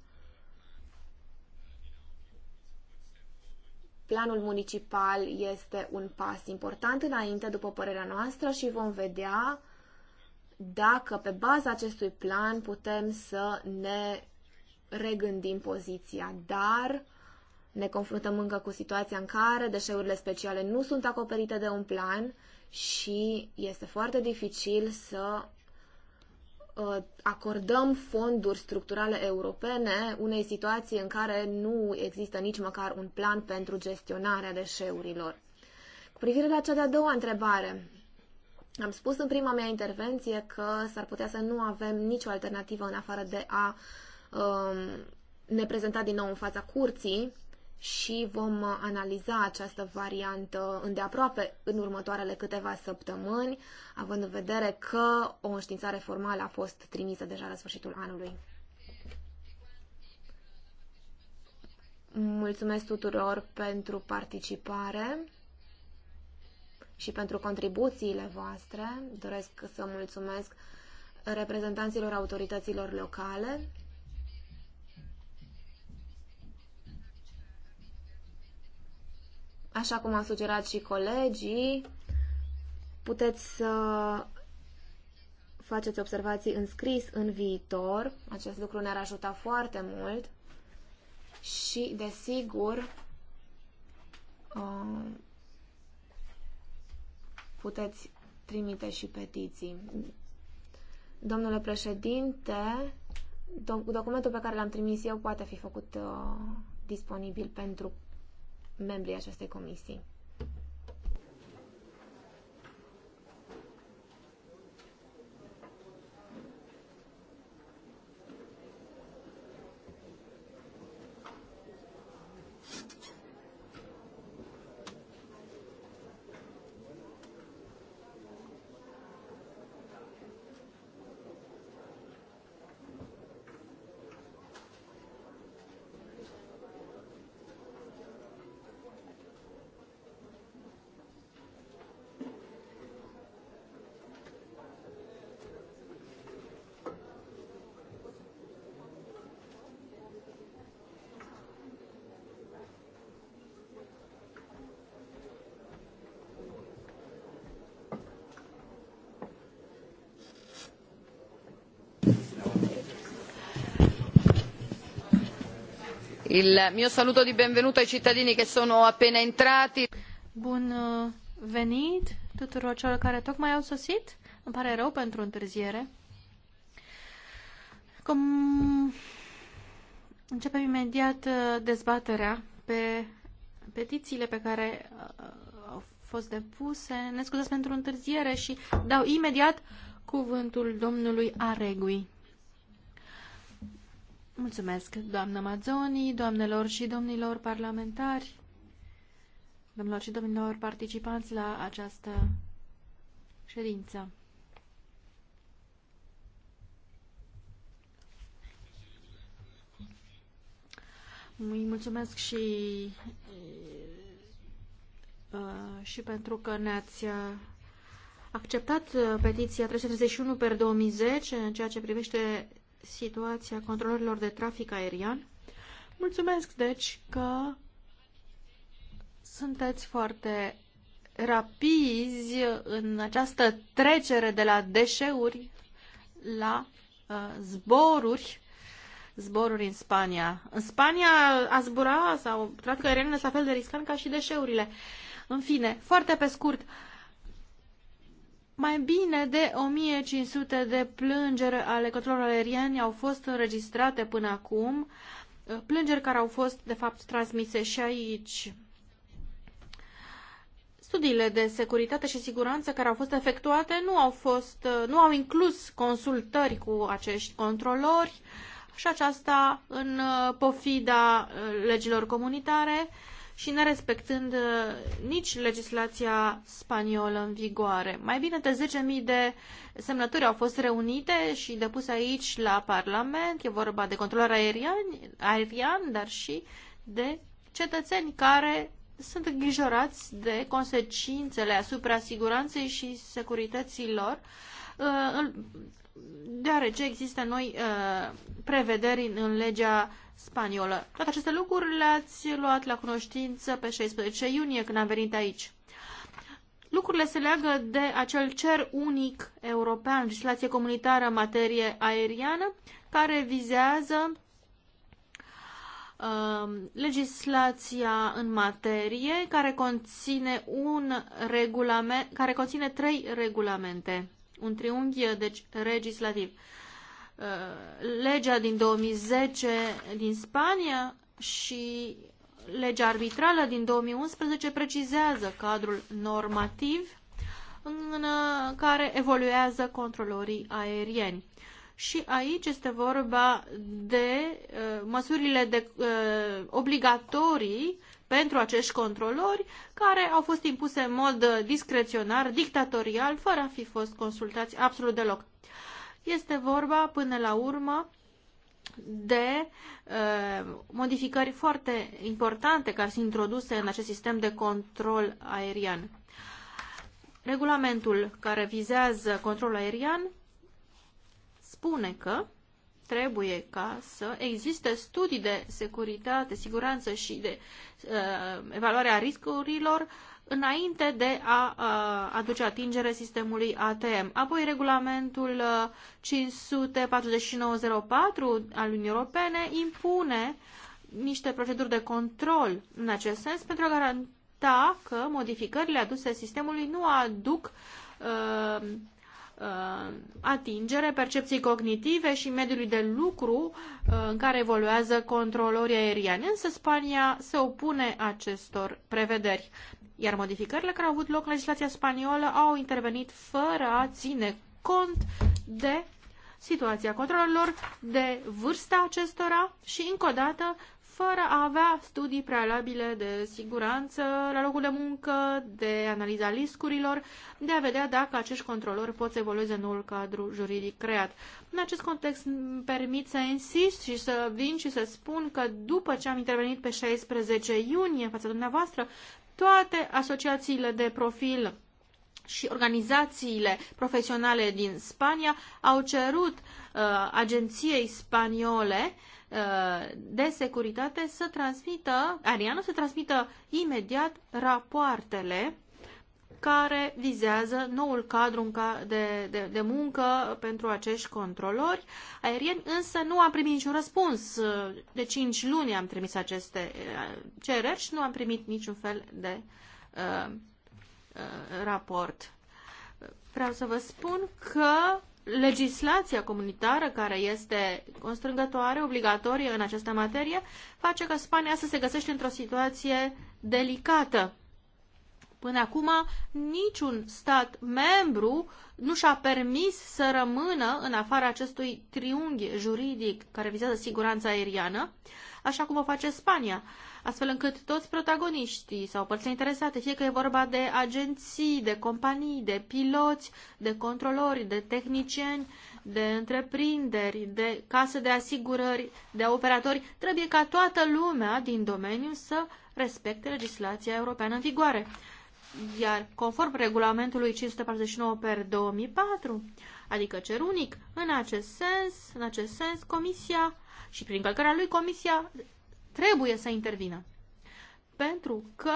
Planul municipal este un pas important înainte, după părerea noastră, și vom vedea dacă pe baza acestui plan putem să ne regândim poziția. Dar ne confruntăm încă cu situația în care deșeurile speciale nu sunt acoperite de un plan și este foarte dificil să uh, acordăm fonduri structurale europene unei situații în care nu există nici măcar un plan pentru gestionarea deșeurilor. Cu privire la cea de-a doua întrebare, am spus în prima mea intervenție că s-ar putea să nu avem nicio alternativă în afară de a um, ne prezenta din nou în fața curții și vom uh, analiza această variantă îndeaproape în următoarele câteva săptămâni, având în vedere că o înștiințare formală a fost trimisă deja la sfârșitul anului. Mulțumesc tuturor pentru participare și pentru contribuțiile voastre. Doresc să mulțumesc reprezentanților autorităților locale, Așa cum au sugerat și colegii, puteți să faceți observații în scris în viitor. Acest lucru ne-ar ajuta foarte mult și, desigur, uh, puteți trimite și petiții. Domnule președinte, documentul pe care l-am trimis eu poate fi făcut uh, disponibil pentru membrii acestei comisii. il mio saluto di benvenuto ai cittadini che sono appena entrati. Bun uh, venit tuturor celor care tocmai au sosit. Îmi pare rău pentru întârziere. Cum începem imediat uh, dezbaterea pe petițiile pe care uh, au fost depuse. Ne scuzați pentru întârziere și dau imediat cuvântul domnului Aregui. Mulțumesc, doamnă Mazzoni, doamnelor și domnilor parlamentari, domnilor și domnilor participanți la această ședință. Îi mulțumesc și, și pentru că ne-ați acceptat uh, petiția 331 per 2010 în ceea ce privește situația controlorilor de trafic aerian. Mulțumesc, deci, că sunteți foarte rapizi în această trecere de la deșeuri la uh, zboruri, zboruri în Spania. În Spania a zbura sau trafic aerian este la fel de riscant ca și deșeurile. În fine, foarte pe scurt, mai bine de 1500 de plângeri ale controlului aerieni au fost înregistrate până acum, plângeri care au fost, de fapt, transmise și aici. Studiile de securitate și siguranță care au fost efectuate nu au, fost, nu au inclus consultări cu acești controlori și aceasta în uh, pofida uh, legilor comunitare și nerespectând uh, nici legislația spaniolă în vigoare. Mai bine de 10.000 de semnături au fost reunite și depuse aici la Parlament. E vorba de controlor aerian, aerian dar și de cetățeni care sunt îngrijorați de consecințele asupra siguranței și securității lor uh, deoarece există noi uh, prevederi în, în legea spaniolă. Toate aceste lucruri le-ați luat la cunoștință pe 16 iunie când am venit aici. Lucrurile se leagă de acel cer unic european, legislație comunitară în materie aeriană, care vizează um, legislația în materie care conține un regulament care conține trei regulamente un triunghi deci, legislativ. Uh, legea din 2010 din Spania și legea arbitrală din 2011 precizează cadrul normativ în uh, care evoluează controlorii aerieni. Și aici este vorba de uh, măsurile de, uh, obligatorii pentru acești controlori care au fost impuse în mod uh, discreționar, dictatorial, fără a fi fost consultați absolut deloc. Este vorba până la urmă de uh, modificări foarte importante care sunt introduse în acest sistem de control aerian. Regulamentul care vizează controlul aerian spune că trebuie ca să existe studii de securitate, siguranță și de uh, evaluare a riscurilor înainte de a uh, aduce atingere sistemului ATM. Apoi regulamentul uh, 549.04 al Uniunii Europene impune niște proceduri de control în acest sens pentru a garanta că modificările aduse sistemului nu aduc uh, Uh, atingere, percepției cognitive și mediului de lucru uh, în care evoluează controlorii aerieni. Însă Spania se opune acestor prevederi, iar modificările care au avut loc în legislația spaniolă au intervenit fără a ține cont de situația controlorilor, de vârsta acestora și, încă o dată, fără a avea studii prealabile de siguranță la locul de muncă, de analiza riscurilor, de a vedea dacă acești controlori pot să evolueze în noul cadru juridic creat. În acest context îmi permit să insist și să vin și să spun că după ce am intervenit pe 16 iunie fața dumneavoastră, toate asociațiile de profil și organizațiile profesionale din Spania au cerut uh, agenției spaniole uh, de securitate să transmită, Ariano să transmită imediat rapoartele care vizează noul cadru de, de, de muncă pentru acești controlori aerieni, însă nu am primit niciun răspuns. De 5 luni am trimis aceste eh, cereri și nu am primit niciun fel de uh, uh, raport. Vreau să vă spun că legislația comunitară care este constrângătoare, obligatorie în această materie, face că Spania să se găsește într-o situație delicată. Până acum, niciun stat membru nu și-a permis să rămână în afara acestui triunghi juridic care vizează siguranța aeriană, așa cum o face Spania. Uh, astfel încât toți protagoniștii sau părțile interesate, fie că e vorba de agenții, de companii, de piloți, de controlori, de tehnicieni, de întreprinderi, de case de asigurări, de operatori, trebuie ca toată lumea din domeniu să respecte legislația europeană în vigoare. Iar conform regulamentului 549 per 2004, adică cer unic, în acest sens, în acest sens, Comisia și prin călcarea lui Comisia trebuie să intervină. Pentru că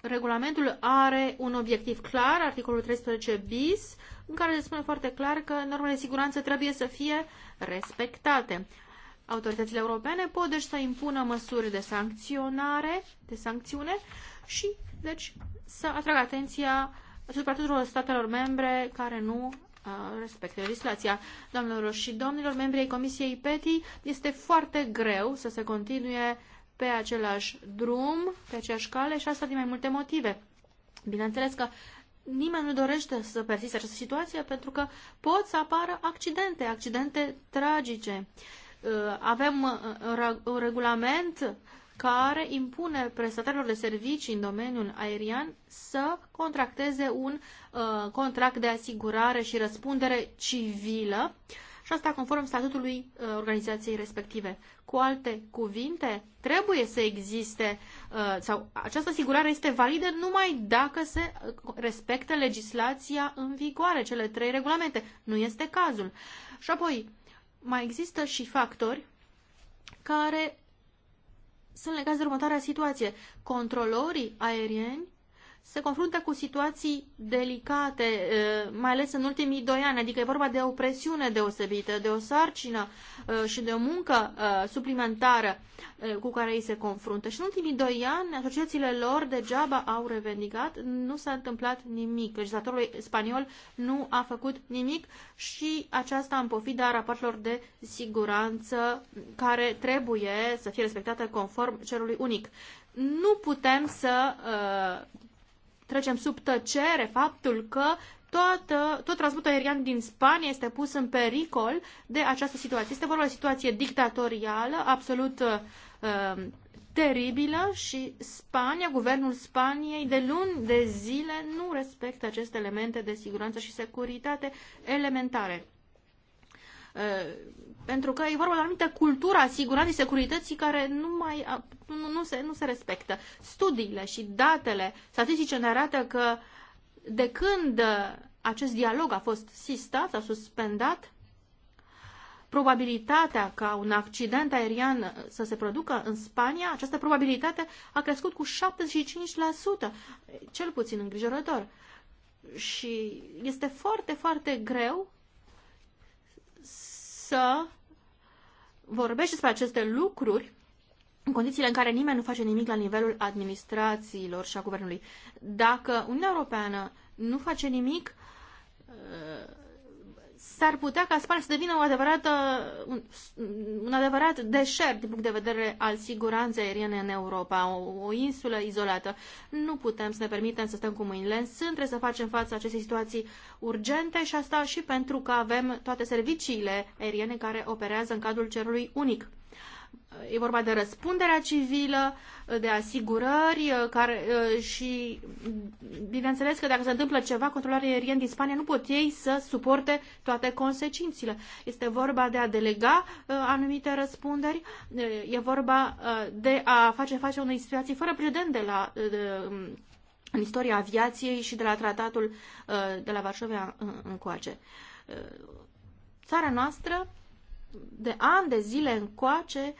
regulamentul are un obiectiv clar, articolul 13 bis, în care se spune foarte clar că normele de siguranță trebuie să fie respectate. Autoritățile europene pot deci să impună măsuri de sancționare, de sancțiune și deci să atragă atenția asupra tuturor statelor membre care nu respect legislația. Doamnelor și domnilor, membrii Comisiei PETI, este foarte greu să se continue pe același drum, pe aceeași cale și asta din mai multe motive. Bineînțeles că nimeni nu dorește să persiste această situație pentru că pot să apară accidente, accidente tragice. Avem uh, un regulament care impune prestatorilor de servicii în domeniul aerian să contracteze un uh, contract de asigurare și răspundere civilă și asta conform statutului uh, organizației respective. Cu alte cuvinte, trebuie să existe uh, sau această asigurare este validă numai dacă se respectă legislația în vigoare, cele trei regulamente. Nu este cazul. Și apoi, mai există și factori care sunt legați de următoarea situație. Controlorii aerieni se confruntă cu situații delicate, mai ales în ultimii doi ani, adică e vorba de o presiune deosebită, de o sarcină și de o muncă suplimentară cu care ei se confruntă. Și în ultimii doi ani, asociațiile lor degeaba au revendicat, nu s-a întâmplat nimic. Legislatorul spaniol nu a făcut nimic și aceasta în pofida raportelor de siguranță care trebuie să fie respectată conform cerului unic. Nu putem să trecem sub tăcere faptul că tot, tot transportul aerian din Spania este pus în pericol de această situație. Este vorba de o situație dictatorială, absolut uh, um, teribilă și Spania, guvernul Spaniei, de luni de zile nu respectă aceste elemente de siguranță și securitate elementare pentru că e vorba de anumită cultură a siguranței securității care nu, mai, nu, nu, se, nu se respectă. Studiile și datele statistice ne arată că de când acest dialog a fost sistat a suspendat, probabilitatea ca un accident aerian să se producă în Spania, această probabilitate a crescut cu 75%, cel puțin îngrijorător. Și este foarte, foarte greu să vorbești despre aceste lucruri în condițiile în care nimeni nu face nimic la nivelul administrațiilor și a guvernului. Dacă Uniunea Europeană nu face nimic, s-ar putea ca Spania să devină o adevărată, un, un adevărat deșert din punct de vedere al siguranței aeriene în Europa, o, o insulă izolată. Nu putem să ne permitem să stăm cu mâinile în sân, trebuie să facem față acestei situații urgente și asta și pentru că avem toate serviciile aeriene care operează în cadrul cerului unic. E vorba de răspunderea civilă, de asigurări uh, care, uh, și, bineînțeles că dacă se întâmplă ceva, controlarea aerien din Spania nu pot ei să suporte toate consecințele. Este vorba de a delega uh, anumite răspunderi, e vorba de a face face unei situații fără precedent de la de, um, în istoria aviației și de la tratatul de la Varșovia încoace. Țara noastră, de ani de zile încoace,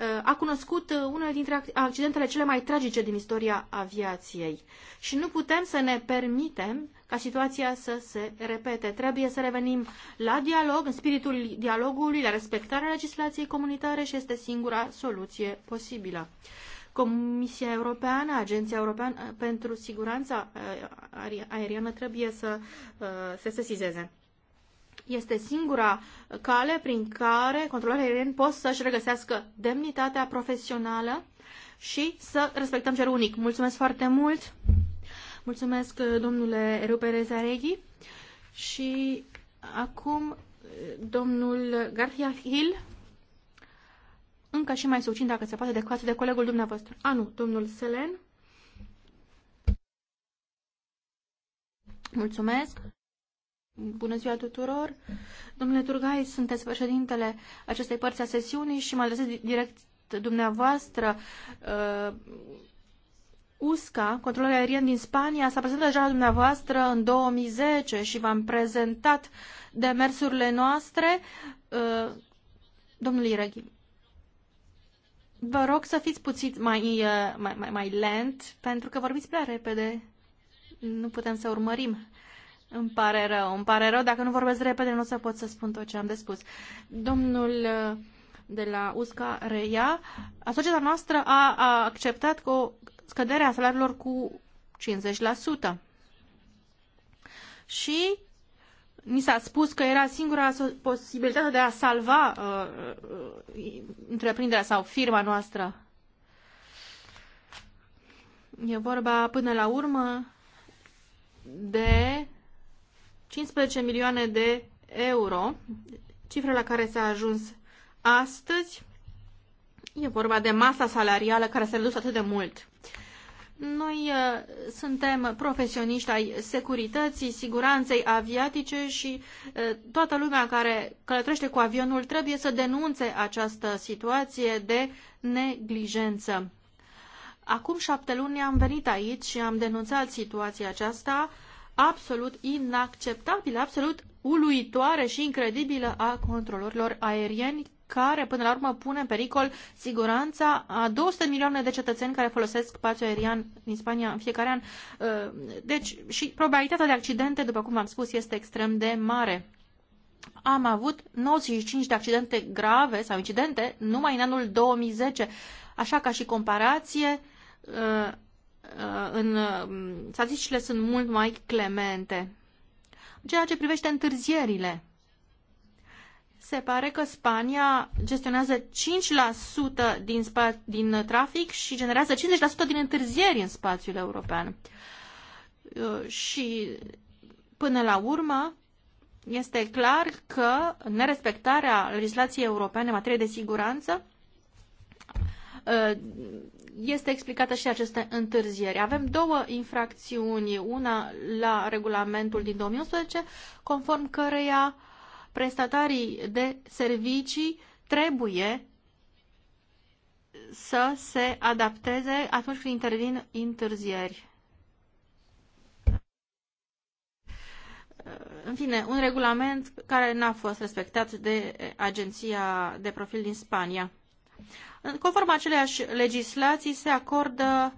Uh, a cunoscut uh, unele dintre accidentele cele mai tragice din istoria aviației. Și nu putem să ne permitem ca situația să se repete. Trebuie să revenim la dialog, în spiritul dialogului, la respectarea legislației comunitare și este singura soluție posibilă. Comisia Europeană, Agenția Europeană pentru Siguranța uh, Aeriană trebuie să se sesizeze este singura cale prin care controlorii aerieni pot să-și regăsească demnitatea profesională și să respectăm cerul unic. Mulțumesc foarte mult! Mulțumesc, domnule Ruperez Areghi. Și acum, domnul Garcia Hill, încă și mai succint, dacă se poate, de față de colegul dumneavoastră. A, nu, domnul Selen. Mulțumesc. Bună ziua tuturor! Domnule Turgai, sunteți președintele acestei părți a sesiunii și mă adresez direct dumneavoastră. Uh, USCA, controlul aerian din Spania, s-a prezentat deja la dumneavoastră în 2010 și v-am prezentat demersurile noastre. Uh, domnul Ireghi, vă rog să fiți puțin mai, uh, mai, mai, mai lent, pentru că vorbiți prea repede. Nu putem să urmărim îmi pare rău, îmi pare rău. Dacă nu vorbesc repede, nu o să pot să spun tot ce am de spus. Domnul uh, de la USCA reia, asociația noastră a, a acceptat o scădere a salariilor cu 50%. Și ni s-a spus că era singura posibilitate de a salva uh, uh, întreprinderea sau firma noastră. E vorba până la urmă de 15 milioane de euro, cifra la care s-a ajuns astăzi. E vorba de masa salarială care s-a redus atât de mult. Noi uh, suntem profesioniști ai securității, siguranței aviatice și uh, toată lumea care călătorește cu avionul trebuie să denunțe această situație de neglijență. Acum șapte luni am venit aici și am denunțat situația aceasta absolut inacceptabilă, absolut uluitoare și incredibilă a controlorilor aerieni care până la urmă pune în pericol siguranța a 200 milioane de cetățeni care folosesc spațiul aerian din Spania în fiecare an. Uh, deci și probabilitatea de accidente, după cum am spus, este extrem de mare. Am avut 95 de accidente grave sau incidente numai în anul 2010, așa ca și comparație uh, Uh, în, um, statisticile sunt mult mai clemente. În ceea ce privește întârzierile, se pare că Spania gestionează 5% din, spa- din trafic și generează 50% din întârzieri în spațiul european. Uh, și până la urmă, este clar că nerespectarea legislației europene în materie de siguranță uh, este explicată și aceste întârzieri. Avem două infracțiuni, una la regulamentul din 2011, conform căreia prestatarii de servicii trebuie să se adapteze atunci când intervin întârzieri. În fine, un regulament care n-a fost respectat de agenția de profil din Spania. Conform aceleași legislații se acordă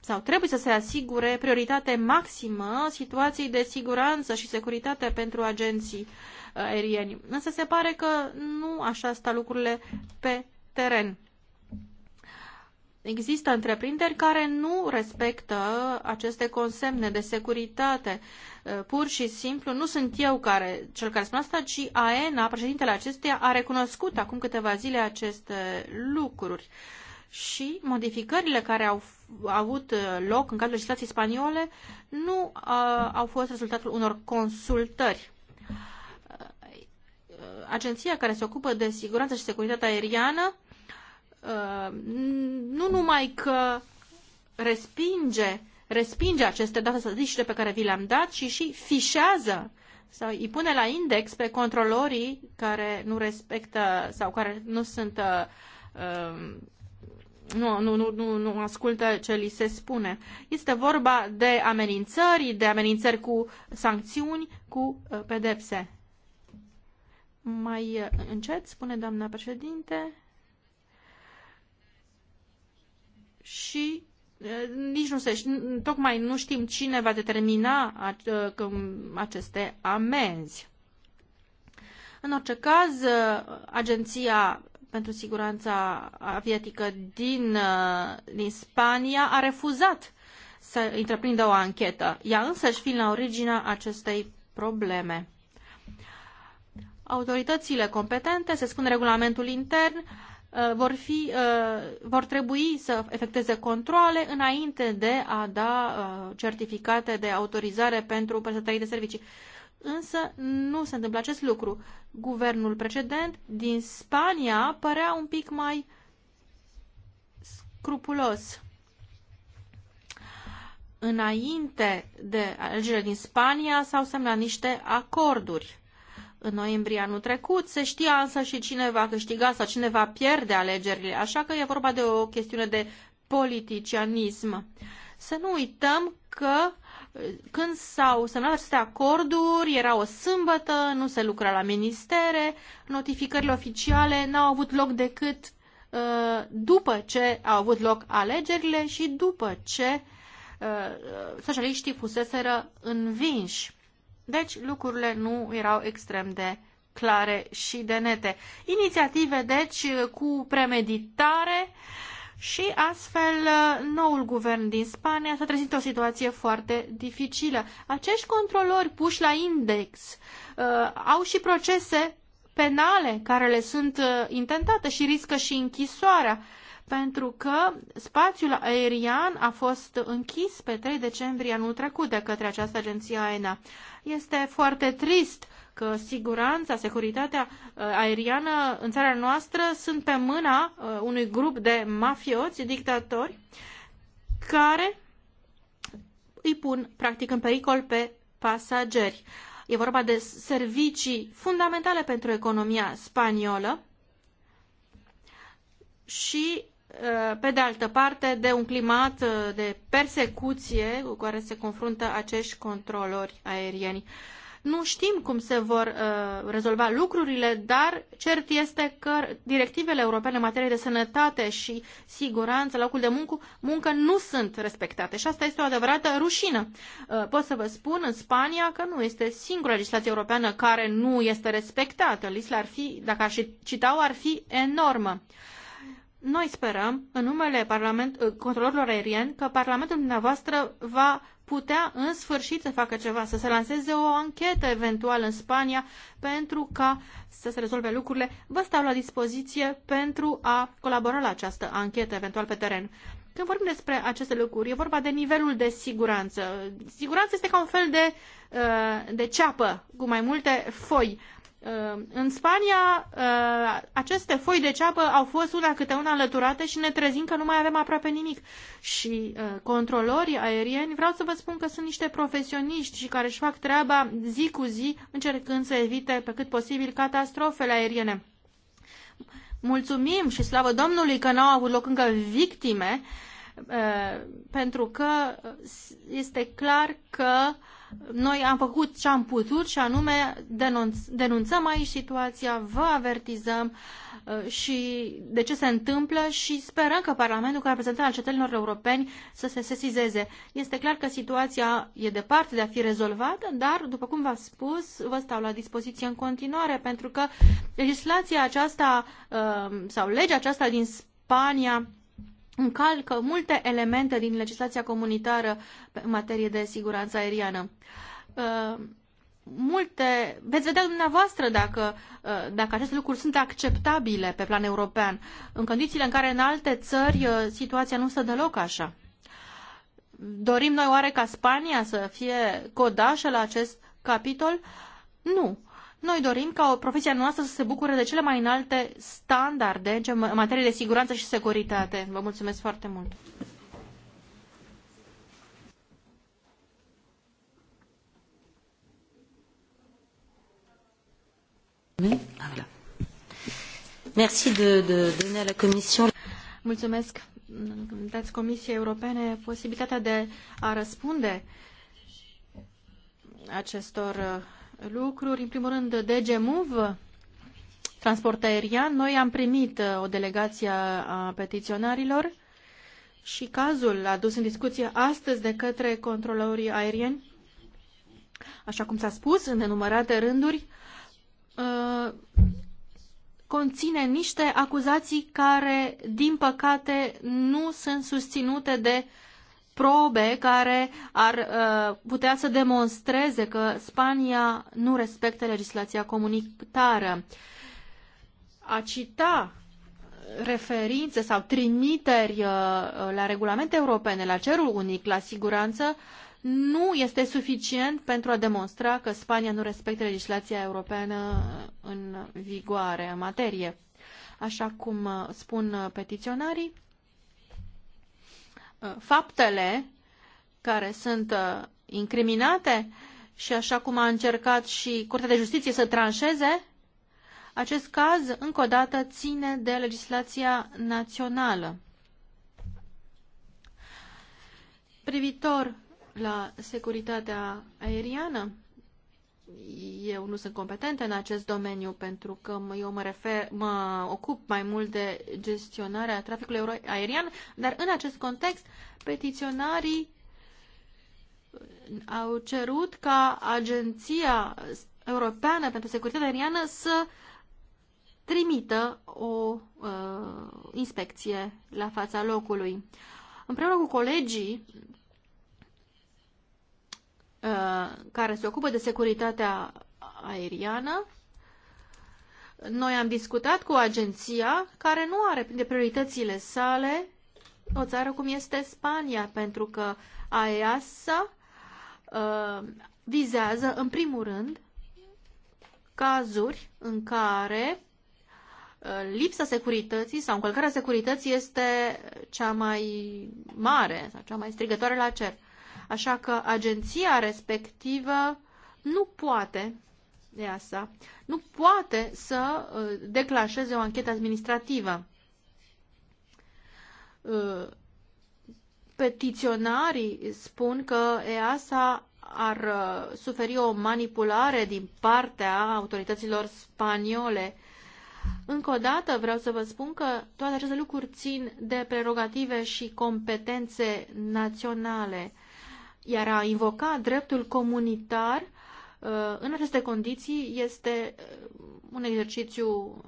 sau trebuie să se asigure prioritate maximă situației de siguranță și securitate pentru agenții uh, aerieni. Însă se pare că nu așa stau lucrurile pe teren. Există întreprinderi care nu respectă aceste consemne de securitate. Uh, pur și simplu, nu sunt eu care, cel care spune asta, ci AENA, președintele acesteia, a recunoscut acum câteva zile aceste lucruri. Și modificările care au avut uh, loc în cadrul legislației spaniole nu uh, au fost rezultatul unor consultări uh, agenția care se ocupă de siguranță și securitatea aeriană nu numai că respinge, respinge aceste date statistice pe care vi le-am dat, ci și fișează sau îi pune la index pe controlorii care nu respectă sau care nu sunt nu, nu, nu, nu, nu ascultă ce li se spune. Este vorba de amenințări, de amenințări cu sancțiuni, cu pedepse. Mai încet, spune doamna președinte. și nici nu se, tocmai nu știm cine va determina aceste amenzi. În orice caz, Agenția pentru Siguranța Aviatică din, din Spania a refuzat să întreprindă o anchetă, ea însă își fiind la originea acestei probleme. Autoritățile competente, se spune regulamentul intern, Uh, vor, fi, uh, vor trebui să efecteze controle înainte de a da uh, certificate de autorizare pentru prestatorii de servicii. Însă nu se întâmplă acest lucru. Guvernul precedent din Spania părea un pic mai scrupulos. Înainte de alegerile din Spania s-au semnat niște acorduri în noiembrie anul trecut. Se știa însă și cine va câștiga sau cine va pierde alegerile, așa că e vorba de o chestiune de politicianism. Să nu uităm că eh, când s-au semnat aceste acorduri, era o sâmbătă, nu se lucra la ministere, notificările oficiale n-au avut loc decât uh, după ce au avut loc alegerile și după ce uh, socialiștii fuseseră învinși. Deci lucrurile nu erau extrem de clare și de nete. Inițiative, deci, cu premeditare și astfel uh, noul guvern din Spania s-a trezit o situație foarte dificilă. Acești controlori puși la index uh, au și procese penale care le sunt uh, intentate și riscă și închisoarea pentru că spațiul aerian a fost închis pe 3 decembrie anul trecut de către această agenție AENA. Este foarte trist că siguranța, securitatea uh, aeriană în țara noastră sunt pe mâna uh, unui grup de mafioți, dictatori, care îi pun practic în pericol pe pasageri. E vorba de servicii fundamentale pentru economia spaniolă și Uh, pe de altă parte, de un climat uh, de persecuție cu care se confruntă acești controlori aerieni. Nu știm cum se vor uh, rezolva lucrurile, dar cert este că directivele europene în materie de sănătate și siguranță la locul de muncă, muncă nu sunt respectate și asta este o adevărată rușină. Uh, pot să vă spun în Spania că nu este singura legislație europeană care nu este respectată. Lista ar fi, dacă aș citau, ar fi enormă. Uh, noi sperăm, în numele Parlament, controlorilor aerieni, că Parlamentul dumneavoastră va putea în sfârșit să facă ceva, să se lanseze o anchetă eventual în Spania pentru ca să se rezolve lucrurile. Vă stau la dispoziție pentru a colabora la această anchetă eventual pe teren. Când vorbim despre aceste lucruri, e vorba de nivelul de siguranță. Siguranța este ca un fel de, uh, de ceapă cu mai multe foi. Uh, în Spania, uh, aceste foi de ceapă au fost una câte una alăturate și ne trezim că nu mai avem aproape nimic. Și uh, controlorii aerieni, vreau să vă spun că sunt niște profesioniști și care își fac treaba zi cu zi, încercând să evite pe cât posibil catastrofele aeriene. Mulțumim și slavă Domnului că n-au avut loc încă victime, pentru că este clar că uh, noi am făcut ce am putut și anume denunț, denunțăm aici situația, vă avertizăm uh, și de ce se întâmplă și sperăm că Parlamentul, ca reprezentant al cetățenilor europeni, să se sesizeze. Este clar că situația e departe de a fi rezolvată, dar, după cum v-am spus, vă stau la dispoziție în continuare, pentru că legislația aceasta uh, sau legea aceasta din Spania încalcă multe elemente din legislația comunitară în materie de siguranță aeriană. Uh, multe, veți vedea dumneavoastră dacă, uh, dacă aceste lucruri sunt acceptabile pe plan european, în condițiile în care în alte țări uh, situația nu stă deloc așa. Dorim noi oare ca Spania să fie codașă la acest capitol? Nu. Noi dorim ca profesia noastră să se bucure de cele mai înalte standarde în materie de siguranță și securitate. Vă mulțumesc foarte mult! Mulțumesc. Dați Comisiei Europene posibilitatea de a răspunde acestor lucruri. În primul rând, DG Move, transport aerian. Noi am primit uh, o delegație a petiționarilor și cazul adus în discuție astăzi de către controlorii aerieni, așa cum s-a spus în enumărate rânduri, uh, conține niște acuzații care, din păcate, nu sunt susținute de uh, probe care ar uh, putea să demonstreze că Spania nu respectă legislația comunitară. A cita referințe sau trimiteri uh, la regulamente europene, la cerul unic, la siguranță, nu este suficient pentru a demonstra că Spania nu respectă legislația europeană în vigoare, în materie. Așa cum uh, spun uh, petiționarii, Uh, faptele care sunt uh, incriminate și așa cum a încercat și Curtea de Justiție să tranșeze, acest caz, încă o dată, ține de legislația națională. Privitor la securitatea aeriană, eu nu sunt competentă în acest domeniu pentru că eu mă, refer, mă ocup mai mult de gestionarea traficului aerian, dar în acest context petiționarii au cerut ca Agenția Europeană pentru Securitatea Aeriană să trimită o uh, inspecție la fața locului. Împreună cu colegii Uh, care se ocupă de securitatea aeriană. Noi am discutat cu agenția care nu are de prioritățile sale o țară cum este Spania, pentru că AEASA uh, vizează în primul rând cazuri în care uh, lipsa securității sau încălcarea securității este cea mai mare sau cea mai strigătoare la cer. Așa că agenția respectivă nu poate de asta, nu poate să uh, declanșeze o anchetă administrativă. Uh, petiționarii spun că EASA ar uh, suferi o manipulare din partea autorităților spaniole. Încă o dată vreau să vă spun că toate aceste lucruri țin de prerogative și competențe naționale. Iar a invoca dreptul comunitar uh, în aceste condiții este uh, un exercițiu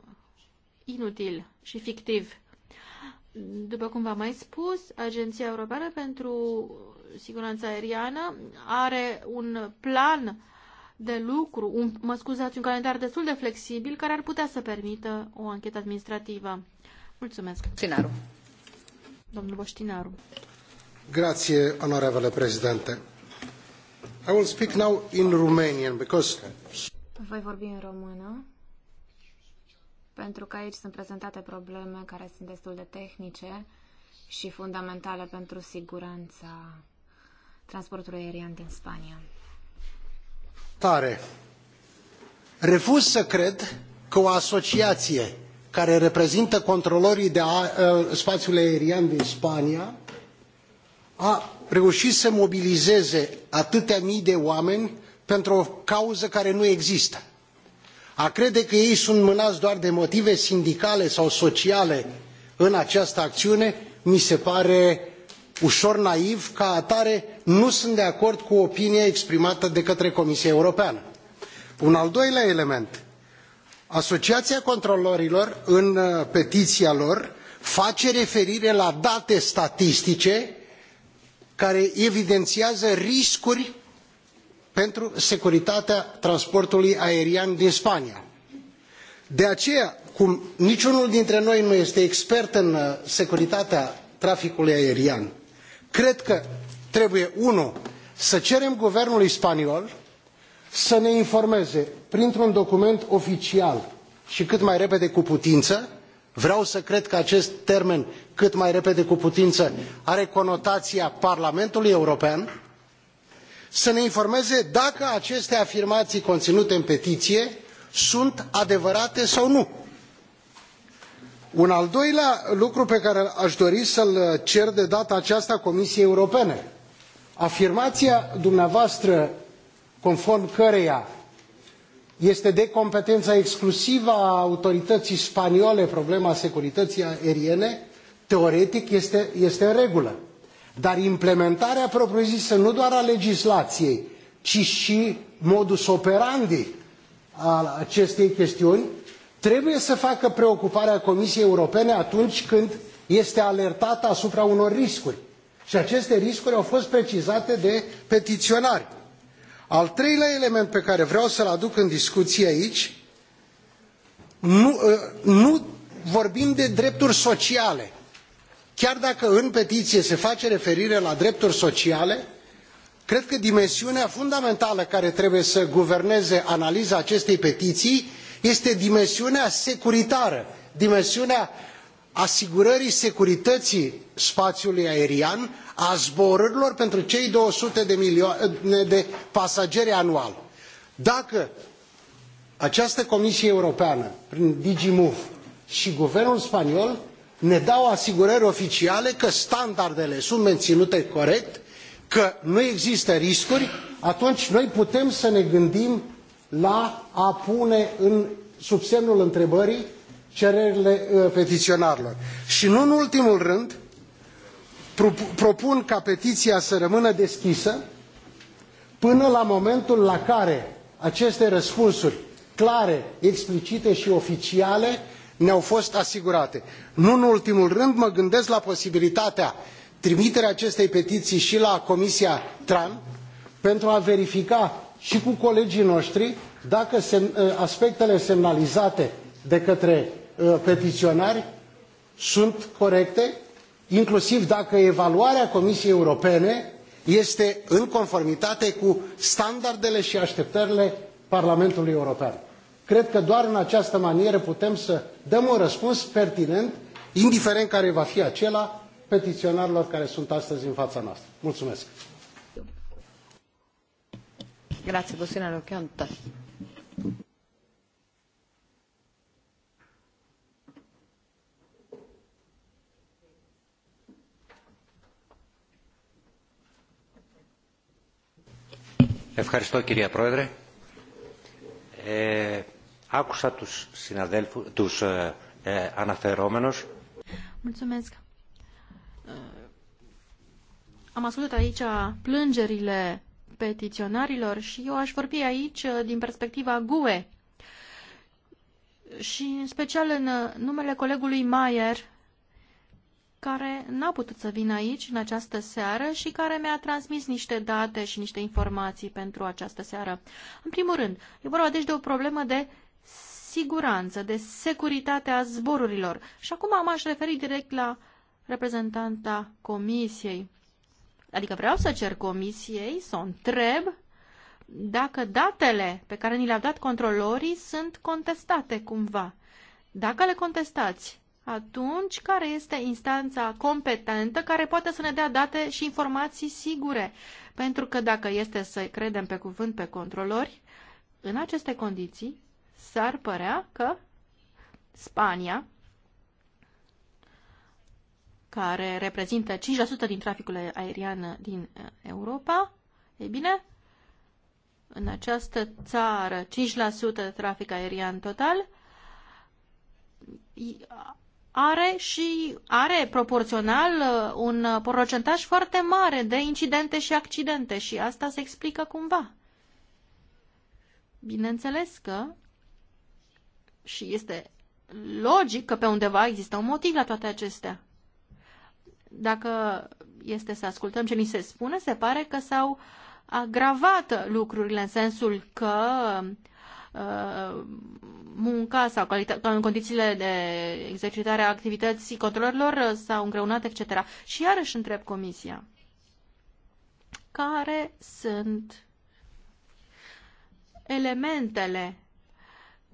inutil și fictiv. După cum v-am mai spus, Agenția Europeană pentru Siguranța Aeriană are un plan de lucru, un, mă scuzați, un calendar destul de flexibil care ar putea să permită o anchetă administrativă. Mulțumesc. Boștinaru. Domnul Boștinaru. Grazie, onorevole I will speak now in Romanian because... Voi vorbi în română, pentru că aici sunt prezentate probleme care sunt destul de tehnice și fundamentale pentru siguranța transportului aerian din Spania. Tare. Refuz să cred că o asociație care reprezintă controlorii de a, a, uh, spațiul aerian din Spania a reușit să mobilizeze atâtea mii de oameni pentru o cauză care nu există. A crede că ei sunt mânați doar de motive sindicale sau sociale în această acțiune mi se pare ușor naiv, ca atare nu sunt de acord cu opinia exprimată de către Comisia Europeană. Un al doilea element. Asociația controlorilor, în uh, petiția lor, face referire la date statistice care evidențiază riscuri pentru securitatea transportului aerian din Spania. De aceea, cum niciunul dintre noi nu este expert în uh, securitatea traficului aerian, cred că trebuie, unu, să cerem guvernului spaniol să ne informeze printr-un document oficial și cât mai repede cu putință vreau să cred că acest termen cât mai repede cu putină are conotaia parlamentului european să ne informeze dacă aceste afirmaii coninute în petiie sunt adevărate sau nu. un al doilea lucru pe care a dori să l cer de data aceasta comisiei europene afirmaia dumneavoastră conform căreia este de competența exclusivă a autorității spaniole problema securității aeriene, teoretic este, este în regulă. Dar implementarea propriu-zisă nu doar a legislației, ci și modus operandi al acestei chestiuni, trebuie să facă preocuparea Comisiei Europene atunci când este alertată asupra unor riscuri. Și aceste riscuri au fost precizate de petiționari. Al treilea element pe care vreau să-l aduc în discuție aici, nu, ă, nu vorbim de drepturi sociale. Chiar dacă în petiție se face referire la drepturi sociale, cred că dimensiunea fundamentală care trebuie să guverneze analiza acestei petiții este dimensiunea securitară, dimensiunea asigurării securității spațiului aerian, a zborurilor pentru cei 200 de milioane de pasageri anual. Dacă această Comisie Europeană, prin DG Move și guvernul spaniol, ne dau asigurări oficiale că standardele sunt menținute corect, că nu există riscuri, atunci noi putem să ne gândim la a pune în, sub semnul întrebării cererile uh, petiționarilor. Și nu în ultimul rând, propun ca petiția să rămână deschisă până la momentul la care aceste răspunsuri clare, explicite și oficiale ne-au fost asigurate. Nu în ultimul rând, mă gândesc la posibilitatea trimiterea acestei petiții și la Comisia TRAN pentru a verifica și cu colegii noștri dacă uh, aspectele semnalizate de către Uh, petiționari sunt corecte, inclusiv dacă evaluarea Comisiei Europene este în conformitate cu standardele și așteptările Parlamentului European. Cred că doar în această manieră putem să dăm un răspuns pertinent, indiferent care va fi acela, petiționarilor care sunt astăzi în fața noastră. Mulțumesc! Grazie, Ευχαριστώ κυρία Πρόεδρε. Ε, άκουσα τους, συναδέλφους, τους ε, ε, αναφερόμενους. Mulțumesc. Am ascultat aici plângerile petiționarilor și eu aș vorbi aici uh, din perspectiva GUE și în special în uh, numele colegului Maier, care n-a putut să vină aici în această seară și care mi-a transmis niște date și niște informații pentru această seară. În primul rând, e vorba deci de o problemă de siguranță, de securitatea zborurilor. Și acum m-aș referi direct la reprezentanta comisiei. Adică vreau să cer comisiei să o întreb dacă datele pe care ni le-au dat controlorii sunt contestate cumva. Dacă le contestați, atunci care este instanța competentă care poate să ne dea date și informații sigure? Pentru că dacă este să credem pe cuvânt pe controlori, în aceste condiții s-ar părea că Spania, care reprezintă 5% din traficul aerian din uh, Europa, e bine, în această țară 5% trafic aerian total, are și are proporțional uh, un uh, procentaj foarte mare de incidente și accidente și asta se explică cumva. Bineînțeles că și este logic că pe undeva există un motiv la toate acestea. Dacă este să ascultăm ce ni se spune, se pare că s-au agravat lucrurile în sensul că uh, Uh, munca sau în condițiile de exercitare a activității controlorilor uh, sau îngreunate, etc. Și iarăși întreb Comisia, care sunt elementele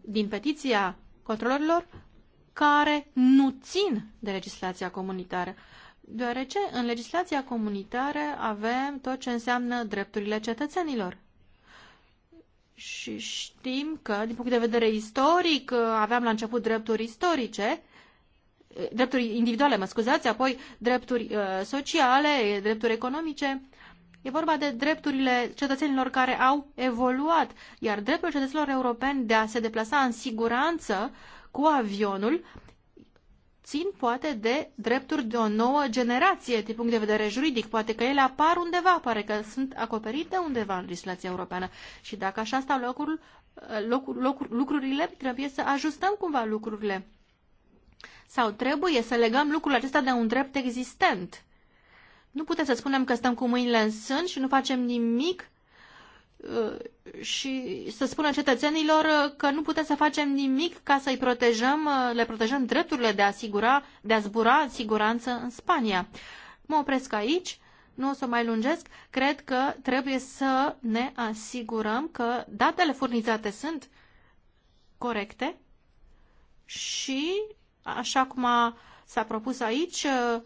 din petiția controlorilor care nu țin de legislația comunitară, deoarece în legislația comunitară avem tot ce înseamnă drepturile cetățenilor și știm că, din punct de vedere istoric, aveam la început drepturi istorice, drepturi individuale, mă scuzați, apoi drepturi uh, sociale, drepturi economice. E vorba de drepturile cetățenilor care au evoluat, iar dreptul cetățenilor europeni de a se deplasa în siguranță cu avionul țin poate de drepturi de o nouă generație din punct de vedere juridic. Poate că ele apar undeva, pare că sunt acoperite undeva în legislația europeană. Și dacă așa stau locul, locul, locul, lucrurile, trebuie să ajustăm cumva lucrurile. Sau trebuie să legăm lucrul acesta de un drept existent. Nu putem să spunem că stăm cu mâinile în sân și nu facem nimic Uh, și să spună cetățenilor că nu putem să facem nimic ca să-i protejăm, uh, le protejăm drepturile de a, asigura, de a zbura în siguranță în Spania. Mă opresc aici, nu o să mai lungesc, cred că trebuie să ne asigurăm că datele furnizate sunt corecte și, așa cum a, s-a propus aici, uh,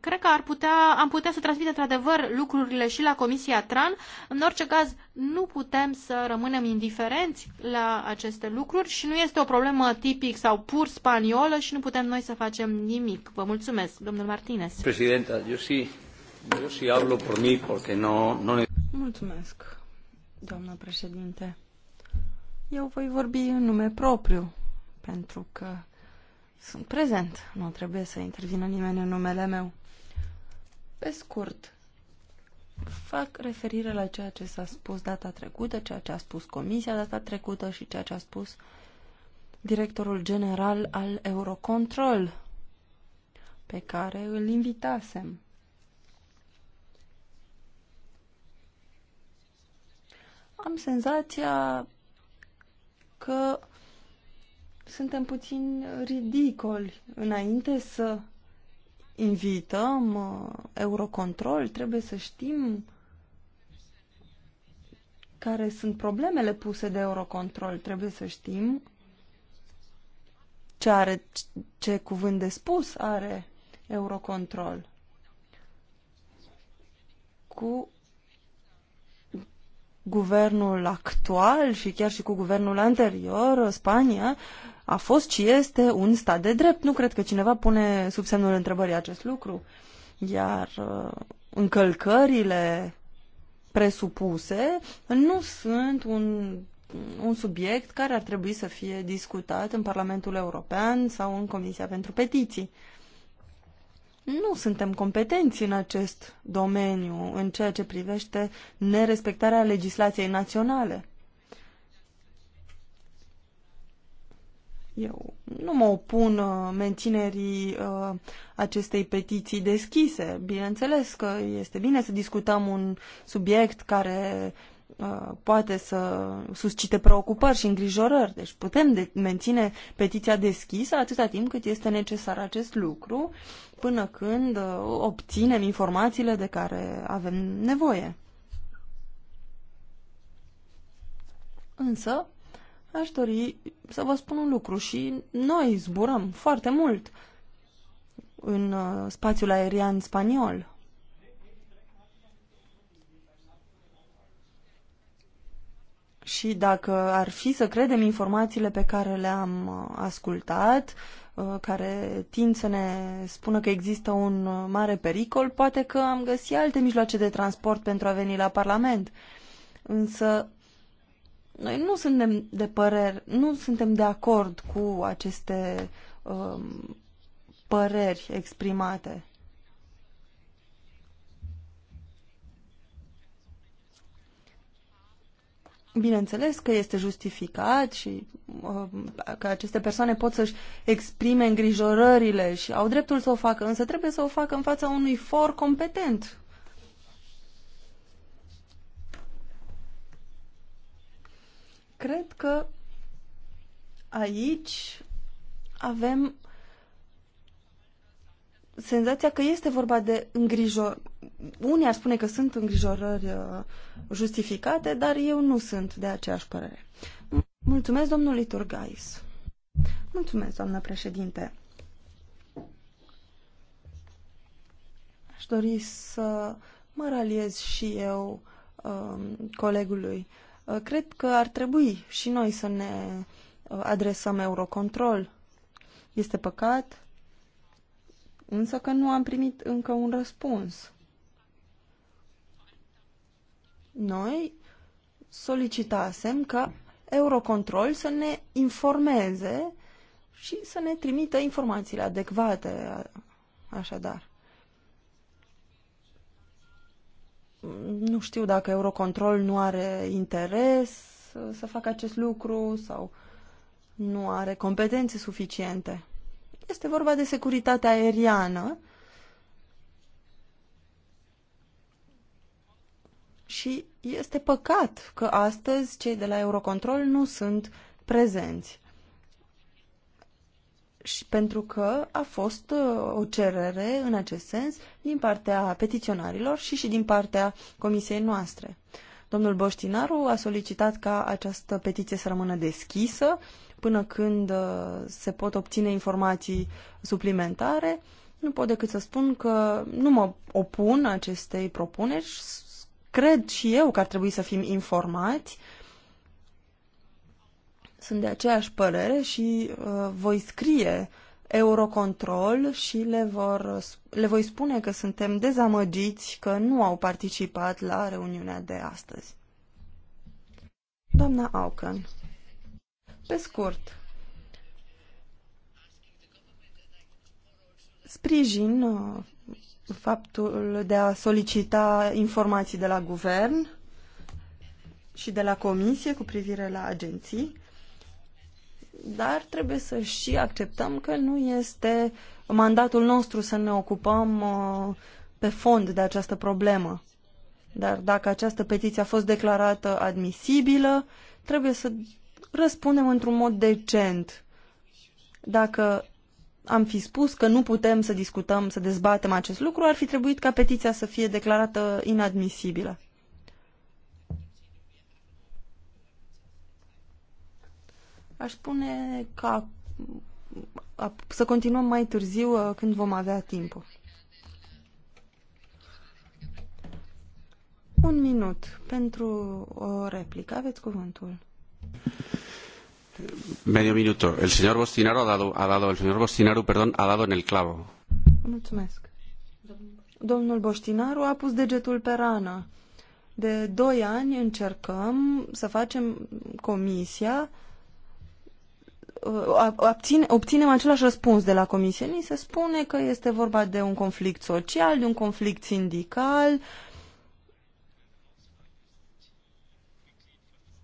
cred că ar putea, am putea să transmitem într-adevăr lucrurile și la Comisia TRAN. În orice caz, nu putem să rămânem indiferenți la aceste lucruri și nu este o problemă tipic sau pur spaniolă și nu putem noi să facem nimic. Vă mulțumesc, domnul Martinez. Președinte, eu și, eu și hablo por mí porque no, no... Mulțumesc, doamnă președinte. Eu voi vorbi în nume propriu, pentru că sunt prezent. Nu trebuie să intervină nimeni în numele meu. Pe scurt, fac referire la ceea ce s-a spus data trecută, ceea ce a spus Comisia data trecută și ceea ce a spus directorul general al Eurocontrol, pe care îl invitasem. Am senzația că suntem puțin ridicoli. Înainte să invităm uh, Eurocontrol, trebuie să știm care sunt problemele puse de Eurocontrol. Trebuie să știm ce are, ce cuvânt de spus are Eurocontrol. Cu guvernul actual și chiar și cu guvernul anterior, Spania, a fost și este un stat de drept. Nu cred că cineva pune sub semnul întrebării acest lucru. Iar uh, încălcările presupuse nu sunt un, un subiect care ar trebui să fie discutat în Parlamentul European sau în Comisia pentru Petiții. Nu suntem competenți în acest domeniu în ceea ce privește nerespectarea legislației naționale. Eu nu mă opun uh, menținerii uh, acestei petiții deschise. Bineînțeles că este bine să discutăm un subiect care uh, poate să suscite preocupări și îngrijorări. Deci putem de- menține petiția deschisă atâta timp cât este necesar acest lucru, până când obținem informațiile de care avem nevoie. Însă, aș dori să vă spun un lucru și noi zburăm foarte mult în uh, spațiul aerian spaniol. Și dacă ar fi să credem informațiile pe care le-am uh, ascultat, uh, care tind să ne spună că există un mare pericol, poate că am găsit alte mijloace de transport pentru a veni la Parlament. Însă noi nu suntem de păreri, nu suntem de acord cu aceste um, păreri exprimate. Bineînțeles că este justificat și uh, că aceste persoane pot să-și exprime îngrijorările și au dreptul să o facă, însă trebuie să o facă în fața unui for competent Cred că aici avem senzația că este vorba de îngrijor. Unii ar spune că sunt îngrijorări uh, justificate, dar eu nu sunt de aceeași părere. Mulțumesc, domnul Liturgais. Mulțumesc, doamnă președinte. Aș dori să mă raliez și eu um, colegului. Uh, cred că ar trebui și noi să ne uh, adresăm Eurocontrol. Este păcat, însă că nu am primit încă un răspuns. Noi solicitasem ca Eurocontrol să ne informeze și să ne trimită informațiile adecvate, așadar. nu știu dacă Eurocontrol nu are interes să facă acest lucru sau nu are competențe suficiente. Este vorba de securitatea aeriană și este păcat că astăzi cei de la Eurocontrol nu sunt prezenți și pentru că a fost uh, o cerere în acest sens din partea petiționarilor și și din partea comisiei noastre. Domnul Boștinaru a solicitat ca această petiție să rămână deschisă până când uh, se pot obține informații suplimentare. Nu pot decât să spun că nu mă opun acestei propuneri. Cred și eu că ar trebui să fim informați uh, sunt de aceeași părere și uh, voi scrie Eurocontrol și le, vor, le voi spune că suntem dezamăgiți că nu au participat la reuniunea de astăzi. Doamna Auken, pe scurt, sprijin uh, faptul de a solicita informații de la guvern și de la comisie cu privire la agenții dar trebuie să și acceptăm că nu este mandatul nostru să ne ocupăm uh, pe fond de această problemă. Dar dacă această petiție a fost declarată admisibilă, trebuie să răspundem într-un mod decent. Dacă am fi spus că nu putem să discutăm, să dezbatem acest lucru, ar fi trebuit ca petiția să fie declarată inadmisibilă. Aș spune că să continuăm mai târziu uh, când vom avea timp. Un minut pentru o replică. Aveți cuvântul. Medio minuto. El señor Bostinaru a dado, ha dado, el señor Bostinaru, perdón, ha dado en el clavo. Mulțumesc. Domnul Boștinaru a pus degetul pe rană. De doi ani încercăm să facem comisia uh, Uh, obține, obținem același răspuns de la comisie. Ni se spune că este vorba de un conflict social, de un conflict sindical,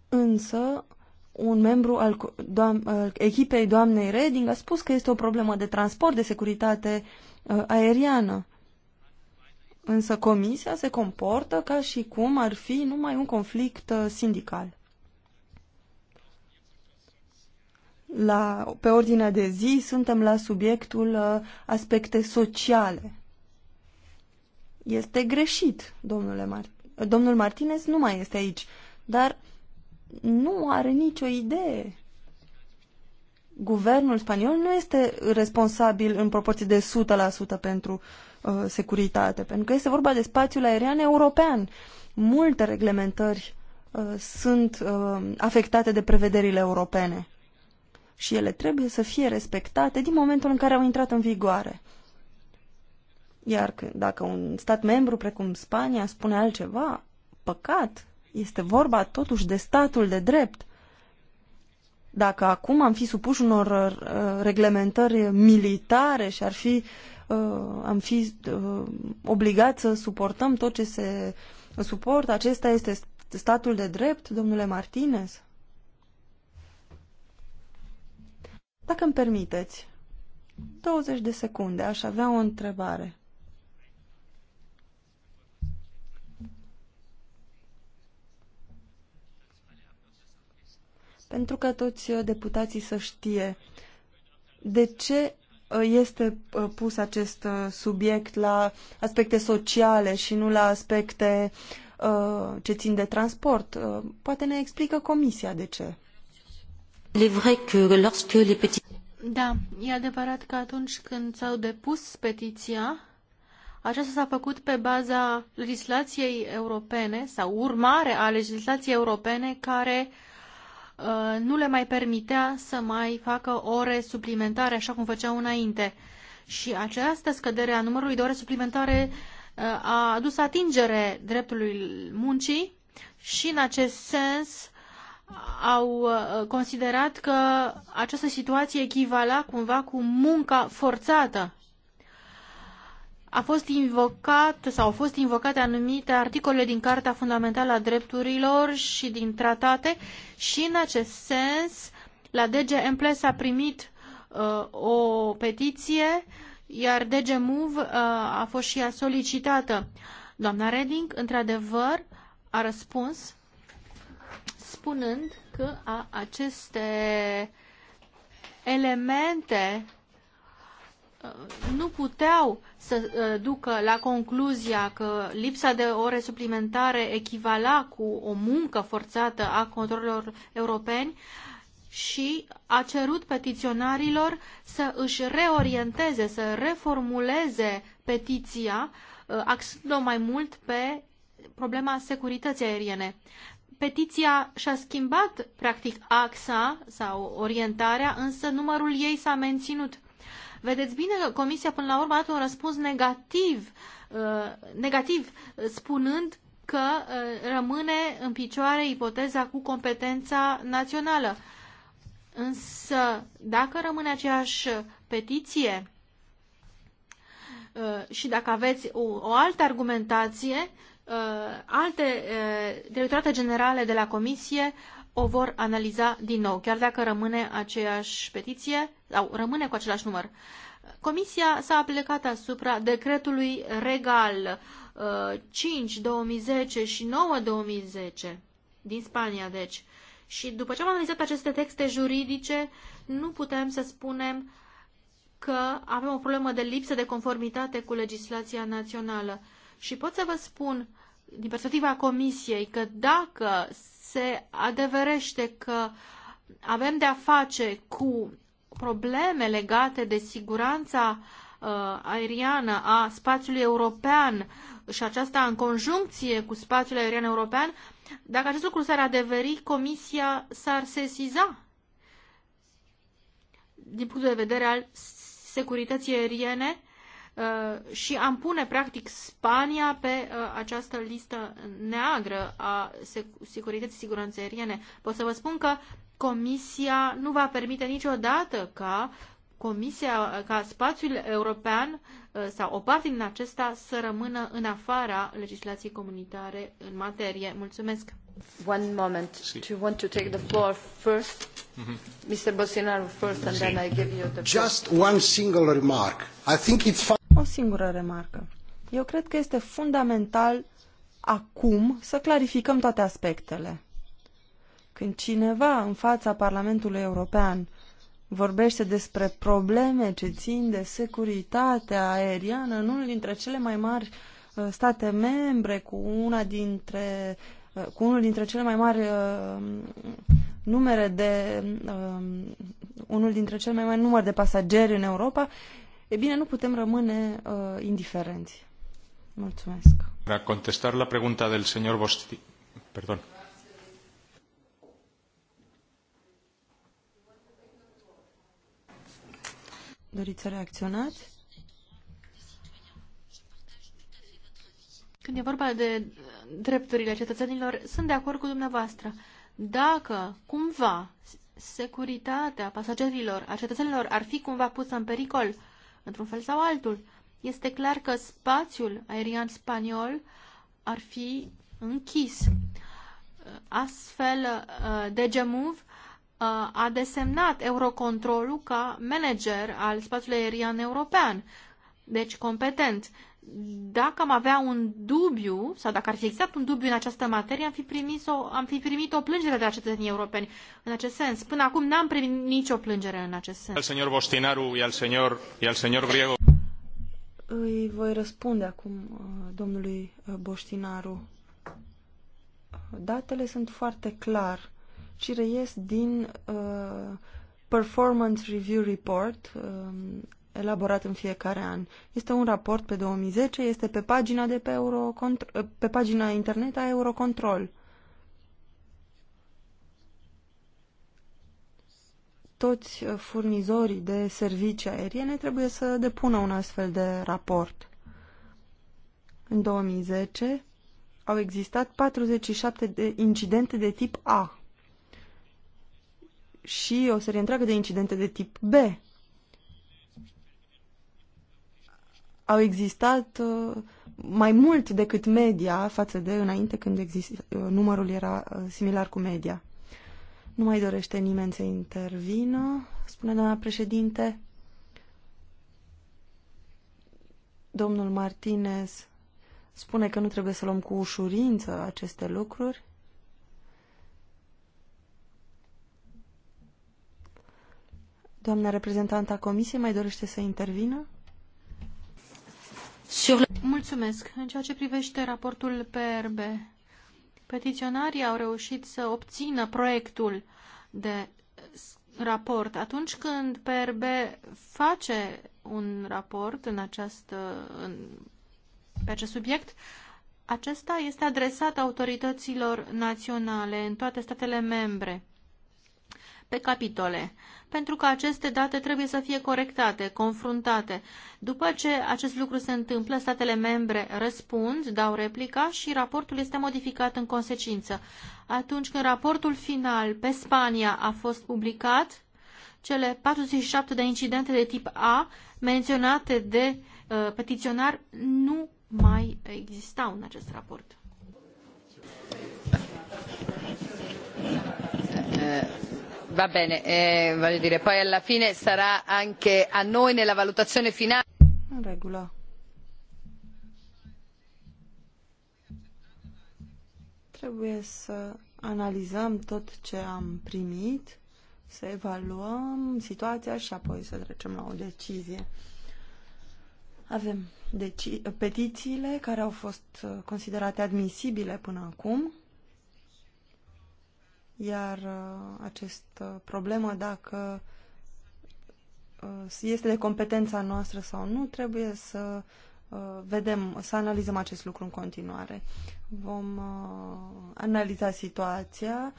însă un membru al, doam, al echipei doamnei Reding a spus că este o problemă de transport, de securitate uh, aeriană. Însă comisia se comportă ca și cum ar fi numai un conflict uh, sindical. la, pe ordinea de zi, suntem la subiectul uh, aspecte sociale. Este greșit, domnule Mar- domnul Martinez nu mai este aici, dar nu are nicio idee. Guvernul spaniol nu este responsabil în proporție de 100% pentru uh, securitate, pentru că este vorba de spațiul aerian european. Multe reglementări uh, sunt uh, afectate de prevederile europene și ele trebuie să fie respectate din momentul în care au intrat în vigoare. Iar dacă un stat membru precum Spania spune altceva, păcat, este vorba totuși de statul de drept. Dacă acum am fi supuși unor uh, reglementări militare și ar fi, uh, am fi uh, obligat să suportăm tot ce se suportă, acesta este statul de drept, domnule Martinez? Dacă îmi permiteți, 20 de secunde, aș avea o întrebare. Pentru ca toți uh, deputații să știe de ce uh, este uh, pus acest subiect la aspecte sociale și nu la aspecte ce țin de transport. Poate ne explică comisia de ce. Da, e adevărat că atunci când s-au depus petiția, aceasta s-a făcut pe baza legislației europene sau urmare a legislației europene care uh, nu le mai permitea să mai facă ore suplimentare așa cum făceau înainte. Și această scădere a numărului de ore suplimentare uh, a adus atingere dreptului muncii și în acest sens au uh, considerat că această situație echivala cumva cu munca forțată. A fost invocat sau au fost invocate anumite articole din Carta Fundamentală a Drepturilor și din tratate și în acest sens la DG Emples a primit uh, o petiție iar DG Move uh, a fost și ea solicitată. Doamna Reding, într-adevăr, a răspuns spunând că a, aceste elemente uh, nu puteau să uh, ducă la concluzia că lipsa de ore suplimentare echivala cu o muncă forțată a controlor europeni și a cerut petiționarilor să își reorienteze, să reformuleze petiția, uh, axându-o mai mult pe problema securității aeriene petiția și-a schimbat, practic, axa sau orientarea, însă numărul ei s-a menținut. Vedeți bine că Comisia, până la urmă, a dat un răspuns negativ, uh, negativ spunând că uh, rămâne în picioare ipoteza cu competența națională. Însă, dacă rămâne aceeași petiție uh, și dacă aveți o, o altă argumentație, Uh, alte uh, directorate generale de la Comisie o vor analiza din nou, chiar dacă rămâne aceeași petiție sau rămâne cu același număr. Comisia s-a aplicat asupra decretului regal 5 uh, 2010 și 9 2010 din Spania, deci. Și după ce am analizat aceste texte juridice, nu putem să spunem că avem o problemă de lipsă de conformitate cu legislația națională. Și pot să vă spun, din perspectiva Comisiei, că dacă se adeverește că avem de-a face cu probleme legate de siguranța uh, aeriană a spațiului european și aceasta în conjuncție cu spațiul aerian european, dacă acest lucru s-ar adeveri, Comisia s-ar sesiza din punctul de vedere al securității aeriene Uh, și am pune practic Spania pe uh, această listă neagră a securității siguranței aeriene. Pot să vă spun că Comisia nu va permite niciodată ca Comisia, ca spațiul european uh, sau o parte din acesta să rămână în afara legislației comunitare în materie. Mulțumesc! One moment. Sí. you want to take the floor first? Mm -hmm. Mr. Bolsonaro first, and sí. then I give you the floor. Just one single remark. I think it's fine o singură remarcă. Eu cred că este fundamental acum să clarificăm toate aspectele. Când cineva în fața Parlamentului European vorbește despre probleme ce țin de securitatea aeriană în unul dintre cele mai mari uh, state membre cu una dintre uh, cu unul dintre cele mai mari uh, numere de uh, unul dintre cele mai mari număr de pasageri în Europa, e bine, nu putem rămâne uh, indiferenți. Mulțumesc. Para contestar la pregunta del señor Bosti... Perdón. Doriți să reacționați? Când e vorba de drepturile cetățenilor, sunt de acord cu dumneavoastră. Dacă, cumva, securitatea pasagerilor, a cetățenilor ar fi cumva pusă în pericol, într-un fel sau altul. Este clar că spațiul aerian spaniol ar fi închis. Astfel, uh, DGMUV uh, a desemnat Eurocontrolul ca manager al spațiului aerian european, deci competent dacă am avea un dubiu, sau dacă ar fi existat un dubiu în această materie, am fi primit o, am fi primit o plângere de la cetățenii europeni în acest sens. Până acum n-am primit nicio plângere în acest sens. Al señor Bostinaru al señor, al señor Griego. Îi voi răspunde acum uh, domnului uh, Boștinaru. Datele sunt foarte clar și reies din uh, Performance Review Report, uh, elaborat în fiecare an. Este un raport pe 2010, este pe pagina, de pe, Eurocontr- pe pagina internet a Eurocontrol. Toți uh, furnizorii de servicii aeriene trebuie să depună un astfel de raport. În 2010 au existat 47 de incidente de tip A și o serie întreagă de incidente de tip B au existat uh, mai mult decât media față de înainte când exist, uh, numărul era uh, similar cu media. Nu mai dorește nimeni să intervină, spune doamna președinte. Domnul Martinez spune că nu trebuie să luăm cu ușurință aceste lucruri. Doamna reprezentanta comisiei mai dorește să intervină? Mulțumesc. În ceea ce privește raportul PRB, petiționarii au reușit să obțină proiectul de raport. Atunci când PRB face un raport în această, în, pe acest subiect, acesta este adresat autorităților naționale în toate statele membre pe capitole pentru că aceste date trebuie să fie corectate, confruntate. După ce acest lucru se întâmplă, statele membre răspund, dau replica și raportul este modificat în consecință. Atunci când raportul final pe Spania a fost publicat, cele 47 de incidente de tip A menționate de uh, petiționar nu mai existau în acest raport. Uh, uh, va bene eh, voglio dire poi alla fine sarà anche a noi nella valutazione finale trebuie să analizăm tot ce am primit să evaluăm situația și apoi să trecem la o decizie avem deci petițiile care au fost uh, considerate admisibile până acum iar uh, această problemă, dacă uh, este de competența noastră sau nu, trebuie să uh, vedem, să analizăm acest lucru în continuare. Vom analiza situația.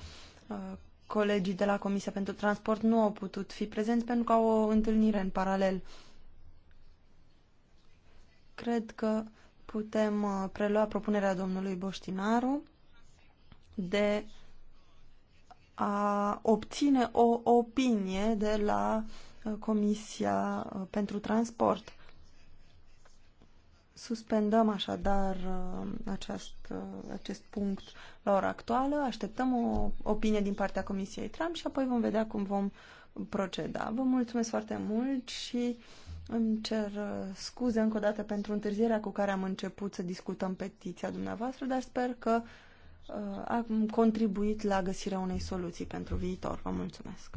Colegii de la Comisia pentru Transport nu au putut fi prezenți pentru că au o întâlnire în paralel. Cred că putem prelua propunerea domnului Boștinaru de a obține o opinie de la uh, Comisia uh, pentru Transport. Suspendăm așadar uh, acest, acest punct la ora actuală, așteptăm o opinie din partea Comisiei Tram și apoi vom vedea cum vom proceda. Vă mulțumesc foarte mult și îmi cer scuze încă o dată pentru întârzierea cu care am început să discutăm petiția dumneavoastră, dar sper că Uh, am contribuit la găsirea unei soluții pentru viitor. Vă mulțumesc!